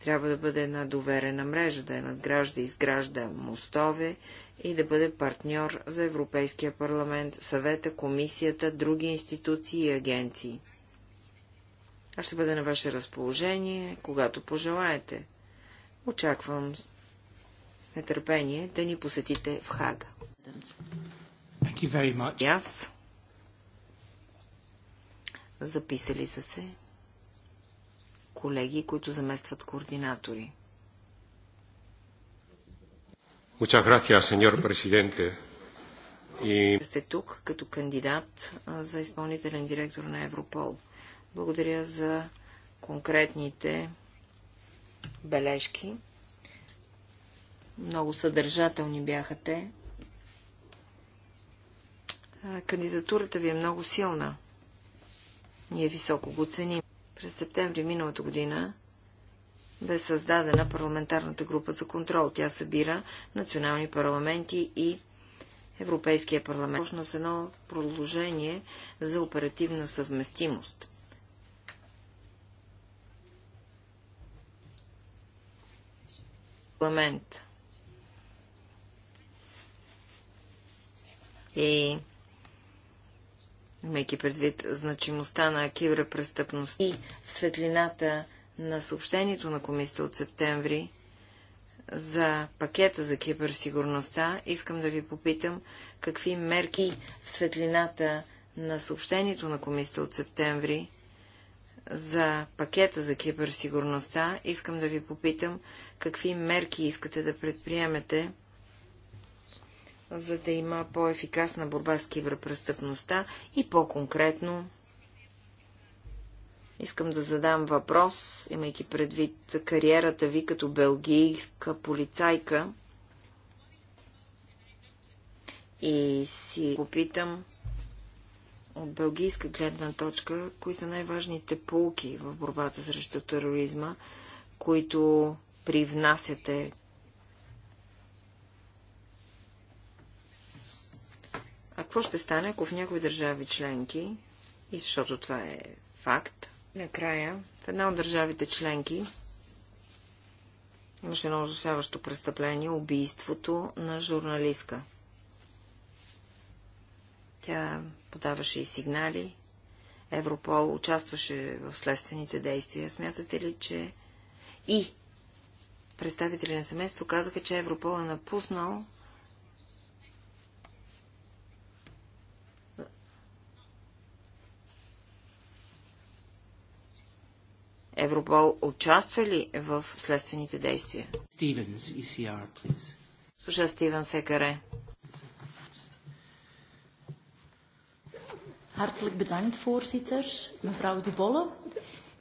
Трябва да бъде една доверена мрежа, да е надгражда, изгражда мостове и да бъде партньор за Европейския парламент, съвета, комисията, други институции и агенции. Аз ще бъда на ваше разположение, когато пожелаете. Очаквам с нетърпение да ни посетите в Хага. Thank you very much. Записали са се колеги, които заместват координатори. Muchas gracias, señor presidente. И... Сте тук като кандидат за изпълнителен директор на Европол. Благодаря за конкретните бележки. Много съдържателни бяха те. Кандидатурата ви е много силна. Ние високо го ценим. През септември миналата година бе създадена парламентарната група за контрол. Тя събира национални парламенти и Европейския парламент. Почна с едно продължение за оперативна съвместимост. Парламент. И имайки предвид значимостта на киберпрестъпност и в светлината на съобщението на комисията от септември за пакета за киберсигурността, искам да ви попитам какви мерки в светлината на съобщението на комисията от септември за пакета за киберсигурността, искам да ви попитам какви мерки искате да предприемете за да има по-ефикасна борба с киберпрестъпността и по-конкретно искам да задам въпрос, имайки предвид кариерата ви като белгийска полицайка и си попитам от белгийска гледна точка, кои са най-важните полки в борбата срещу тероризма, които привнасяте А какво ще стане, ако в някои държави членки, и защото това е факт, накрая в една от държавите членки имаше едно ужасяващо престъпление – убийството на журналистка. Тя подаваше и сигнали. Европол участваше в следствените действия. Смятате ли, че и представители на семейство казаха, че Европол е напуснал Европол участва ли в следствените действия? Стивенс, ECR, please. Слуша Стивен Секаре. Hartelijk bedankt, voorzitter. Mevrouw de Bolle,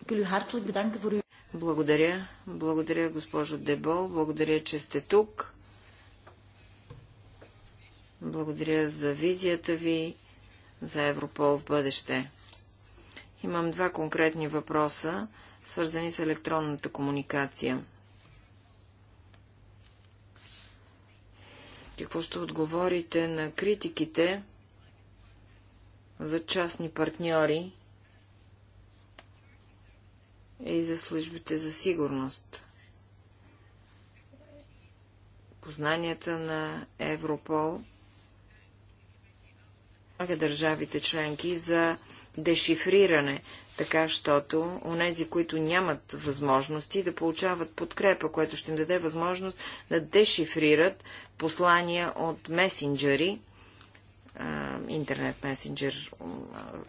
ik wil u hartelijk bedanken voor uw... Благодаря. Благодаря, госпожо Дебол. Благодаря, че сте тук. Благодаря за визията ви за Европол в бъдеще. Имам два конкретни въпроса свързани с електронната комуникация. Какво ще отговорите на критиките за частни партньори и за службите за сигурност? Познанията на Европол е държавите членки за дешифриране, така щото онези, които нямат възможности да получават подкрепа, което ще им даде възможност да дешифрират послания от месенджери, интернет месенджер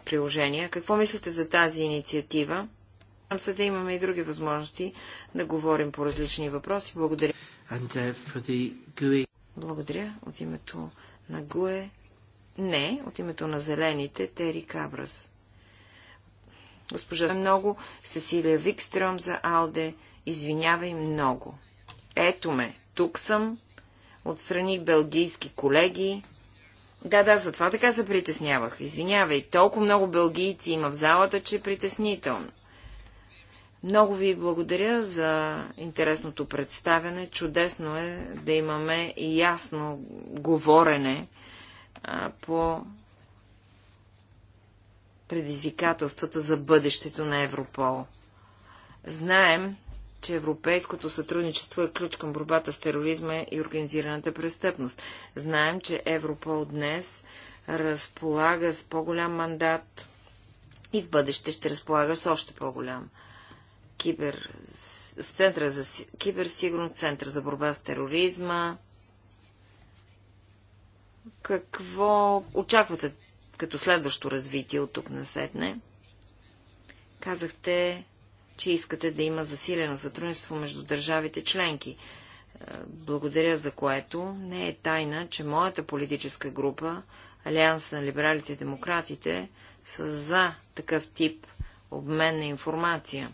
приложения. Какво мислите за тази инициатива? Надявам се да имаме и други възможности да говорим по различни въпроси. Благодаря. Uh, Благодаря от името на ГУЕ. Не, от името на зелените Тери Кабрас. Госпожа много, Сесилия Викстрюм за Алде, извинявай много. Ето ме, тук съм, отстраних белгийски колеги. Да, да, затова така се притеснявах. Извинявай, толкова много белгийци има в залата, че е притеснително. Много ви благодаря за интересното представяне. Чудесно е да имаме и ясно говорене а, по предизвикателствата за бъдещето на Европол. Знаем, че европейското сътрудничество е ключ към борбата с тероризма и организираната престъпност. Знаем, че Европол днес разполага с по-голям мандат и в бъдеще ще разполага с още по-голям. Кибер... С центъра за киберсигурност, център за борба с тероризма. Какво очаквате като следващо развитие от тук насетне. Казахте, че искате да има засилено сътрудничество между държавите членки. Е, благодаря за което. Не е тайна, че моята политическа група, Алианс на либералите и демократите, са за такъв тип обмен на информация.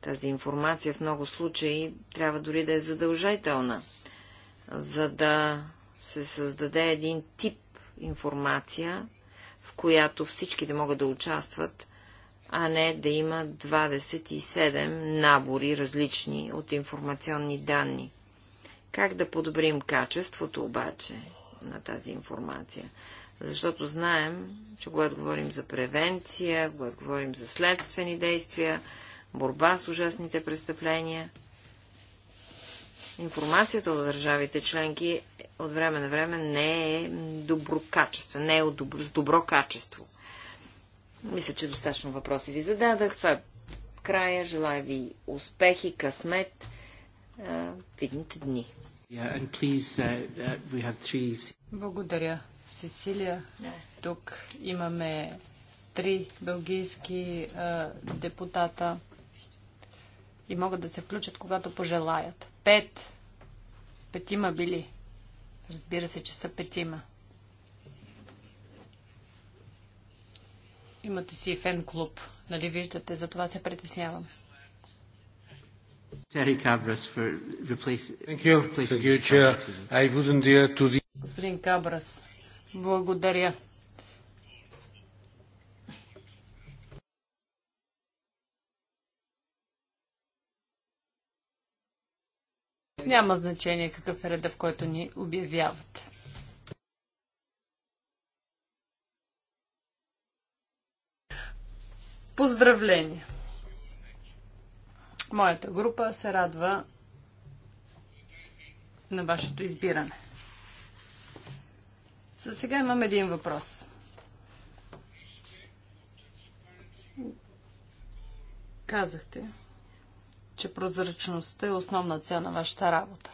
Тази информация в много случаи трябва дори да е задължителна, за да се създаде един тип информация, в която всички да могат да участват, а не да има 27 набори различни от информационни данни. Как да подобрим качеството обаче на тази информация? Защото знаем, че когато говорим за превенция, когато говорим за следствени действия, борба с ужасните престъпления – информацията от държавите членки от време на време не е добро качество, не е добро, с добро качество. Мисля, че достатъчно въпроси ви зададах. Това е края. Желая ви успехи, късмет, видните дни. Yeah, please, uh, uh, three... Благодаря, Сесилия. Yeah. Тук имаме три белгийски uh, депутата и могат да се включат, когато пожелаят. Пет. Петима били. Разбира се, че са петима. Имате си и фен клуб. Нали виждате? За това се притеснявам. Господин Кабрас, благодаря. Няма значение какъв е редът, в който ни обявявате. Поздравление. Моята група се радва на вашето избиране. За сега имам един въпрос. Казахте, че прозрачността е основна цел на вашата работа.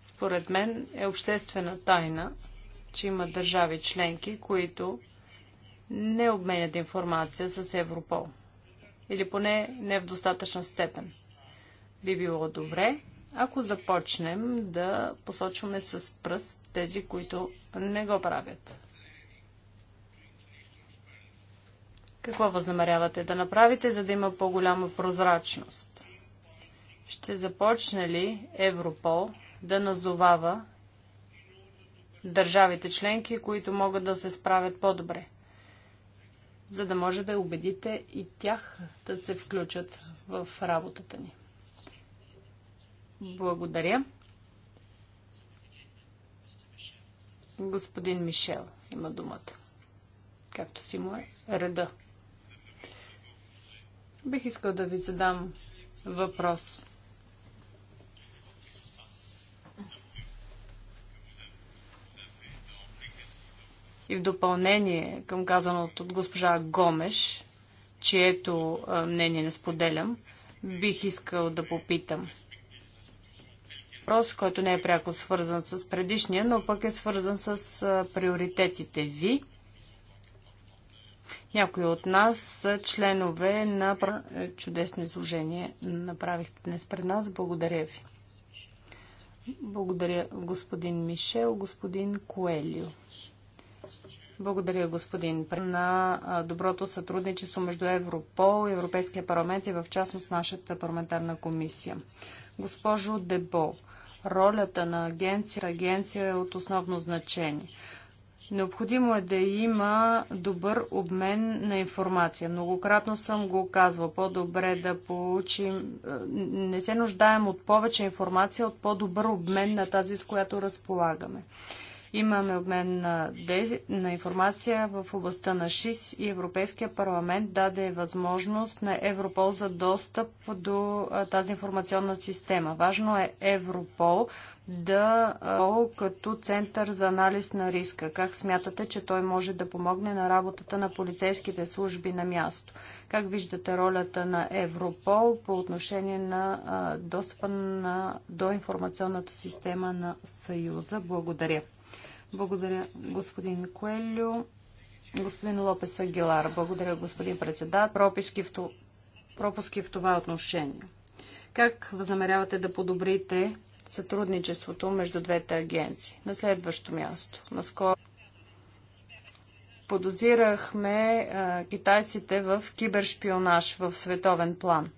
Според мен е обществена тайна, че има държави членки, които не обменят информация с Европол. Или поне не в достатъчна степен. Би било добре, ако започнем да посочваме с пръст тези, които не го правят. Какво възнамерявате да направите, за да има по-голяма прозрачност? Ще започне ли Европол да назовава държавите членки, които могат да се справят по-добре, за да може да убедите и тях да се включат в работата ни? Благодаря. Господин Мишел има думата, както си му е реда. Бих искал да ви задам въпрос. И в допълнение към казаното от госпожа Гомеш, чието мнение не споделям, бих искал да попитам. Въпрос, който не е пряко свързан с предишния, но пък е свързан с приоритетите ви някои от нас са членове на е, чудесно изложение направихте днес пред нас. Благодаря ви. Благодаря господин Мишел, господин Коелио. Благодаря, господин на доброто сътрудничество между Европол, Европейския парламент и в частност нашата парламентарна комисия. Госпожо Дебо, ролята на агенция, агенция е от основно значение. Необходимо е да има добър обмен на информация. Многократно съм го казвал. По-добре е да получим. Е, не се нуждаем от повече информация, от по-добър обмен на тази, с която разполагаме. Имаме обмен на, дези, на информация в областта на ШИС и Европейския парламент даде възможност на Европол за достъп до тази информационна система. Важно е Европол да като център за анализ на риска. Как смятате, че той може да помогне на работата на полицейските служби на място? Как виждате ролята на Европол по отношение на достъпа на, до информационната система на Съюза? Благодаря. Благодаря, господин Коелю. Господин Лопес Агилар, благодаря, господин председател. Пропуски в, пропуски в това отношение. Как възнамерявате да подобрите сътрудничеството между двете агенции? На следващо място. Наскоро подозирахме а, китайците в кибершпионаж в световен план.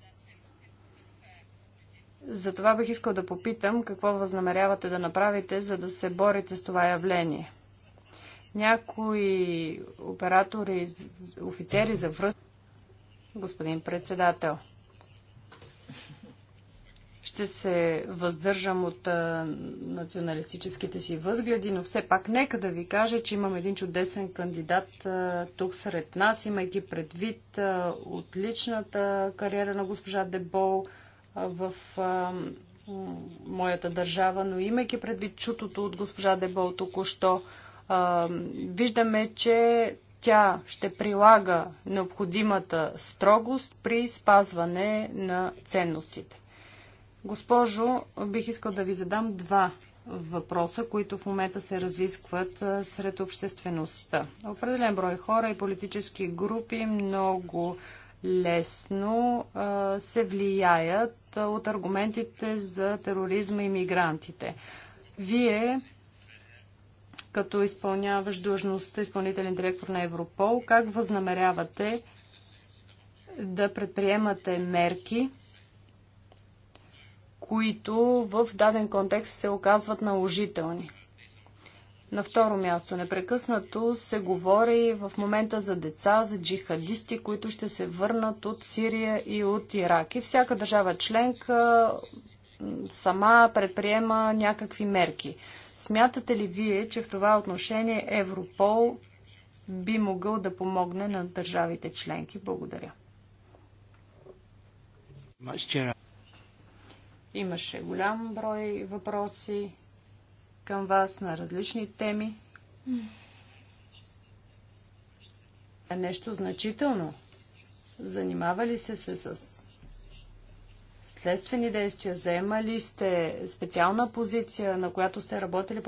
Затова бих искал да попитам какво възнамерявате да направите, за да се борите с това явление. Някои оператори, офицери за връзка, господин председател, ще се въздържам от а, националистическите си възгледи, но все пак нека да ви кажа, че имам един чудесен кандидат а, тук сред нас, имайки предвид а, отличната кариера на госпожа Дебол, в а, моята държава, но имайки предвид чутото от госпожа Дебол току-що, виждаме, че тя ще прилага необходимата строгост при спазване на ценностите. Госпожо, бих искал да ви задам два въпроса, които в момента се разискват сред обществеността. Определен брой хора и политически групи много лесно се влияят от аргументите за тероризма и мигрантите. Вие, като изпълняваш длъжността изпълнителен директор на Европол, как възнамерявате да предприемате мерки, които в даден контекст се оказват наложителни? На второ място, непрекъснато се говори в момента за деца, за джихадисти, които ще се върнат от Сирия и от Ирак. И всяка държава членка сама предприема някакви мерки. Смятате ли вие, че в това отношение Европол би могъл да помогне на държавите членки? Благодаря. Имаше голям брой въпроси към вас на различни теми. Е нещо значително. Занимавали ли се с следствени действия, заемали сте специална позиция, на която сте работили